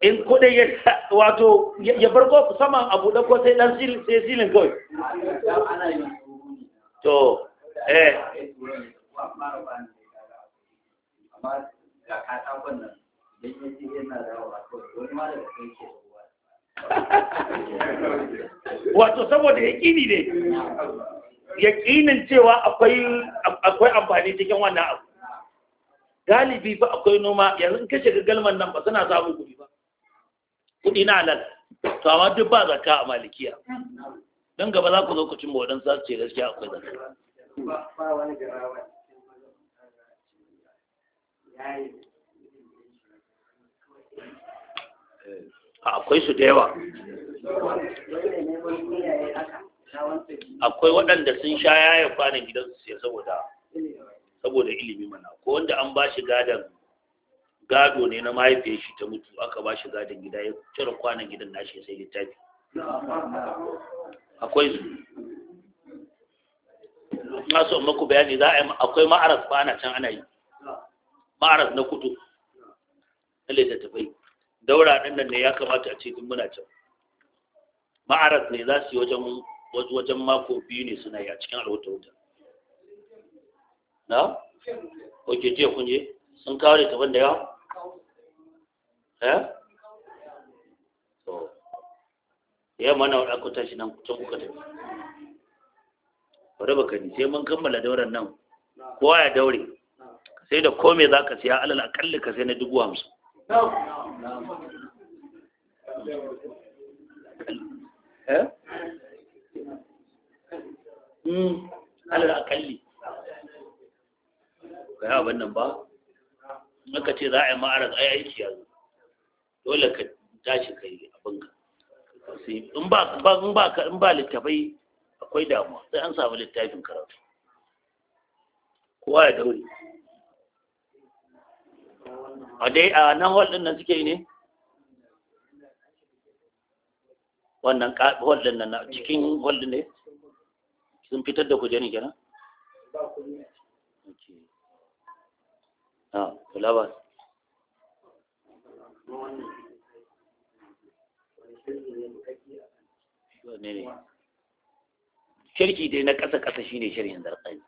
in kudin ya wato ya bar kofi saman abu da ko sai dan silin kawai to eh [LAUGHS] wato saboda ya yaƙini ne yaƙinin cewa akwai amfani cikin wannan abu galibi ba akwai noma yanzu in kashe ga galman nan ba suna samun kuɗi ba kuɗi na halal to amma duk ba zakka a malikiya dan gaba za ku zo ku cin waɗansu za su ce gaskiya akwai zakka akwai su da yawa akwai waɗanda sun sha yaya kwanan gidansu sai saboda saboda ilimi mana ko wanda an ba shi gadon gado ne na mahaifiyar shi ta mutu aka ba shi gadon gida ya cire kwanan gidan nashi sai littafi akwai su na so maku bayani za a yi akwai ma'aras ba ana can ana yi ma'aras na kudu na littattafai daura ɗin nan ne ya kamata a ce duk muna can ma'aras ne za su yi wajen wajen mako biyu ne suna yi a cikin alwata wuta na? ok je kunje sun kawo littafin da yawa eh to ya mana wani aku tashi nan can kuka tafi wadda baka ni sai mun kammala dauran nan kowa ya daure sai da kome za ka siya alal akalli ka sai na dubu hamsin eh? hmm, alal akalli ka yi abin nan ba maka ce za a yi ma'arar ai aiki yanzu dole ka tashi kai abinka in ba in ba in ba littafai akwai damuwa sai an samu littafin karatu kowa ya daure a dai a nan hall din nan suke ne wannan hall din nan cikin hall ne sun fitar da kujerin kenan a shirki dai na ƙasa-ƙasa shi ne shirin zarkani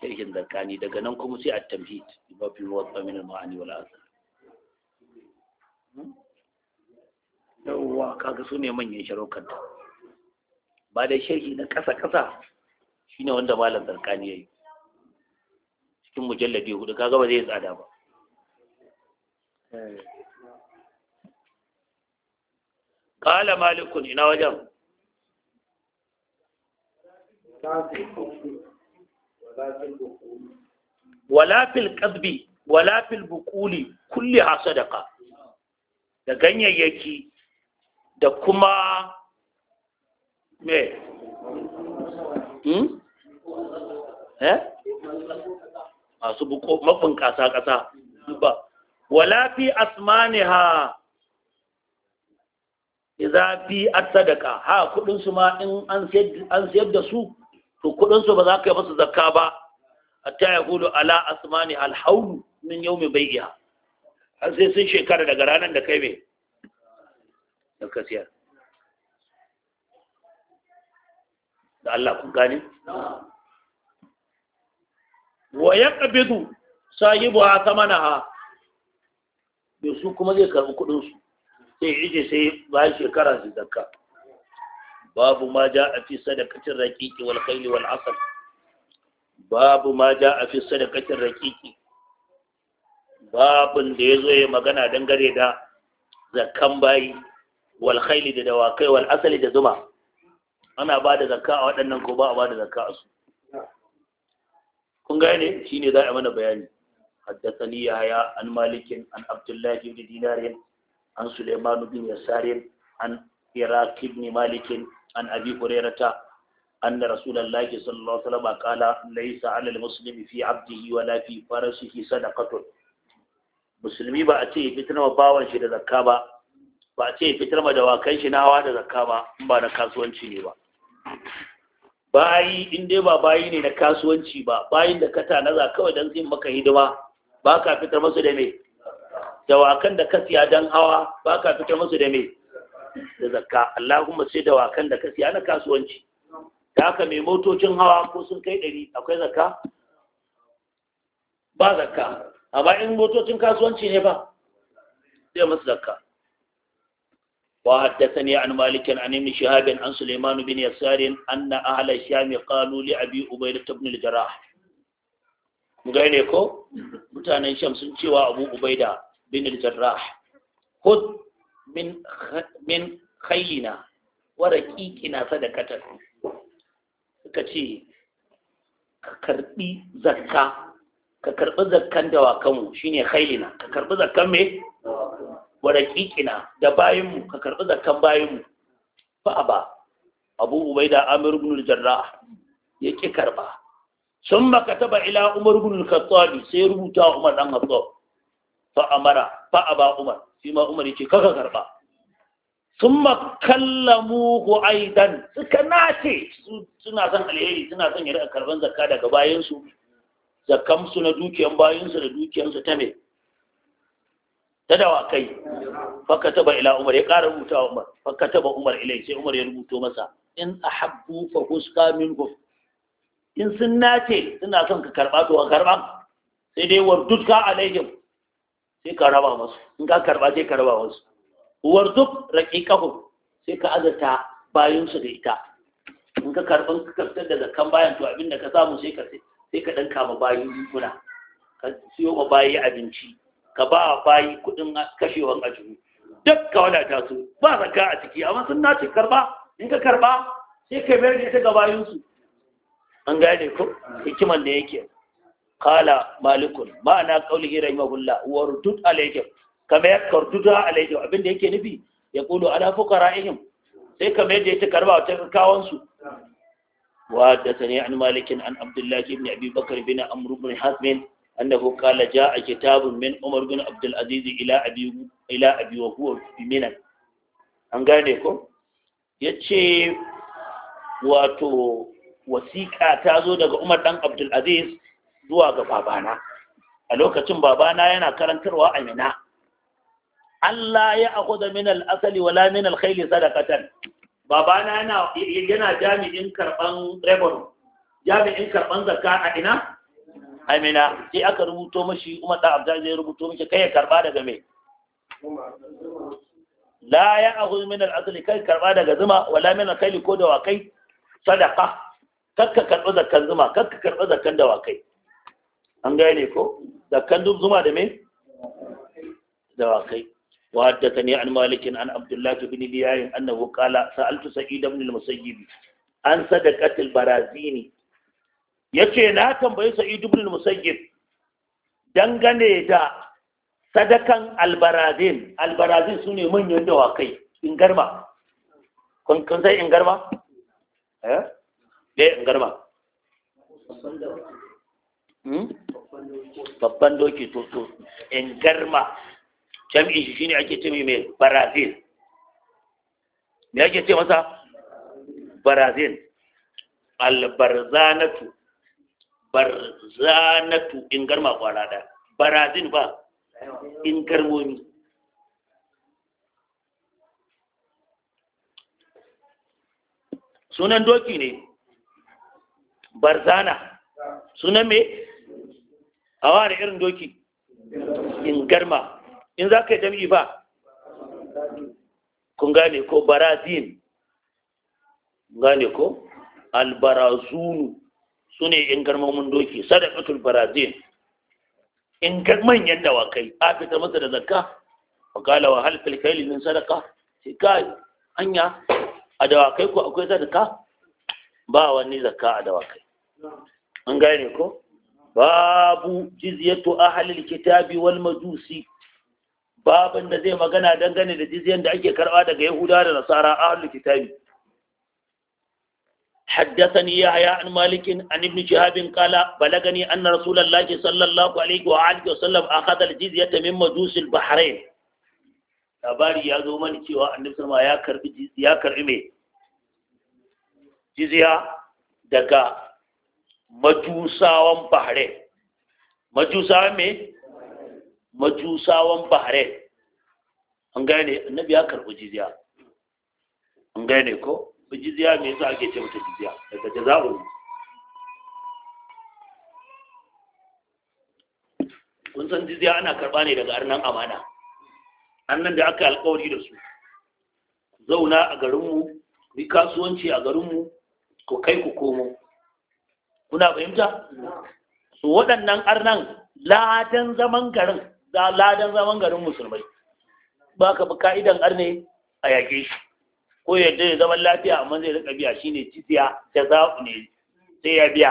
shirkin zarkani daga nan kuma sai a tamhid ba fi wata min ma'ani wal asar hmm? yawwa kaga su ne manyan sharokanta ba da shirki na ƙasa-ƙasa shi ne wanda malam zarkani ya yi cikin mujallabi hudu kaga ba zai tsada ba kala malikun ina wajen wala fil qadbi wala fil buquli kulli da ganyayyaki da kuma me hmm eh masu mafin kasa kasa ba wala fi asmaniha idza fi sadaka ha kudin su ma in an sayar da su to kudin su ba za ka yi musu zakka ba hatta gudu ala asmani al hawl min yawmi bai'iha har sai sun shekara daga ranar da kai me da ka siyar da Allah kun gane wa yaqbidu sahibuha ha da su kuma zai karɓi kuɗinsu? sai ije sai bayan shekara su zakka babu ma a fi sadakacin rakiki wal khayli wal asal babu ma a fi sadakacin rakiki babun da zo ya magana gare da zakkan bayi wal khayli da dawakai wal asali da zuma ana ba da zakka a waɗannan ko ba a ba da zakka a su kun gane shi ne za a mana bayani Haddasa ni Yahaya. an malikin an abdullahi da dinarin an suleimanu bin yasarin an iraq ibn malikin an abi hurairata an da rasulallahi sallallahu alaihi kala laysa ala almuslim fi abdihi wa la fi farashihi sadaqatun musulmi ba a ce ya fitar ma bawan shi da zakka ba a ce ya fitar ma dawakan shi nawa da zakka ba in ba da kasuwanci ne ba bayi in dai ba bayi ne na kasuwanci ba bayin da ka tanaza kawai don zai maka hidima ba ka fitar masu da me dawakan da ka siya don hawa ba ka fitar masu da me da zakka Allahumma sai dawakan da ka siya na kasuwanci ta haka mai motocin hawa ko sun kai ɗari akwai zakka ba zakka amma in motocin kasuwanci ne ba zai masu zakka وحدثني عن مالك عن ابن شهاب عن سليمان بن يسار أن أهل الشام قالوا لأبي أبيدة بن الجراح gane ko mutanen sham sun cewa abu ubaida bin al-jarrah hud min min khaylina wa raqiqina sadaqatan suka ce ka karbi zakka ka karbi zakkan dawakanmu shine khaylina ka karbi zakkan me warakikina da bayanmu ka karɓi zakan bayanmu fa a ba abu ubai da amir gunul jarra ya ƙi karɓa sun maka taba ila umar gunul katsoli sai rubuta umar ɗan hatsu fa a fa a umar shi ma umar yake ka kaka karɓa sun makallamu ko aidan suka nace suna son alheri suna son yi karɓar zakka daga bayansu zakkansu na dukiyan bayansu da dukiyansu ta mai ta dawakai faka taba ila umar ya ƙara rubuta wa umar faka taba umar ilai sai umar ya rubuto masa in a habbu fa huska min in sun nace suna son ka karɓa to ka karba sai dai wardutka alaihim sai ka raba masu in ka karɓa sai ka raba masu warduk raqiqahu sai ka azata bayansu da ita in ka karɓan ka fitar da zakan bayan to abinda ka samu sai ka sai ka danka ma bayan kuna ka siyo ma bayi abinci ka ba bayi kudin kashewan ajiyu duk ka wadata su ba zaka a ciki amma sun nace karba in ka karba sai ka mayar da ita ga an gane ku hikimar da yake kala malikun ma'ana qaulihi rahimahullah wa rudud alaykum kama yakarduda alaykum abinda yake nufi ya qulu ala fuqara'ihim sai kama yadda ta karba wata kawon su wa da sani an malikin an abdullahi ibn abi bakr bin amr ibn annahu qala jaa kitabun min umar bin abdul aziz ila abi ila abi wa huwa fi minan an gane ko yace wato wasiƙa ta zo daga umar dan abdul aziz zuwa ga babana a lokacin babana yana karantarwa a mina Allah ya akhudha min al wa wala min al-khayli sadaqatan babana yana yana jami'in karban revenue jami'in karban zakka a ina amina sai aka rubuto mashi umar da abdul zai rubuto mashi kai ya karba daga mai. la ya akhudh min asali kai karba daga zuma wala min al ko da wakai sadaka kakka karba zakan zuma kakka karba zakan da wakai an ne ko zakan duk zuma da mai da wakai وحدثني عن مالك عن عبد الله بن ديار انه قال سالت سعيد بن المسيب عن صدقه البرازيني Ya ce na tambayi Sa'idu bin musayyib dangane da sadakan albarazin albarazin sune manyan dawakai ingarma kun kun sai garba? eh, eh in ingarma hmm? babban doki to to garba jam'i shi shine ake ce mai barazin me ake ce masa barazin albarzanatu barzanatu in garma kwara da barazin ba in garmomi sunan doki ne barzana sunan me hawa da irin doki in garma in za ka yi jam'i ba kun gane ko barazin gane ko albarazunu su ne in garmomin doki sadaqatul barazin in ga manyan dawakai a fita masa da zakka wa kala wa hal fil kayli min sadaqa sai kai anya a dawakai ko akwai sadaka ba wani zakka a dawakai an gane ko babu jizyatu ahlil kitabi wal majusi babin da zai magana dangane da jizyan da ake karba daga yahuda da nasara ahlul kitabi حدثني يحيى عن مالك عن ابن شهاب قال بلغني ان رسول الله صلى الله عليه واله وسلم اخذ الجزيه من مجوس البحرين labari ya zo mani cewa annabi sallama ya karbi ya karbi me jizya daga majusawan bahrain majusawan me majusawan bahrain an gane annabi ya karbi jizya an gane ko ba jizya me yasa ake ce mata jizya daga jaza'u kun san jizya ana karba ne daga arnan amana annan da aka alkawari da su zauna a garinmu yi kasuwanci a garinmu ko kai ku komo kuna fahimta su waɗannan arnan ladan zaman garin ladan zaman garin musulmai ba ka fi ka'idan arne a yaƙe shi ko yadda ya zama zaman lafiya amma zai rika biya shine titiya ta zaɓu ne sai ya biya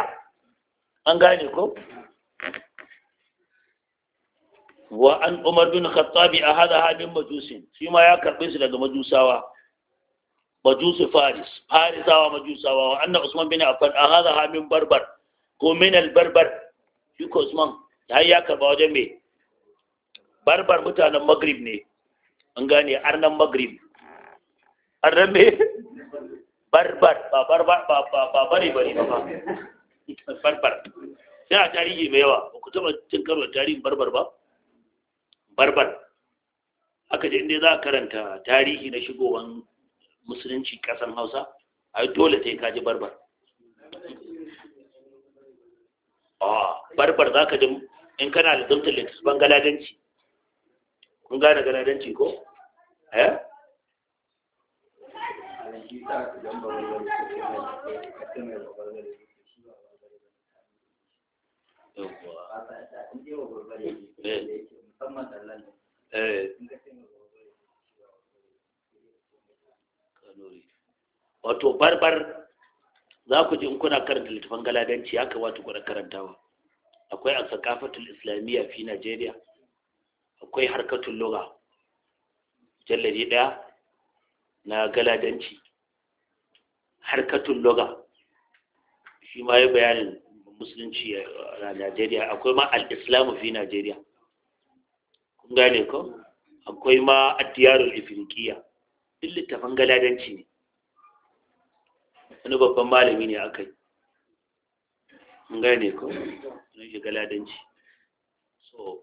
an gane ko wa an umar bin khattabi a hada haɗin majusin shi ma ya karɓi su daga majusawa majusi faris farisawa majusawa wa annan usman bin affan a hada haɗin barbar ko min barbar shi ko usman har ya karɓa wajen mai barbar mutanen maghrib ne an gane arnan maghrib arnan me barbar ba barbar ba ba bare bare ba barbar sai a tarihi mai yawa ba ku taba cin karo tarihin barbar ba barbar aka je inda za a karanta tarihi na shigowan musulunci kasan hausa a dole sai ka ji barbar barbar za ka ji in kana da zumtar littattafan galadanci kun gane galadanci ko? eh sa idan ba wato barbar za ku ji in kuna karanta littafin galadanci haka wato kuna karantawa akwai a tsakafatul islamiyya fi najeriya akwai harkatun loga, jallari daya na galadanci harkatun loga shi ma yi bayanin musulunci a najeriya akwai ma al-islamu fi najeriya kun gane ko akwai ma addiyarul ifriqiya duk littafin galadanci ne wani babban malami ne akai kun gane ko sun shi galadanci so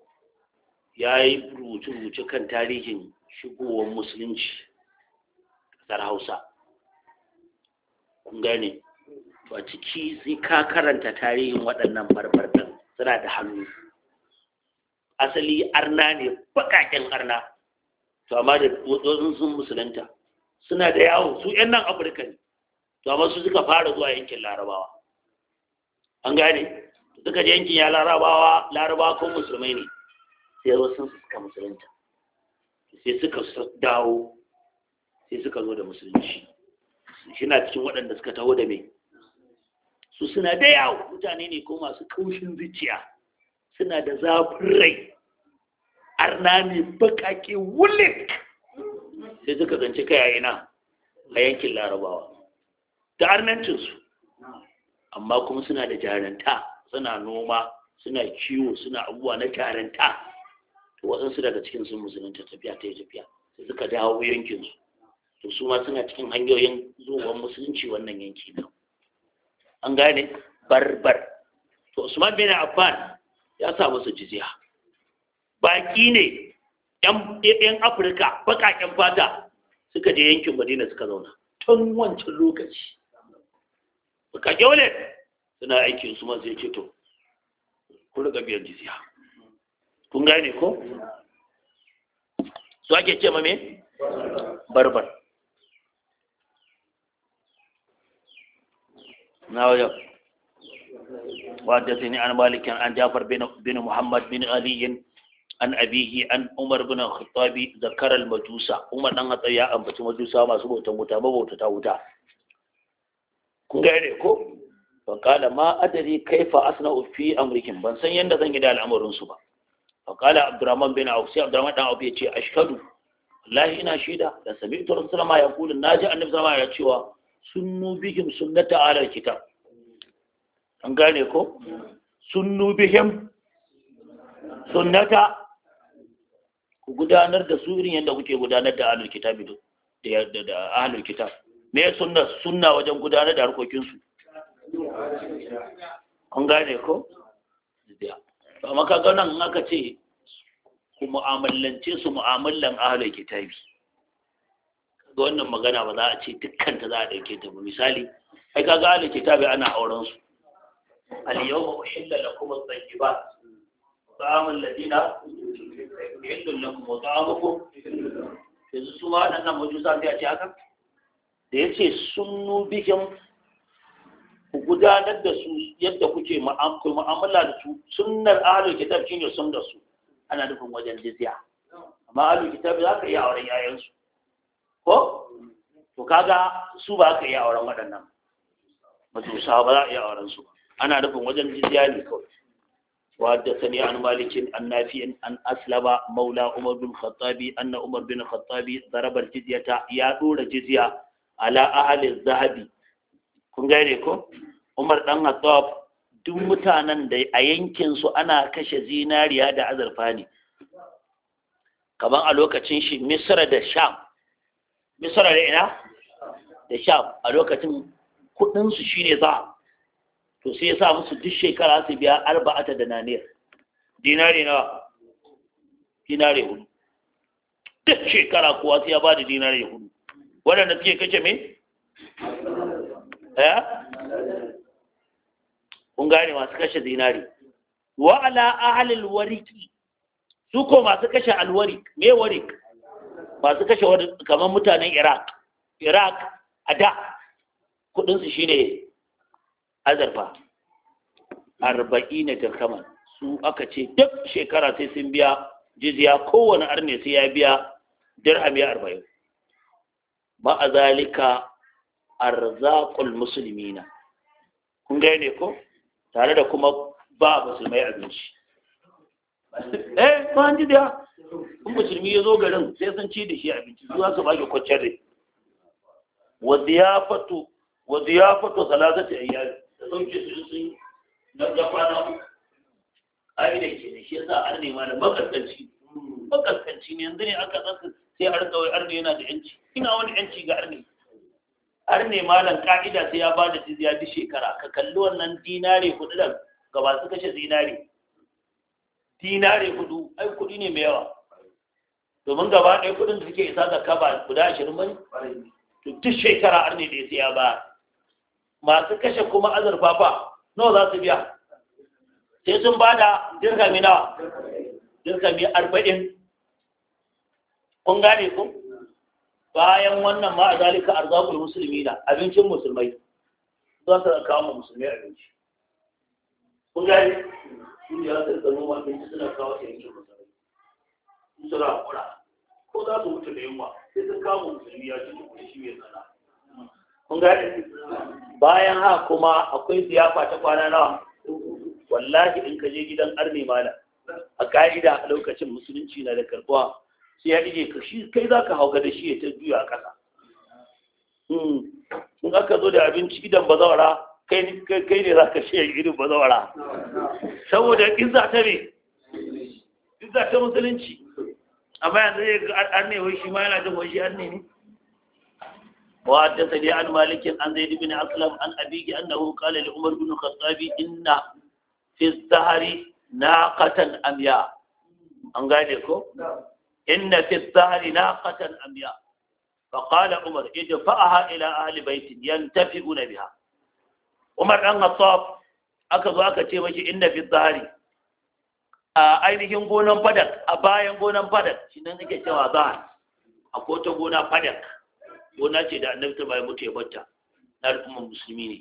ya yi rubuce-rubuce kan tarihin shigowar musulunci ƙasar hausa kun gane to a ciki sai ka karanta tarihin waɗannan barbar suna da hannu asali arna ne baƙaƙen arna to amma da wasu sun musulunta suna da yawo su 'yan nan afirka ne to amma su suka fara zuwa yankin larabawa an gane suka je yankin ya larabawa larabawa ko musulmai ne sai wasu suka musulunta sai suka dawo sai suka zo da musulunci shina cikin waɗanda suka taho da mai su suna da yawo mutane ne ko masu kaushin zuciya suna da zafin rai arna ne bakake wulik sai suka zance kai a ina a yankin larabawa ta arnancinsu amma kuma suna da jaranta suna noma suna kiwo suna abubuwa na jaranta to daga cikin sun musulunta tafiya ta yi tafiya sai suka dawo yankinsu to su ma suna cikin hanyoyin zuwan musulunci wannan yanki na an gane barbar to usman bin affan ya sa musu jizya baki ne yan afirka bakaken fata suka je yankin madina suka zauna tun wancan lokaci baka ne suna aikin su masu yake to ku riga biyan jizya kun gane ko su ake ce ma me barbar na wajen وحدثني عن مالك عن جعفر بن محمد بن علي an abihi an umar bin khattabi zakaral majusa umar dan hatsa ya ambaci majusa masu bautan wuta mabauta wuta kun ga ne ko fa qala ma adri kaifa asna'u fi ban san yanda zan yi da al'amarin su ba fa qala abdurrahman bin auf sai abdurrahman dan auf yace ashhadu wallahi ina shaida da sami'tu rasulullah ya Kulu na annabi sallallahu ya cewa sunnu bihim sunnata ala kitab an gane ko sunnu bihim sunnata ku gudanar da su irin yadda kuke gudanar da ahlul kitab da da ahlul kitab me sunna sunna wajen gudanar da harkokin su an gane ko amma kaga nan aka ce ku mu'amalance su mu'amalan ahlul kitabi ga wannan magana ba za a ce dukkan ta za a ɗauke ta ba misali ai ka ga ta kitabi ana auren su al-yawma uhilla lakum at-tayyibat ta'amul ladina yuhillu lakum wa ta'amukum yanzu su ma waɗannan majusa sai a ce haka da yace sunnu bikin ku gudanar da su yadda kuke mu'amala da su sunnar ahlul kitab shine sun da su ana nufin wajen jizya amma ahlul kitab za ka iya auren yayansu ko to kaga su ba ka iya auren waɗannan majusa ba za a iya auren su ana nufin wajen jizya ne kawai an malikin an nafi an aslaba maula umar bin khattabi الخطاب ان Umar bin الخطاب Zarabar الجزيه ya dora jiziya ala ahalin zahabi. kun gane ko Umar dan Khattab duk mutanen da a yankin su ana kashe zinariya da azurfa ne kamar a lokacin shi Misra da Sham misalar da ina da sham a lokacin kudinsu shi ne za to sai ya sa musu duk shekara su biya arba'ata da naniyar dinari na dinari hudu duk shekara kuwa sai ya ba da dinari hudu waɗanda suke kace me? ya? Eh? kun masu kashe dinari Wa'ala a ahalil wariki su ko masu kashe alwarik me warik masu kashe kamar mutanen iraq iraq a da kudinsu shine azurfa arba'ina dirkaman su aka ce duk shekara sai sun biya jiziya. kowane arne sai ya biya dirhami arba'in ba a zalika arzakul musulmina kun ne ko tare da kuma ba musulmai abinci eh ba an in musulmi ya zo garin sai sun ci da shi abinci su za su baki kwanciyar rai wa ziyafatu ta ziyafatu salatati da sun ci sun sun na gafana ai da ke shi yasa an nema da makaskanci makaskanci ne yanzu ne aka san sai har kawai arne yana da yanci ina wani yanci ga arne arne malam ka'ida sai ya bada jizya duk shekara ka kalli wannan dinare hudu da ga masu kashe dinare dinare hudu ai kudi ne mai yawa domin gaba ɗaya kuɗin da suke isa zakka ba guda ashirin ba ne to duk shekara an ne da ya siya ba masu kashe kuma azurfa fa nawa za su biya sai sun ba da dirhami nawa dirhami arba'in kun gane ku bayan wannan ma a zalika arzakul musulmi na abincin musulmai za su kawo musulmi musulmai abinci kun gane su ya zarga noma abinci suna kawo yankin musulmai suna kura ko za su wuce da yunwa sai sun kama musulmi ya ci kuɗi shi mai tsada kun gane bayan ha kuma akwai ziyafa ta kwana nawa wallahi in ka je gidan arni mala a ka'ida a lokacin musulunci na da karbuwa sai ya ɗige ka shi kai za ka hauka da shi ya ta juya a ƙasa hmm. in aka zo da abinci gidan bazawara kai ne za ka shi irin bazawara saboda za ta ne izza ta musulunci amma yanzu zai an ne wai shi ma yana jin wai shi an ne ne wa ta sabi an malikin an zai dubi na aslam an abiki an nahu kala da umar bin khattabi inna fi sahari na katan amya an gane ko inna fi sahari na katan amya فقال عمر ادفعها الى اهل بيت ينتفعون بها Umar 'dan خطاب aka zo aka ce mashi inna fi zahari a ainihin gonan fadak a bayan gonan fadak shi nan ake cewa za a kota gona fadak gona ce da annabta ta mutu ya bata na al'ummar musulmi ne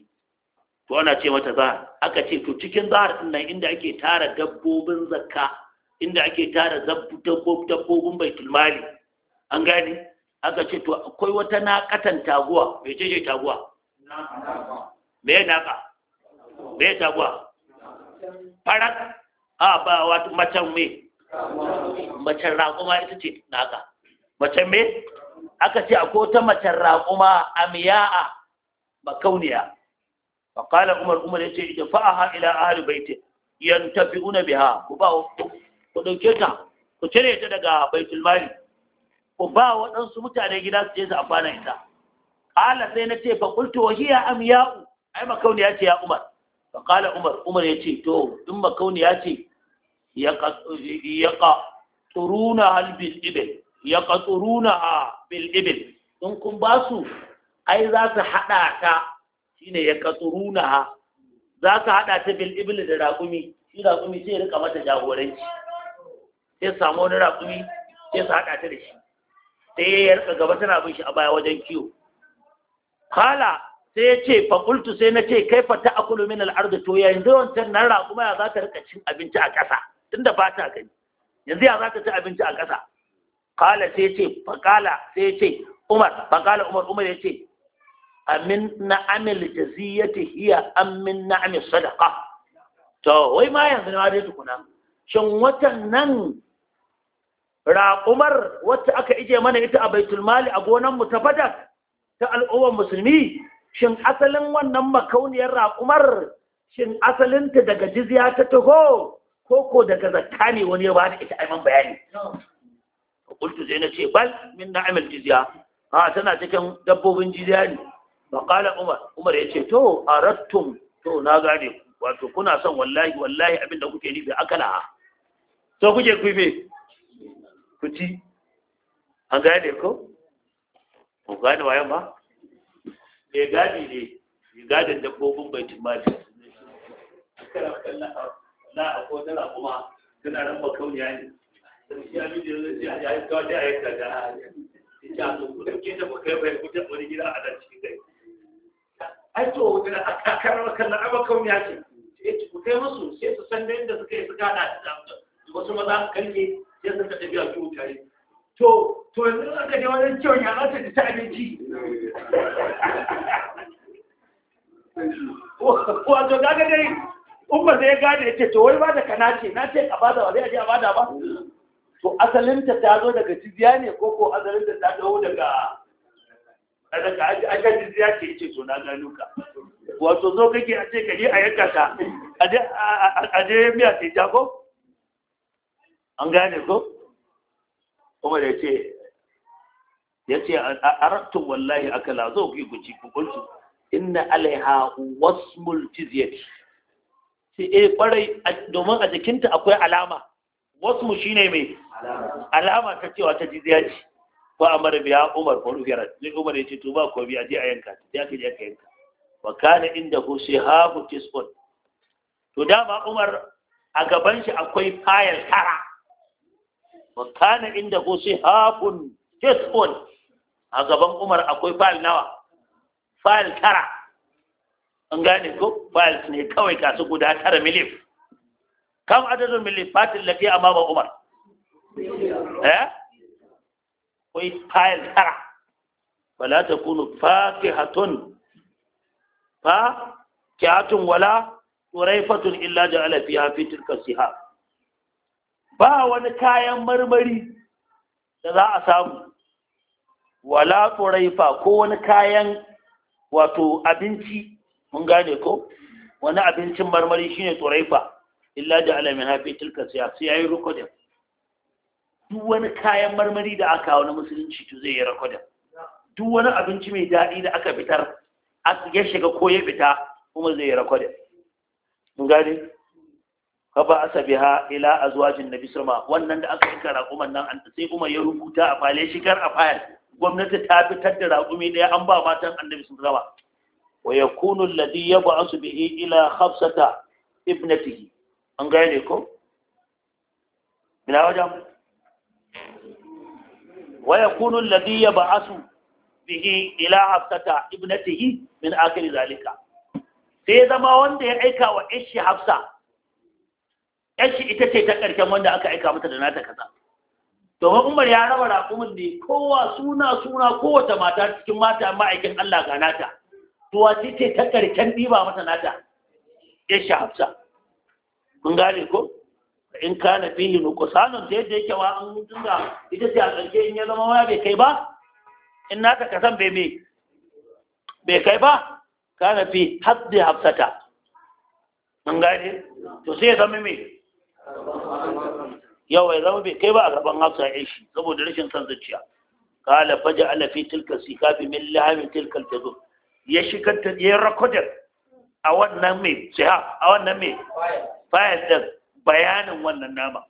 to ana ce mata zahar aka ce to cikin zahar din nan inda ake tara dabbobin zakka inda ake tara dabbobin baitul mali an gani aka ce to akwai wata naƙatan taguwa me ce ce taguwa me naka me taguwa farak a ba wata macen me macen raƙuma ita ce naka macen me aka ce akwai wata macen raƙuma a amiya'a makauniya faƙala umar umar ya ce ita fa'aha ila ahli baiti yan tafi una biha ku ba ku ɗauke ta ku cire ta daga baitul mali ku ba waɗansu mutane gida su je su amfana ita ƙala sai na ce ba qultu wa hiya am ya'u ai makauniya ce ya umar faƙala umar umar ya ce to in makauniya ce yaqturuna bil ibil yaqturuna bil ibil don kun ba su ai za su hada ta shine ha za su hada ta bil ibil da raƙumi shi raƙumi sai ya rika mata jagoranci sai samu wani raƙumi sai su hada ta da shi sai ya rika gaba tana bin shi a baya wajen kiwo kala sai ya ce fakultu sai na ce kai fata akulu min al'ardu to yanzu wancan nan raƙuma ya za ta rika cin abinci a ƙasa tunda ba ta gani yanzu ya za ta ci abinci a ƙasa kala sai ce fakala sai ce umar fakala umar umar ya ce amin na amil jaziyati hiya amin na amil Sadaqa. to wai ma yanzu na dai tukuna shin watan nan raƙumar wacce aka ije mana ita a baitul mali a gonan mu ta fada ta al'ummar musulmi shin asalin wannan makauniyar raƙumar shin asalinta daga jizya ta taho ko daga zakka ne wani ya bada ita aiman bayani qultu zai na ce bal min na'amil jizya ha tana cikin dabbobin jizya ne fa umar umar ya ce to a rattun to na gane wato kuna son wallahi wallahi abin da kuke nufi akala to kuke kuife ku ci an gane ko ku gane wa yamma? me eh, gane ne gane dabbobin baitul mali da a ko dala kuma tana ran ba kauniya ne shi abin da yanzu ya yi kawai da ya yi kaga ya so ku ke da baka yi bai kuta wani gida a nan cikin gari ai to da aka karar kallon ai ba kauniya ce sai ku kai musu sai su san da inda suka yi suka hada da wasu maza karke sai suka tafiya su tare to to yanzu ka je wajen kyau ya zata za ta abinci wato [LAUGHS] gaga dai umma zai gane ya ce to wai ba da kana ce na ce a bada ba zai aje a bada ba to asalinta ta zo daga jiziya ne ko ko asalin ta zo daga daga aka jiziya ke ce to na gano ka wato zo kake a ce kaje a yanka ka a je miya ce ta ko an gane ko kuma da ce ya ce a arabtun wallahi aka la zo ku yi guci ku kuntu inna alaiha wasmul jizyati sai a kwarai domin a jikinta akwai alama Wasu shi ne mai alama ta cewa ta ziyarci ko a mara biya umar ko rufiyar sai umar ya ce to ba ko biya je a yanka ta ya kaje ka yanka wa kana inda hu sihabu tisbun to dama umar a gaban shi akwai fayar tara wa kana inda hu sihabun tisbun a gaban umar akwai fayar nawa fayar tara an gane ko files ne kawai kasu guda tara milif kam adadin milifatin lafi a baban umar eh kai file tara wala ta kunu fakihatun fa kiatun wala turaifatun illa ja'ala fiha fi tilka siha ba wani kayan marmari da za a samu wala turaifa ko wani kayan wato abinci mun gane ko wani abincin marmari shine turaifa illa da alamin hafi tilka siya sai yayi rikodin duk wani kayan marmari da aka wani musulunci to zai yi rikodin duk wani abinci mai daɗi da aka fitar ya shiga ko ya fita kuma zai yi rikodin mun gane kaba asabiha ila azwajin nabi sallama wannan da aka ka raƙuman nan an sai kuma ya rubuta a fale shigar a fayar gwamnati ta fitar da raƙumi ɗaya an ba matan annabi sallama ويكون الذي يبعث به bihi ila ابنته ibnatihi an gane ko ina wajen wa yakunu alladhi yab'asu bihi ila hafsata ibnatihi min akhir zalika sai zama wanda ya aika wa ishi hafsa ishi ita ce ta karshen wanda aka aika mata da nata kasa. domin umar ya raba raƙumin ne kowa suna suna kowace mata cikin mata ma'aikin Allah ga nata tuwa cike ce ta karshen ɗiba mata nata ya hafsa kun gane ko in ka na fili nuku sanon ta yadda yake wa an mutum da ita ce a ƙarshe in ya zama waya bai kai ba in nata san bai mai bai kai ba ka na fi hafsa ta kun gane to sai ya zama mai yawa ya zama bai kai ba a gaban hafsa ya shi saboda rashin san zuciya kala faja ala fi tilka sikafi min lahamin tilkal tazur ya shigar ta ya rakodin a wannan mai jiha a wannan mai fayil da bayanin wannan nama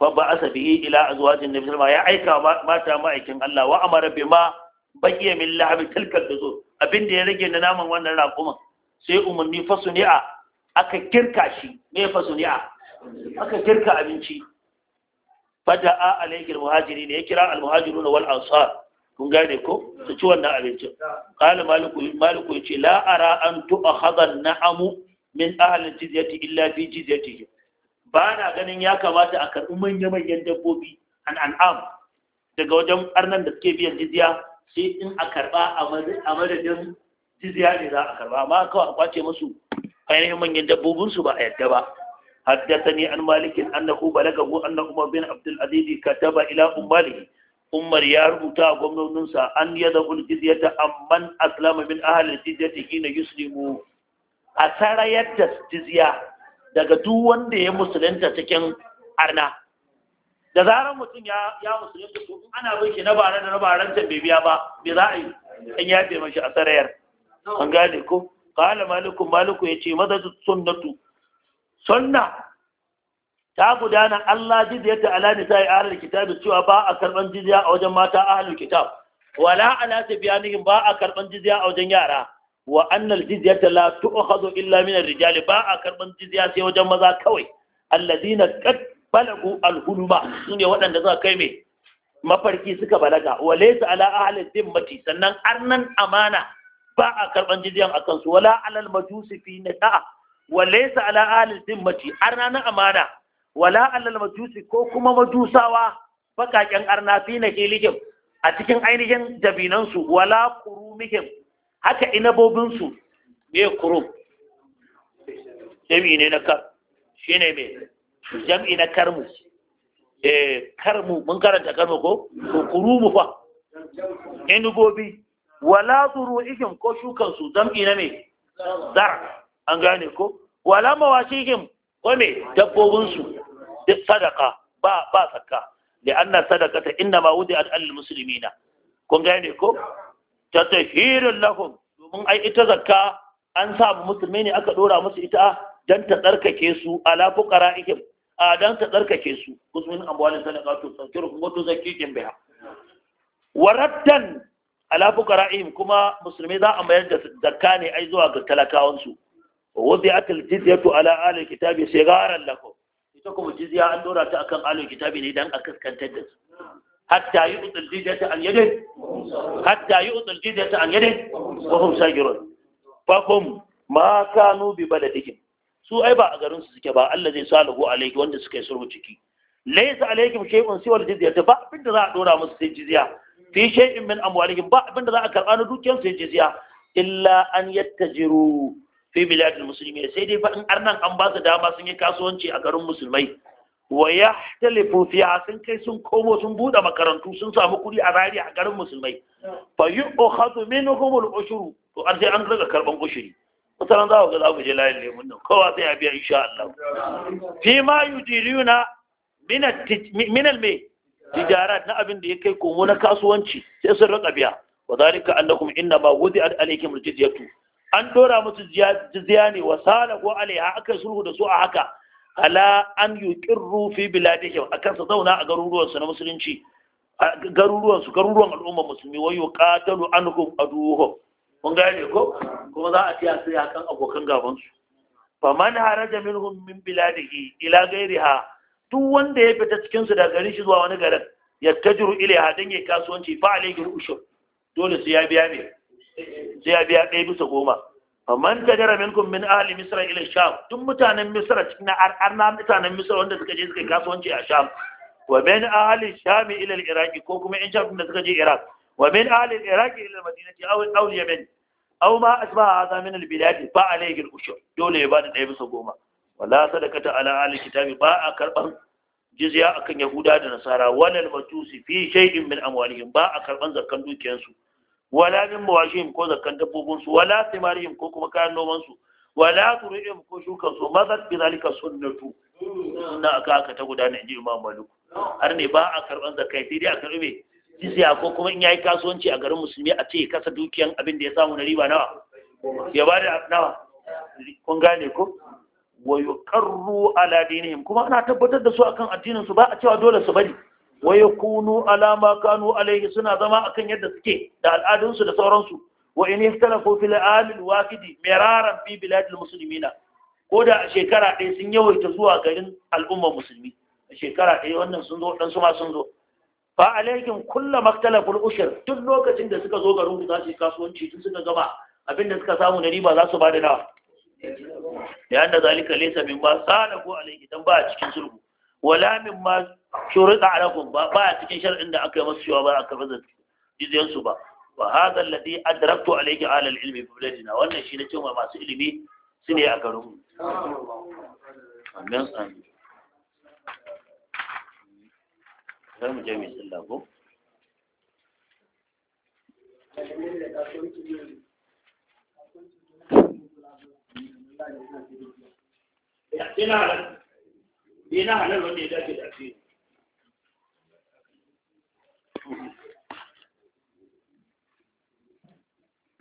babba asabi ila azwajin nabi sallallahu ya aika mata ma'aikin Allah wa amara bima baqiya min lahabi tilkal duzur abinda ya rage na naman wannan raƙuman sai umarni fasuni'a aka kirka shi me fasuni'a aka kirka abinci fada'a muhajiri ne ya kira al na wal ansar kun gane ko su ci wannan abincin qala maliku maliku yace la ara an tu'khadha an-na'amu min ahli jizyati illa fi jizyatihi ba na ganin ya kamata a karɓi manya-manyan dabbobi an an'am daga wajen arnan da suke biyan jizya sai in a karɓa a madadin jizya ne za a karɓa amma kawai a kwace musu ainihin manyan dabbobinsu ba a yadda ba حدثني عن مالك أنه بلغه أن عمر بن عبد العزيز كتب إلى أم مالك umar ya rubuta a gwamnoninsa an yi da uljiziya ta amman aslama min ahalin jiziya ta hina yuslimu a sarayar da jiziya daga duk wanda ya musulunta cikin arna da zarar mutum ya musulunta to ana bin shi na bare da na baren ta bai biya ba bai za a yi an fi mashi a tsarayar. an gane ko qala malikun maliku ce madadu sunnatu sunna ta gudana Allah jizya ta ala nisa ya ahlul kitab cewa ba a karban jizya a wajen mata ahlul kitab wala ala biyani ba a karban jizya a wajen yara wa annal jizyata la tu'khadhu illa min ar-rijal ba a karban jizya sai wajen maza kawai alladina qad balagu al hulma sune waɗanda za kai mai mafarki suka balaga wa laysa ala ahli dhimmati sannan arnan amana ba a karban jizyan akan su wala alal majusi fi nata wa laysa ala ahli dhimmati arnan amana wala allal majusi ko kuma majusawa bakaken arnafi na hilijin a cikin ainihin dabinansu wala kurumihim haka su me kurum jami ne na kar me jami na karmu eh karmu mun karanta karmu ko to kurumu fa inubobi wala zuru'ihim ko shukansu jami na me zar an gane ko wala mawashihim ko me dabbobinsu duk sadaka ba ba zakka li'anna sadaqata inna ma wudi al muslimina kun gane ko ta tahirul lahum domin ai ita zakka an sa musulmi ne aka dora musu ita don ta tsarkake su ala fuqara'ihim a don ta tsarkake su kusmin amwalin sadaqatu tsakirukum wa tuzakkikum biha warattan ala fuqara'ihim kuma musulmi za a mayar da zakka ne ai zuwa ga talakawansu ووضعت الجزية على أهل الكتاب صغارا لكم ita kuma jizya an dora ta akan alul kitabi ne dan a kaskantar da su hatta yi utul jizyata an yadin hatta an yadin su ai ba a garin su suke ba Allah zai salahu alayhi wanda suka yi sulhu ciki laysa alaykum shay'un siwa al-jizyata ba abin da za a dora musu sai jizya fi shay'in min amwalihim ba abin da za a karba na dukiyar sai jizya illa an yattajiru fi biladil musulmi sai dai faɗin arnan an ba su dama sun yi kasuwanci a garin musulmai wa ya sun kai sun komo sun buɗe makarantu sun samu kuɗi a rari a garin musulmai fa yi ukhadu minhum kuma ushuru to an sai an riga karɓan ushuri mutanen za ku ga za ku je layin lemun nan kowa sai ya biya insha Allah fi ma yudiruna min mai na abin da ya kai komo na kasuwanci sai sun riga biya wa zalika annakum inna ma wudi'at alaykum al-jizyatu an dora musu jiziya ne wa ko alaiha aka sulhu da su a haka ala an yuqirru fi biladihim akan su zauna a garuruwan su na musulunci garuruwan su garuruwan al'umma musulmi wa yuqatalu anhum Mun ga gane ko kuma za a tiya sai akan abokan gaban su faman haraja minhum min biladihi ila ghairiha duk wanda ya fita cikin su daga garin shi zuwa wani garin yattajiru ilaiha dan yayi kasuwanci fa alaihi ushur dole su ya biya ne sai ya biya ɗaya bisa goma faman ta minkum min ahli misra ila sham tun mutanen misra cikin arna mutanen misra wanda suka je suka kasuwanci a sham wa min ahli sham ila iraq ko kuma in sham da suka je iraq wa min ahli iraq ila madinati aw aw yamin aw ma asbaha hadha min al bilad fa alayhi al ushur dole ya bada ɗaya bisa goma wala sadaqata ala ahli kitabi ba a karban jizya akan yahuda da nasara walal su fi shay'in min amwalihim ba a karban zakkan dukiyansu wala min mawashihim ko zakkan dabbobin su wala simarihim ko kuma kayan noman su wala turihim ko shukan su mazat bi zalika sunnatu sunna aka aka ta gudana inji imam malik har ne ba a karban zakkai sai dai a karbe jizya ko kuma in yayi kasuwanci a garin musulmi a ce ya kasa dukiyan abin da ya samu na riba nawa ya bada nawa kun gane ko wa yuqarru ala dinihim kuma ana tabbatar da su akan addinin su ba a cewa dole su bari wa yakunu ala ma kanu alayhi suna zama akan yadda suke da al'adunsu da sauransu wa in ikhtalafu fil amil waqidi miraran fi biladil muslimina ko da a shekara ɗaya sun yawaita zuwa garin al'ummar musulmi shekara ɗaya wannan sun zo ɗan su ma sun zo fa alaikin kulla maktalaful ushir tun lokacin da suka zo garin za su kasuwanci tun suka gama abinda suka samu na riba za su ba da nawa da yanda zalika laysa min ba sala ko alaiki dan ba a cikin sulhu wala min ma shurida alaikum ba ba a cikin shar'in da aka yi masu cewa ba a karɓar da jizyan su ba wa hadha alladhi adraktu alayhi ala ilmi fi biladina wannan shi ne cewa masu ilimi su ne a garin mu amin amin sai mu je mu ko ina ne eh, na halal wanda ya dace da